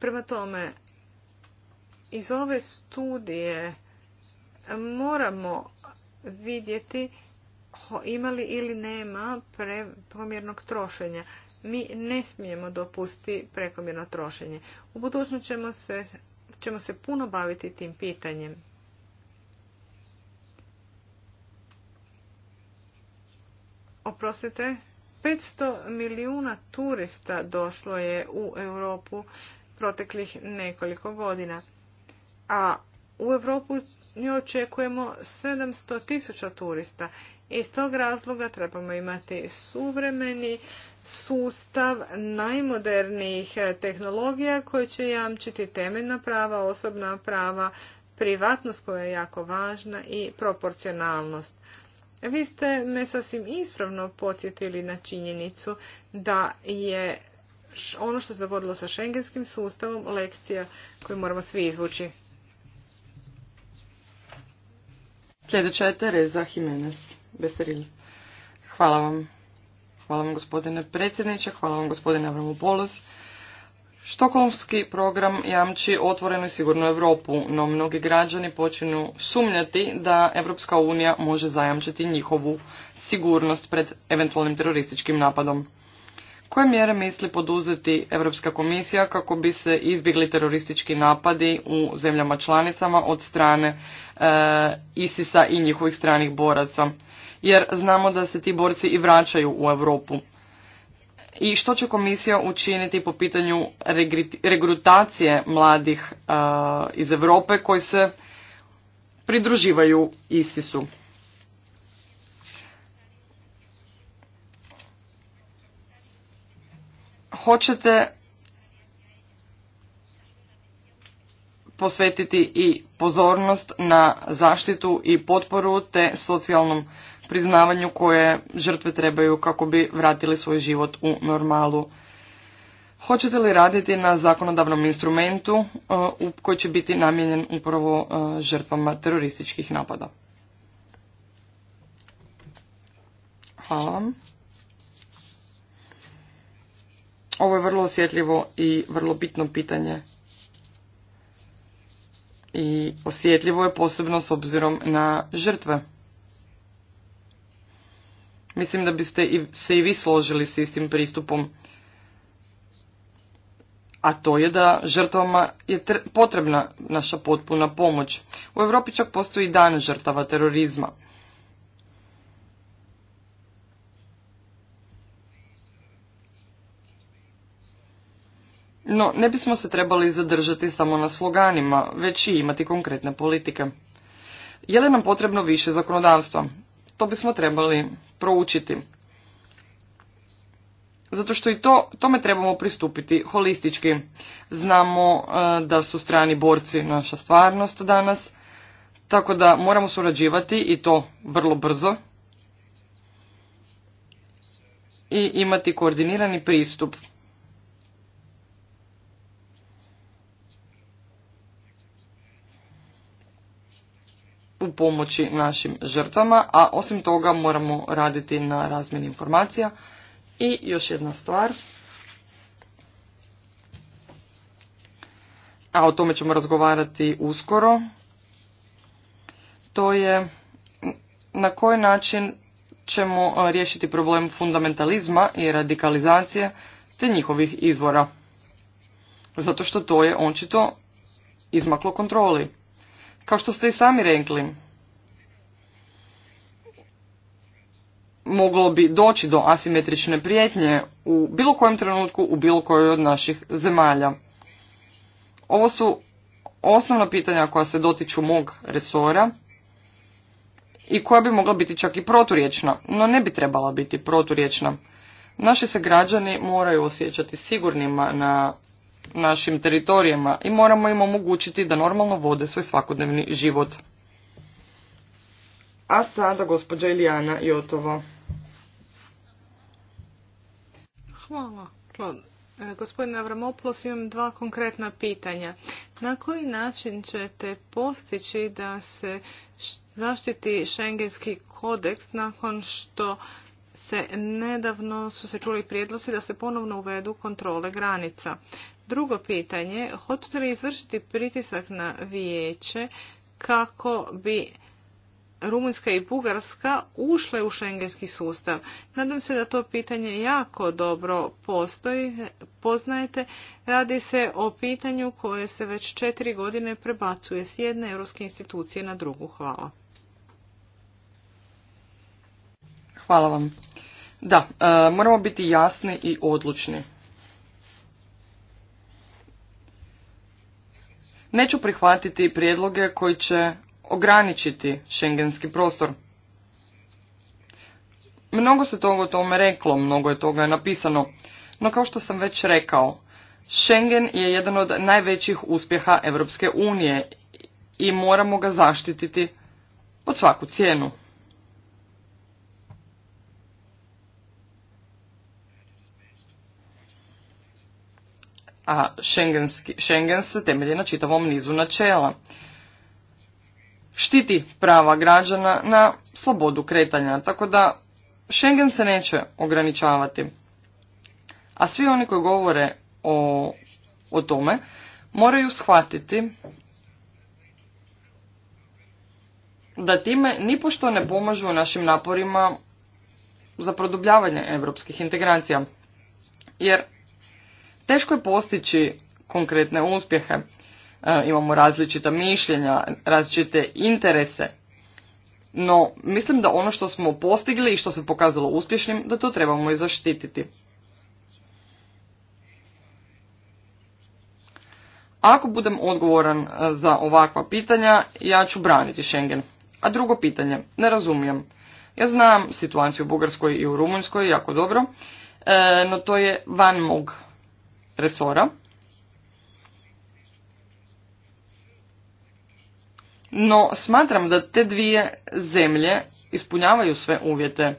Prema tome, iz ove studije moramo vidjeti imali ili nema prekomjernog trošenja. Mi ne smijemo dopustiti prekomjerno trošenje. U budućnosti ćemo se, ćemo se puno baviti tim pitanjem. Oprostite, 500 milijuna turista došlo je u Europu proteklih nekoliko godina. A u Europu nju očekujemo 700 tisuća turista. Iz tog razloga trebamo imati suvremeni sustav najmodernijih eh, tehnologija koji će jamčiti temeljna prava, osobna prava, privatnost koja je jako važna i proporcionalnost. Vi ste me sasvim ispravno podsjetili na činjenicu da je ono što se dogodilo sa šengenskim sustavom, lekcija koju moramo svi izvući. Sljedeća je Tereza Jimenez, Beseril. Hvala vam. Hvala vam gospodine predsjedniče, hvala vam gospodine Avramopolos. Štokholmski program jamči otvorenu i sigurnu Europu, no mnogi građani počinu sumnjati da Europska unija može zajamčiti njihovu sigurnost pred eventualnim terorističkim napadom. Koje mjere misli poduzeti Europska komisija kako bi se izbjegli teroristički napadi u zemljama članicama od strane e, ISIS-a i njihovih stranih boraca? Jer znamo da se ti borci i vraćaju u Europu. I što će komisija učiniti po pitanju regrutacije mladih eh, iz Europe koji se pridruživaju ISIS-u? hoćete posvetiti i pozornost na zaštitu i potporu te socijalnom priznavanju koje žrtve trebaju kako bi vratili svoj život u normalu. Hoćete li raditi na zakonodavnom instrumentu e, koji će biti namijenjen upravo e, žrtvama terorističkih napada? Hvala vam. Ovo je vrlo osjetljivo i vrlo bitno pitanje. I osjetljivo je posebno s obzirom na žrtve. Mislim da biste se i vi složili s istim pristupom. A to je da žrtvama je potrebna naša potpuna pomoć. U Europi čak postoji dan žrtava terorizma. No, ne bismo se trebali zadržati samo na sloganima, već i imati konkretne politike. Je li nam potrebno više zakonodavstva? To bismo trebali proučiti. Zato što i to, tome trebamo pristupiti holistički. Znamo e, da su strani borci naša stvarnost danas, tako da moramo surađivati i to vrlo brzo i imati koordinirani pristup u pomoći našim žrtvama, a osim toga moramo raditi na razmjeni informacija. I još jedna stvar, a o tome ćemo razgovarati uskoro, to je na koji način ćemo e, riješiti problem fundamentalizma i radikalizacije te njihovih izvora. Zato što to je očito izmaklo kontroli. Kao što ste i sami rekli, moglo bi doći do asimetrične prijetnje u bilo kojem trenutku u bilo kojoj od naših zemalja. Ovo su osnovna pitanja koja se dotiču mog resora i koja bi mogla biti čak i proturječna, no ne bi trebala biti proturječna. Naši se građani moraju osjećati sigurnima na našim teritorijama i moramo im omogućiti da normalno vode svoj svakodnevni život. A sada gospođa Ilijana Jotova. Hvala. E, gospodine imam dva konkretna pitanja. Na koji način ćete postići da se zaštiti šengenski kodeks nakon što se nedavno su se čuli prijedlosi da se ponovno uvedu kontrole granica? Drugo pitanje, hoćete li izvršiti pritisak na vijeće kako bi Rumunjska i Bugarska ušle u šengenski sustav. Nadam se da to pitanje jako dobro postoji, poznajete. Radi se o pitanju koje se već četiri godine prebacuje s jedne europske institucije na drugu. Hvala. Hvala vam. Da, e, moramo biti jasni i odlučni. Neću prihvatiti prijedloge koji će ograničiti šengenski prostor. Mnogo se toga o tome reklo, mnogo je toga napisano, no kao što sam već rekao, Schengen je jedan od najvećih uspjeha Europske unije i moramo ga zaštititi pod svaku cijenu. a Schengen se temelje na čitavom nizu načela. Štiti prava građana na slobodu kretanja, tako da Schengen se neće ograničavati. A svi oni koji govore o, o tome moraju shvatiti da time nipošto ne pomažu našim naporima za produbljavanje europskih integracija. Jer Teško je postići konkretne uspjehe. E, imamo različita mišljenja, različite interese. No, mislim da ono što smo postigli i što se pokazalo uspješnim, da to trebamo i zaštititi. Ako budem odgovoran e, za ovakva pitanja, ja ću braniti Schengen. A drugo pitanje, ne razumijem. Ja znam situaciju u Bugarskoj i u Rumunjskoj jako dobro, e, no to je van mog resora. No, smatram da te dvije zemlje ispunjavaju sve uvjete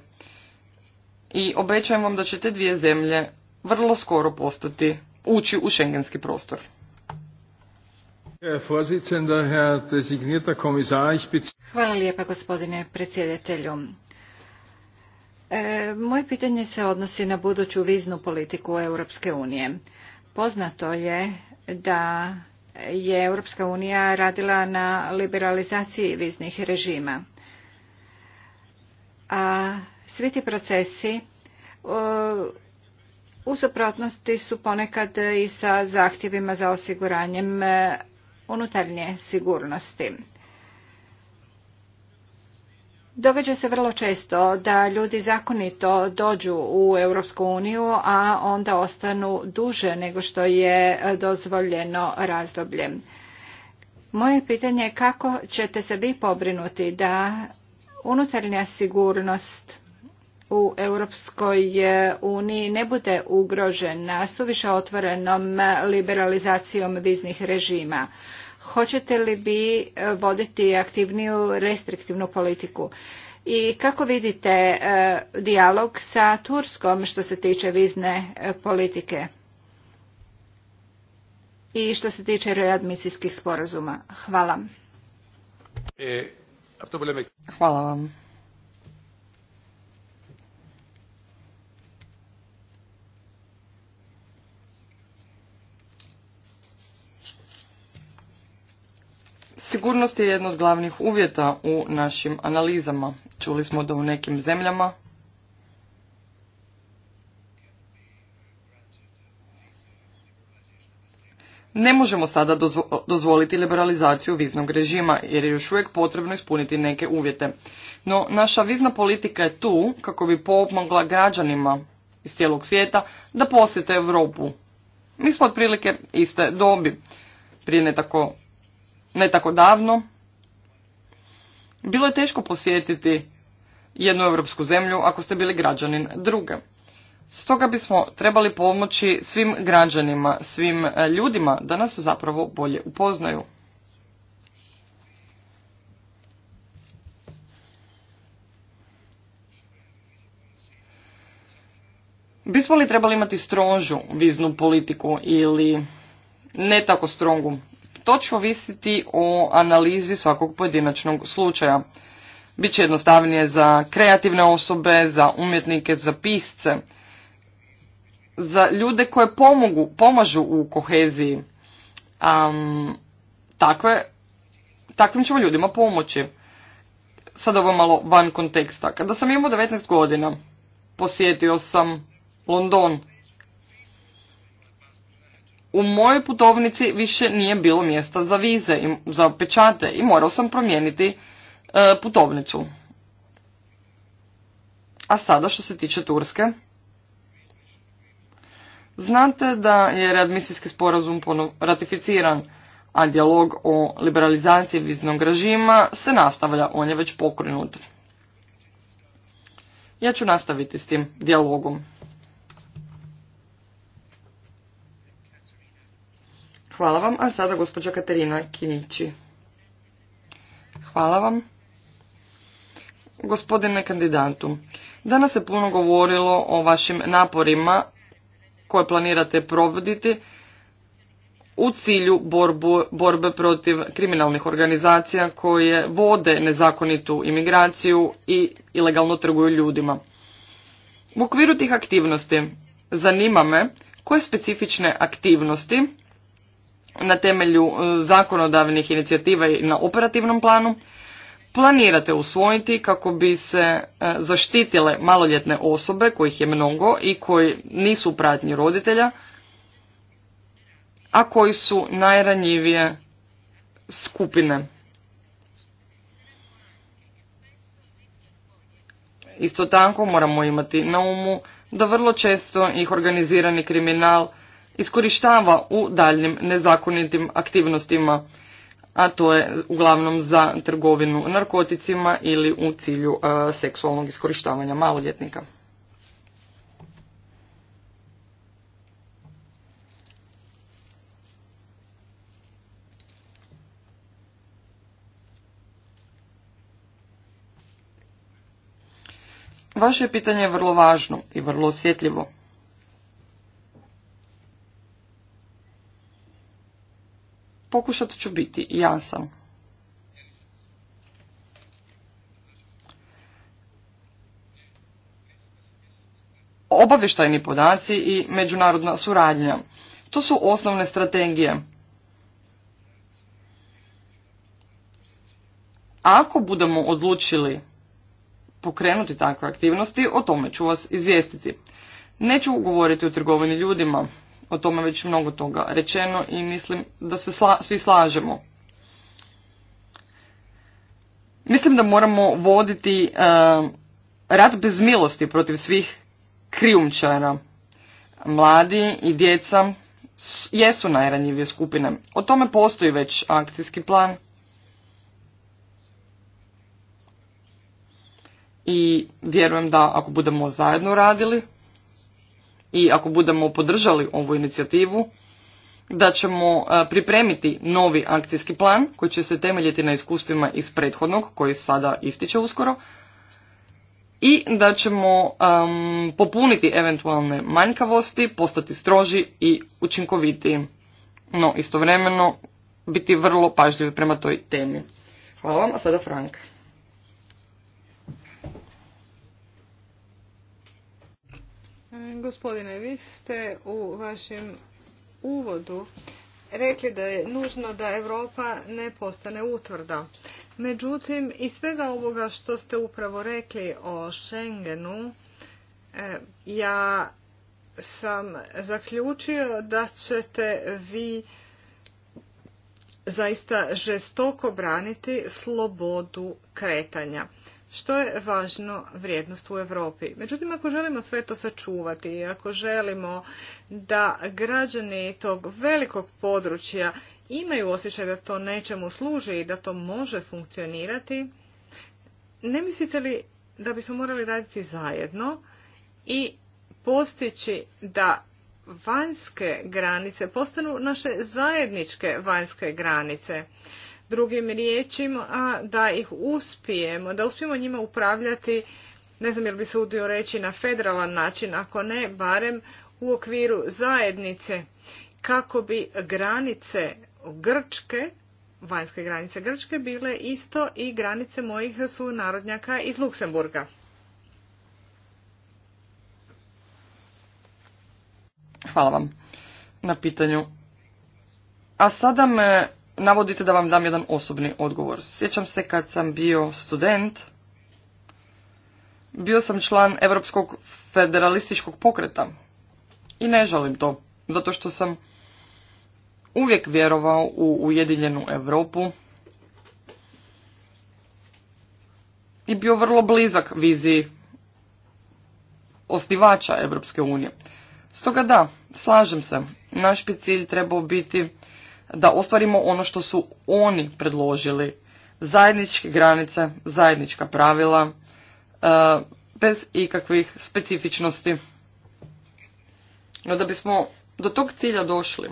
i obećajem vam da će te dvije zemlje vrlo skoro postati ući u šengenski prostor. Hvala lijepa gospodine predsjedatelju. E, moje pitanje se odnosi na buduću viznu politiku Europske unije. Poznato je da je Europska unija radila na liberalizaciji viznih režima. A svi ti procesi u suprotnosti su ponekad i sa zahtjevima za osiguranjem e, unutarnje sigurnosti. Događa se vrlo često da ljudi zakonito dođu u Europsku uniju, a onda ostanu duže nego što je dozvoljeno razdoblje. Moje pitanje je kako ćete se vi pobrinuti da unutarnja sigurnost u Europskoj uniji ne bude ugrožena suviše otvorenom liberalizacijom viznih režima hoćete li bi e, voditi aktivniju restriktivnu politiku? I kako vidite e, dijalog sa Turskom što se tiče vizne e, politike? I što se tiče readmisijskih sporazuma? Hvala. Hvala vam. Sigurnost je jedna od glavnih uvjeta u našim analizama. Čuli smo da u nekim zemljama Ne možemo sada dozvoliti liberalizaciju viznog režima jer je još uvijek potrebno ispuniti neke uvjete. No, naša vizna politika je tu kako bi pomogla građanima iz cijelog svijeta da posjete Europu. Mi smo otprilike iste dobi. Prije ne tako ne tako davno, bilo je teško posjetiti jednu europsku zemlju ako ste bili građanin druge. Stoga bismo trebali pomoći svim građanima, svim e, ljudima da nas zapravo bolje upoznaju. Bismo li trebali imati strožu viznu politiku ili ne tako strongu to će ovisiti o analizi svakog pojedinačnog slučaja. Biće jednostavnije za kreativne osobe, za umjetnike, za pisce, za ljude koje pomogu, pomažu u koheziji. Um, takve, takvim ćemo ljudima pomoći. Sad ovo malo van konteksta. Kada sam imao 19 godina, posjetio sam London, u mojoj putovnici više nije bilo mjesta za vize i za pečate i morao sam promijeniti e, putovnicu. A sada što se tiče Turske. Znate da je readmisijski sporazum ratificiran, a dijalog o liberalizaciji viznog režima se nastavlja, on je već pokrenut. Ja ću nastaviti s tim dijalogom. Hvala vam, a sada gospođa Katerina Kinići. Hvala vam. Gospodine kandidatu, danas se puno govorilo o vašim naporima koje planirate provoditi u cilju borbe protiv kriminalnih organizacija koje vode nezakonitu imigraciju i ilegalno trguju ljudima. U okviru tih aktivnosti zanima me koje specifične aktivnosti na temelju e, zakonodavnih inicijativa i na operativnom planu planirate usvojiti kako bi se e, zaštitile maloljetne osobe kojih je mnogo i koji nisu pratnji roditelja, a koji su najranjivije skupine. Isto tako moramo imati na umu da vrlo često ih organizirani kriminal iskorištava u daljnim nezakonitim aktivnostima, a to je uglavnom za trgovinu narkoticima ili u cilju e, seksualnog iskorištavanja maloljetnika. Vaše pitanje je vrlo važno i vrlo osjetljivo. pokušat ću biti jasan. Obavještajni podaci i međunarodna suradnja. To su osnovne strategije. Ako budemo odlučili pokrenuti takve aktivnosti, o tome ću vas izvijestiti. Neću govoriti o trgovini ljudima, o tome već mnogo toga rečeno i mislim da se svi slažemo. Mislim da moramo voditi rad e, rat bez milosti protiv svih krijumčara. Mladi i djeca jesu najranjivije skupine. O tome postoji već akcijski plan. I vjerujem da ako budemo zajedno radili, i ako budemo podržali ovu inicijativu, da ćemo e, pripremiti novi akcijski plan koji će se temeljiti na iskustvima iz prethodnog koji sada ističe uskoro i da ćemo popuniti eventualne manjkavosti, postati stroži i učinkovitiji, no istovremeno biti vrlo pažljivi prema toj temi. Hvala vam, a sada Frank. Gospodine, vi ste u vašem uvodu rekli da je nužno da Europa ne postane utvrda. Međutim, iz svega ovoga što ste upravo rekli o Schengenu, eh, ja sam zaključio da ćete vi zaista žestoko braniti slobodu kretanja što je važno vrijednost u Europi. Međutim, ako želimo sve to sačuvati i ako želimo da građani tog velikog područja imaju osjećaj da to nečemu služi i da to može funkcionirati, ne mislite li da bismo morali raditi zajedno i postići da vanjske granice postanu naše zajedničke vanjske granice? drugim riječima, da ih uspijemo, da uspijemo njima upravljati, ne znam jel bi se udio reći na federalan način, ako ne, barem u okviru zajednice, kako bi granice Grčke, vanjske granice Grčke, bile isto i granice mojih sunarodnjaka iz Luksemburga. Hvala vam na pitanju. A sada me navodite da vam dam jedan osobni odgovor. Sjećam se kad sam bio student, bio sam član Europskog federalističkog pokreta i ne žalim to, zato što sam uvijek vjerovao u Ujedinjenu Europu i bio vrlo blizak viziji osnivača Evropske unije. Stoga da, slažem se, naš bi cilj trebao biti da ostvarimo ono što su oni predložili. Zajedničke granice, zajednička pravila, e, bez ikakvih specifičnosti. No da bismo do tog cilja došli,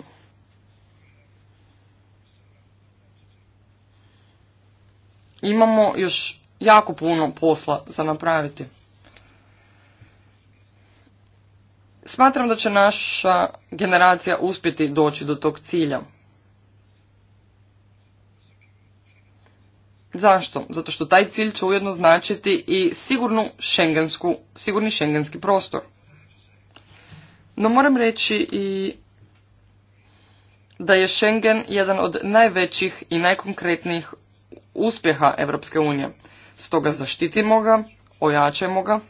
imamo još jako puno posla za napraviti. Smatram da će naša generacija uspjeti doći do tog cilja. Zašto? Zato što taj cilj će ujedno značiti i sigurnu šengensku, sigurni šengenski prostor. No moram reći i da je Schengen jedan od najvećih i najkonkretnijih uspjeha Europske unije. Stoga zaštitimo ga, ojačajmo ga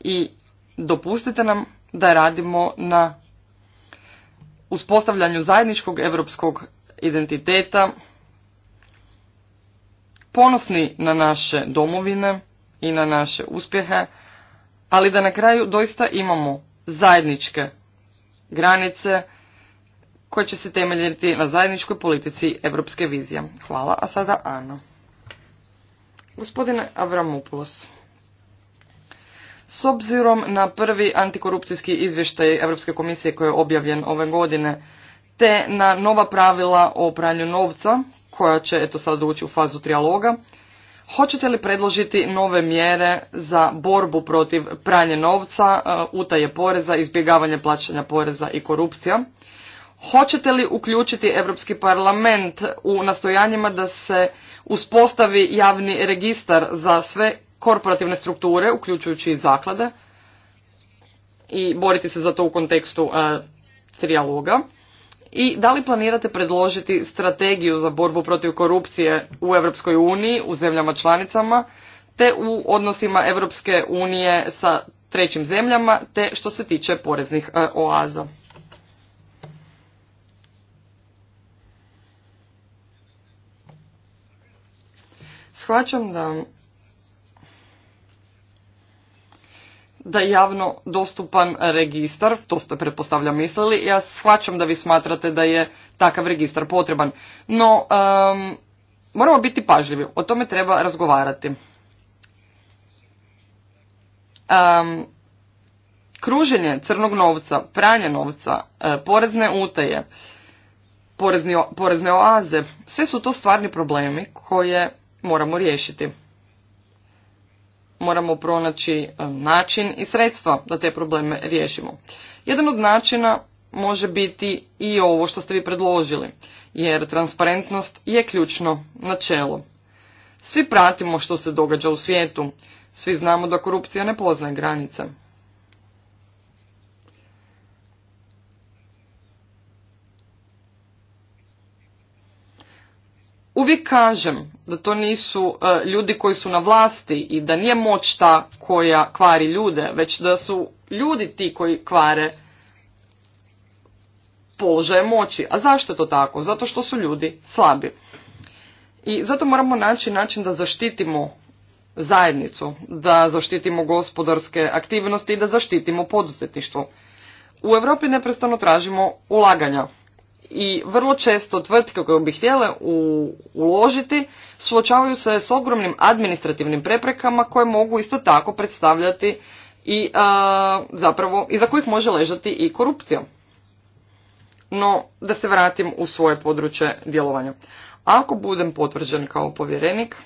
i dopustite nam da radimo na uspostavljanju zajedničkog europskog identiteta, ponosni na naše domovine i na naše uspjehe, ali da na kraju doista imamo zajedničke granice koje će se temeljiti na zajedničkoj politici evropske vizije. Hvala, a sada Ana. Gospodine Avramopoulos, s obzirom na prvi antikorupcijski izvještaj Evropske komisije koji je objavljen ove godine, te na nova pravila o pranju novca koja će eto sad ući u fazu trijaloga. Hoćete li predložiti nove mjere za borbu protiv pranje novca, uh, utaje poreza, izbjegavanje plaćanja poreza i korupcija? Hoćete li uključiti Europski parlament u nastojanjima da se uspostavi javni registar za sve korporativne strukture, uključujući i zaklade, i boriti se za to u kontekstu uh, trijaloga? i da li planirate predložiti strategiju za borbu protiv korupcije u Europskoj uniji, u zemljama članicama, te u odnosima Europske unije sa trećim zemljama, te što se tiče poreznih e, oaza. Shvaćam da da je javno dostupan registar, to ste pretpostavljam mislili, ja shvaćam da vi smatrate da je takav registar potreban. No, moramo biti pažljivi, o tome treba razgovarati. Um, kruženje crnog novca, pranje novca, e, porezne utaje, porezne oaze, sve su to stvarni problemi koje moramo riješiti moramo pronaći e, način i sredstva da te probleme riješimo. Jedan od načina može biti i ovo što ste vi predložili, jer transparentnost je ključno načelo. Svi pratimo što se događa u svijetu, svi znamo da korupcija ne poznaje granice. Uvijek kažem da to nisu e, ljudi koji su na vlasti i da nije moć ta koja kvari ljude, već da su ljudi ti koji kvare položaje moći. A zašto je to tako? Zato što su ljudi slabi. I zato moramo naći način da zaštitimo zajednicu, da zaštitimo gospodarske aktivnosti i da zaštitimo poduzetništvo. U Europi neprestano tražimo ulaganja i vrlo često tvrtke koje bi htjele uložiti suočavaju se s ogromnim administrativnim preprekama koje mogu isto tako predstavljati i a, zapravo iza kojih može ležati i korupcija. No, da se vratim u svoje područje djelovanja. Ako budem potvrđen kao povjerenik,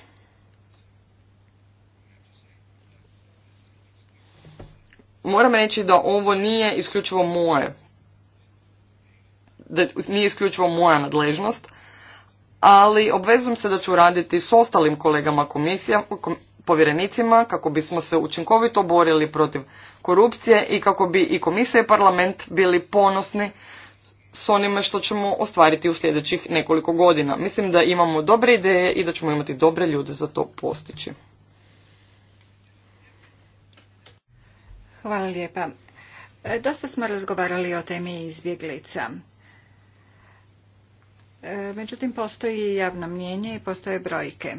moram reći da ovo nije isključivo moje da nije isključivo moja nadležnost, ali obvezujem se da ću raditi s ostalim kolegama komisija, povjerenicima kako bismo se učinkovito borili protiv korupcije i kako bi i komisija i parlament bili ponosni s onime što ćemo ostvariti u sljedećih nekoliko godina. Mislim da imamo dobre ideje i da ćemo imati dobre ljude za to postići. Hvala lijepa. E, dosta smo razgovarali o temi izbjeglica. E, međutim, postoji javno mnjenje i postoje brojke.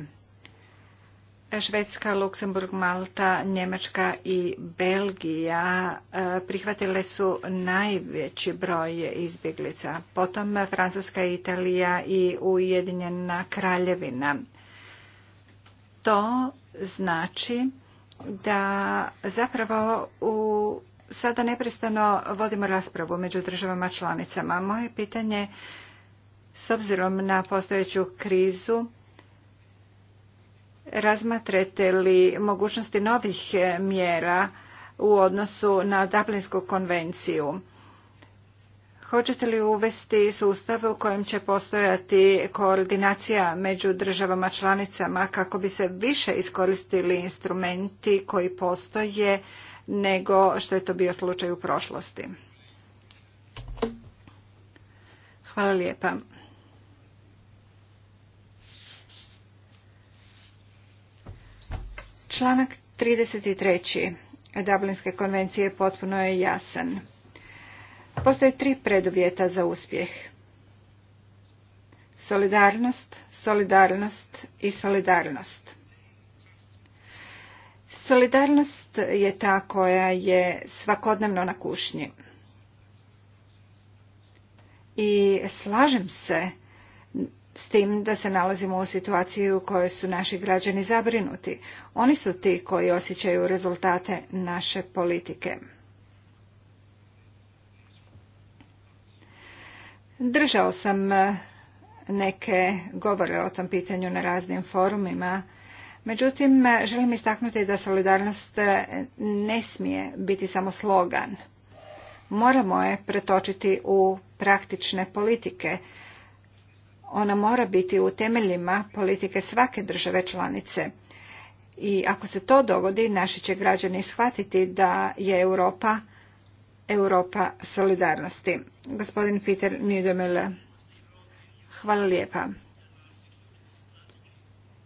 E, Švedska, Luksemburg, Malta, Njemačka i Belgija e, prihvatile su najveći broj izbjeglica. Potom Francuska, Italija i Ujedinjena kraljevina. To znači da zapravo u Sada neprestano vodimo raspravu među državama članicama. Moje pitanje s obzirom na postojeću krizu razmatrate li mogućnosti novih e, mjera u odnosu na Dublinsku konvenciju? Hoćete li uvesti sustav u kojem će postojati koordinacija među državama članicama kako bi se više iskoristili instrumenti koji postoje nego što je to bio slučaj u prošlosti? Hvala lijepa. Članak 33. Dublinske konvencije potpuno je jasan. Postoje tri preduvjeta za uspjeh. Solidarnost, solidarnost i solidarnost. Solidarnost je ta koja je svakodnevno na kušnji. I slažem se s tim da se nalazimo u situaciji u kojoj su naši građani zabrinuti. Oni su ti koji osjećaju rezultate naše politike. Držao sam eh, neke govore o tom pitanju na raznim forumima. Međutim, eh, želim istaknuti da solidarnost eh, ne smije biti samo slogan. Moramo je pretočiti u praktične politike ona mora biti u temeljima politike svake države članice. I ako se to dogodi, naši će građani shvatiti da je Europa Europa solidarnosti. Gospodin Peter Nidemel, Hvala lijepa.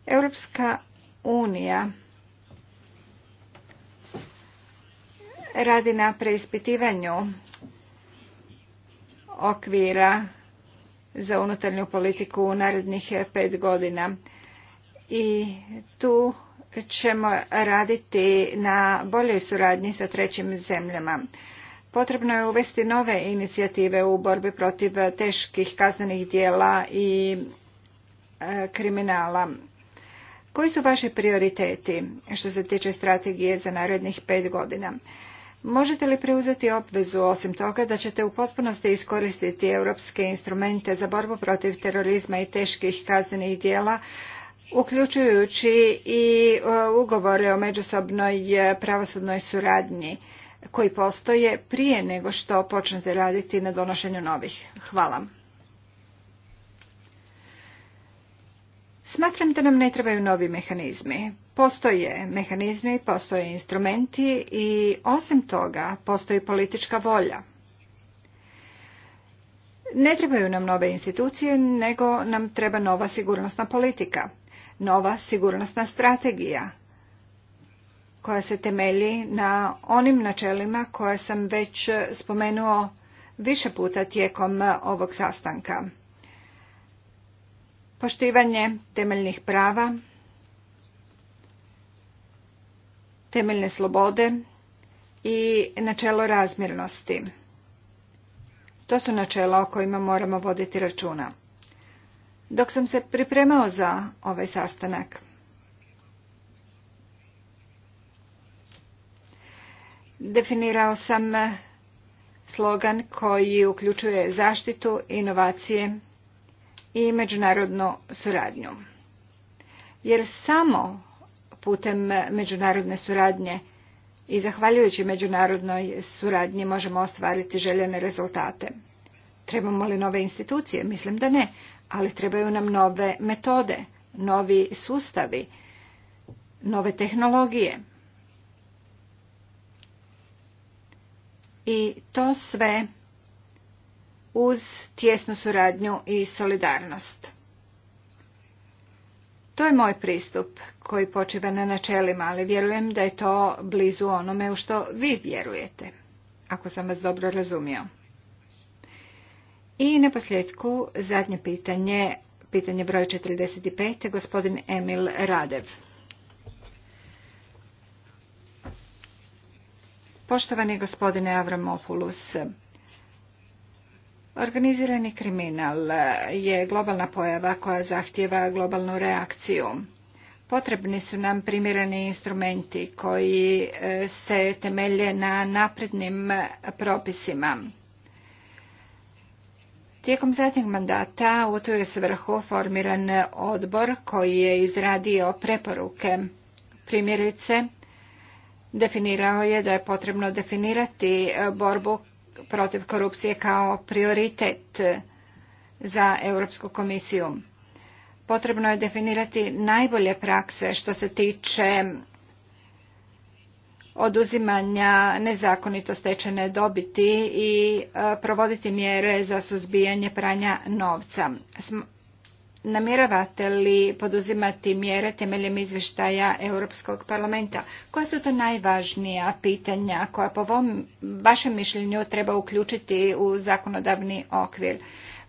Europska unija radi na preispitivanju okvira za unutarnju politiku u narednih pet godina. I tu ćemo raditi na boljoj suradnji sa trećim zemljama. Potrebno je uvesti nove inicijative u borbi protiv teških kaznenih dijela i e, kriminala. Koji su vaši prioriteti što se tiče strategije za narednih pet godina? Možete li preuzeti obvezu osim toga da ćete u potpunosti iskoristiti europske instrumente za borbu protiv terorizma i teških kaznenih djela, uključujući i e, ugovore o međusobnoj e, pravosudnoj suradnji koji postoje prije nego što počnete raditi na donošenju novih? Hvala. Smatram da nam ne trebaju novi mehanizmi. Postoje mehanizmi, postoje instrumenti i osim toga postoji politička volja. Ne trebaju nam nove institucije, nego nam treba nova sigurnosna politika, nova sigurnosna strategija koja se temelji na onim načelima koje sam već spomenuo više puta tijekom ovog sastanka. Poštivanje temeljnih prava, temeljne slobode i načelo razmjernosti. To su načela o kojima moramo voditi računa. Dok sam se pripremao za ovaj sastanak, definirao sam slogan koji uključuje zaštitu, inovacije i međunarodnu suradnju. Jer samo putem međunarodne suradnje i zahvaljujući međunarodnoj suradnji možemo ostvariti željene rezultate. Trebamo li nove institucije? Mislim da ne, ali trebaju nam nove metode, novi sustavi, nove tehnologije. I to sve uz tjesnu suradnju i solidarnost. To je moj pristup koji počiva na načelima, ali vjerujem da je to blizu onome u što vi vjerujete, ako sam vas dobro razumio. I na posljedku zadnje pitanje, pitanje broj 45, gospodin Emil Radev. Poštovani gospodine Avramopoulos, Organizirani kriminal je globalna pojava koja zahtjeva globalnu reakciju. Potrebni su nam primjereni instrumenti koji e, se temelje na naprednim propisima. Tijekom zadnjeg mandata u tu je svrhu formiran odbor koji je izradio preporuke. Primjerice, definirao je da je potrebno definirati borbu protiv korupcije kao prioritet za Europsku komisiju. Potrebno je definirati najbolje prakse što se tiče oduzimanja nezakonito stečene dobiti i e, provoditi mjere za suzbijanje pranja novca namjeravate li poduzimati mjere temeljem izvještaja Europskog parlamenta? Koja su to najvažnija pitanja koja po vašem mišljenju treba uključiti u zakonodavni okvir?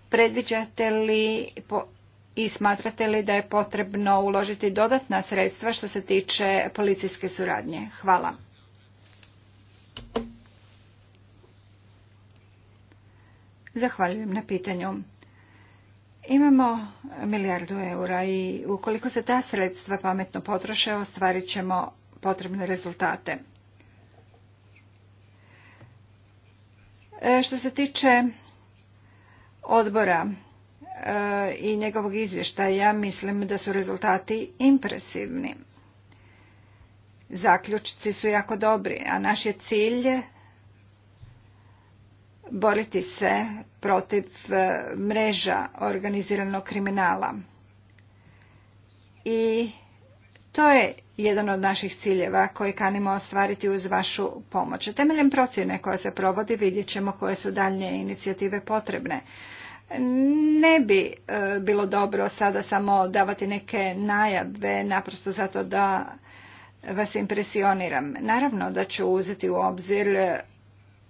Predviđate li i smatrate li da je potrebno uložiti dodatna sredstva što se tiče policijske suradnje? Hvala. Zahvaljujem na pitanju. Imamo milijardu eura i ukoliko se ta sredstva pametno potroše, ostvarit ćemo potrebne rezultate. E, što se tiče odbora e, i njegovog izvještaja, mislim da su rezultati impresivni. Zaključci su jako dobri, a naš je cilj boriti se protiv e, mreža organiziranog kriminala. I to je jedan od naših ciljeva koji kanimo ostvariti uz vašu pomoć. Temeljem procjene koja se provodi vidjet ćemo koje su daljnje inicijative potrebne. Ne bi e, bilo dobro sada samo davati neke najave naprosto zato da vas impresioniram. Naravno da ću uzeti u obzir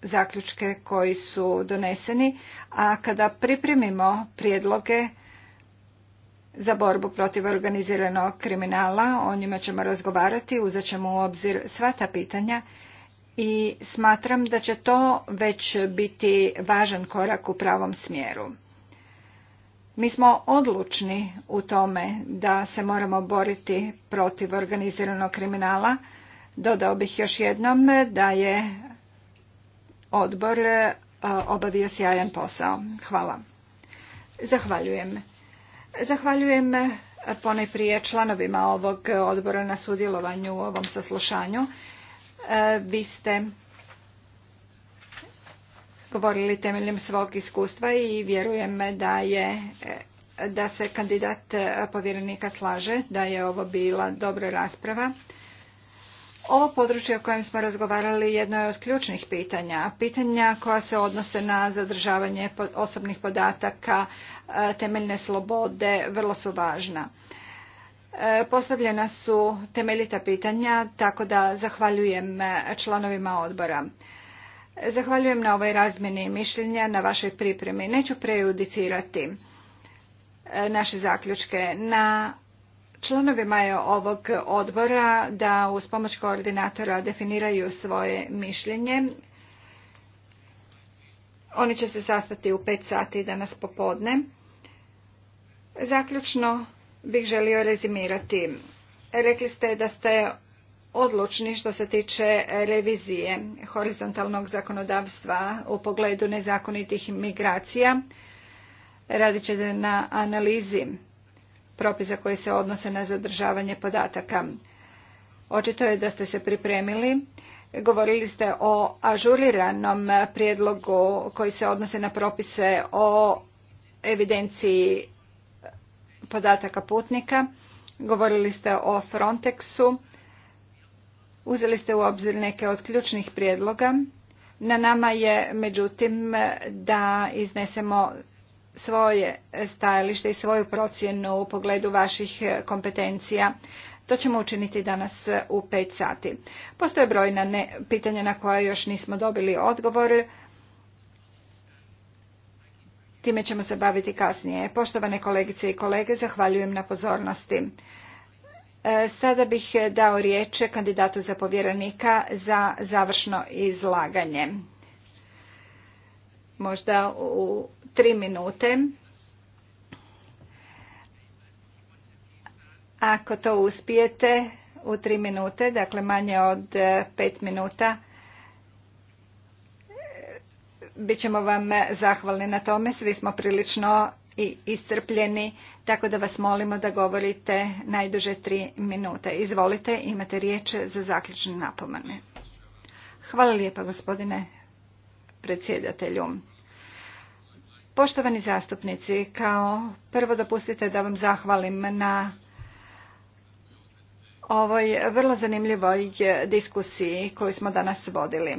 zaključke koji su doneseni, a kada pripremimo prijedloge za borbu protiv organiziranog kriminala, o njima ćemo razgovarati, uzet ćemo u obzir sva ta pitanja i smatram da će to već biti važan korak u pravom smjeru. Mi smo odlučni u tome da se moramo boriti protiv organiziranog kriminala. Dodao bih još jednom da je odbor e, obavio sjajan posao. Hvala. Zahvaljujem. Zahvaljujem e, ponajprije članovima ovog odbora na sudjelovanju u ovom saslušanju. E, vi ste govorili temeljem svog iskustva i vjerujem da je da se kandidat povjerenika slaže da je ovo bila dobra rasprava. Ovo područje o kojem smo razgovarali jedno je od ključnih pitanja. Pitanja koja se odnose na zadržavanje osobnih podataka, e, temeljne slobode, vrlo su važna. E, postavljena su temeljita pitanja, tako da zahvaljujem e, članovima odbora. Zahvaljujem na ovoj razmjeni mišljenja, na vašoj pripremi. Neću prejudicirati naše zaključke. Na Članovima je ovog odbora da uz pomoć koordinatora definiraju svoje mišljenje. Oni će se sastati u pet sati danas popodne. Zaključno bih želio rezimirati. Rekli ste da ste odlučni što se tiče revizije horizontalnog zakonodavstva u pogledu nezakonitih migracija. Radit ćete na analizi propisa koji se odnose na zadržavanje podataka. Očito je da ste se pripremili. Govorili ste o ažuriranom prijedlogu koji se odnose na propise o evidenciji podataka putnika. Govorili ste o Frontexu. Uzeli ste u obzir neke od ključnih prijedloga. Na nama je, međutim, da iznesemo svoje stajalište i svoju procjenu u pogledu vaših e, kompetencija. To ćemo učiniti danas e, u pet sati. Postoje brojna pitanja na koja još nismo dobili odgovor. Time ćemo se baviti kasnije. Poštovane kolegice i kolege, zahvaljujem na pozornosti. E, sada bih dao riječ kandidatu za povjerenika za završno izlaganje možda u tri minute. Ako to uspijete u tri minute, dakle manje od e, pet minuta, bit ćemo vam zahvalni na tome. Svi smo prilično i iscrpljeni, tako da vas molimo da govorite najduže tri minute. Izvolite, imate riječ za zaključne napomene. Hvala lijepa gospodine predsjedatelju. Poštovani zastupnici, kao prvo dopustite da vam zahvalim na ovoj vrlo zanimljivoj diskusiji koju smo danas vodili.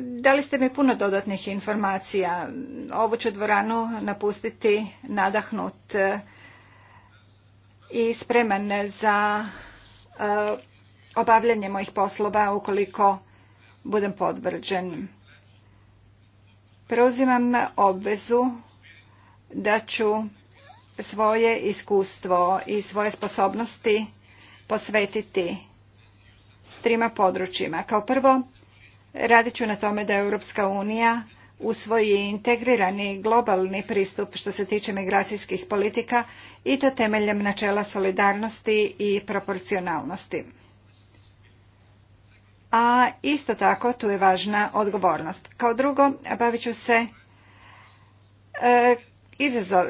Dali ste mi puno dodatnih informacija. Ovu ću dvoranu napustiti nadahnut i spreman za e, obavljanje mojih poslova ukoliko budem podvrđen. Preuzimam obvezu da ću svoje iskustvo i svoje sposobnosti posvetiti trima područjima. Kao prvo, radit ću na tome da Europska unija usvoji integrirani globalni pristup što se tiče migracijskih politika i to temeljem načela solidarnosti i proporcionalnosti a isto tako tu je važna odgovornost. Kao drugo, bavit ću se e,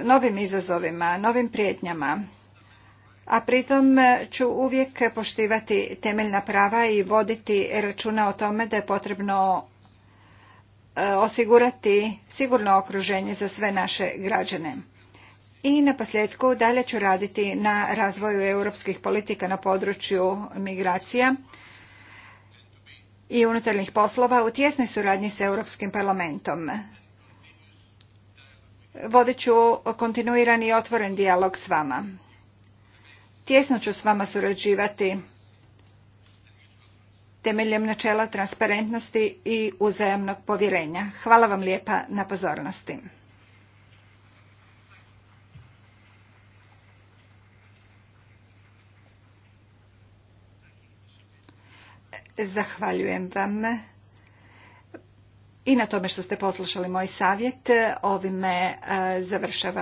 novim izazovima, novim prijetnjama, a pritom ću uvijek poštivati temeljna prava i voditi računa o tome da je potrebno e, osigurati sigurno okruženje za sve naše građane. I na posljedku dalje ću raditi na razvoju europskih politika na području migracija i unutarnjih poslova u tjesnoj suradnji s Europskim parlamentom. Vodit ću kontinuirani i otvoren dijalog s vama. Tjesno ću s vama surađivati temeljem načela transparentnosti i uzajamnog povjerenja. Hvala vam lijepa na pozornosti. Zahvaljujem vam i na tome što ste poslušali moj savjet. Ovime eh, završavam.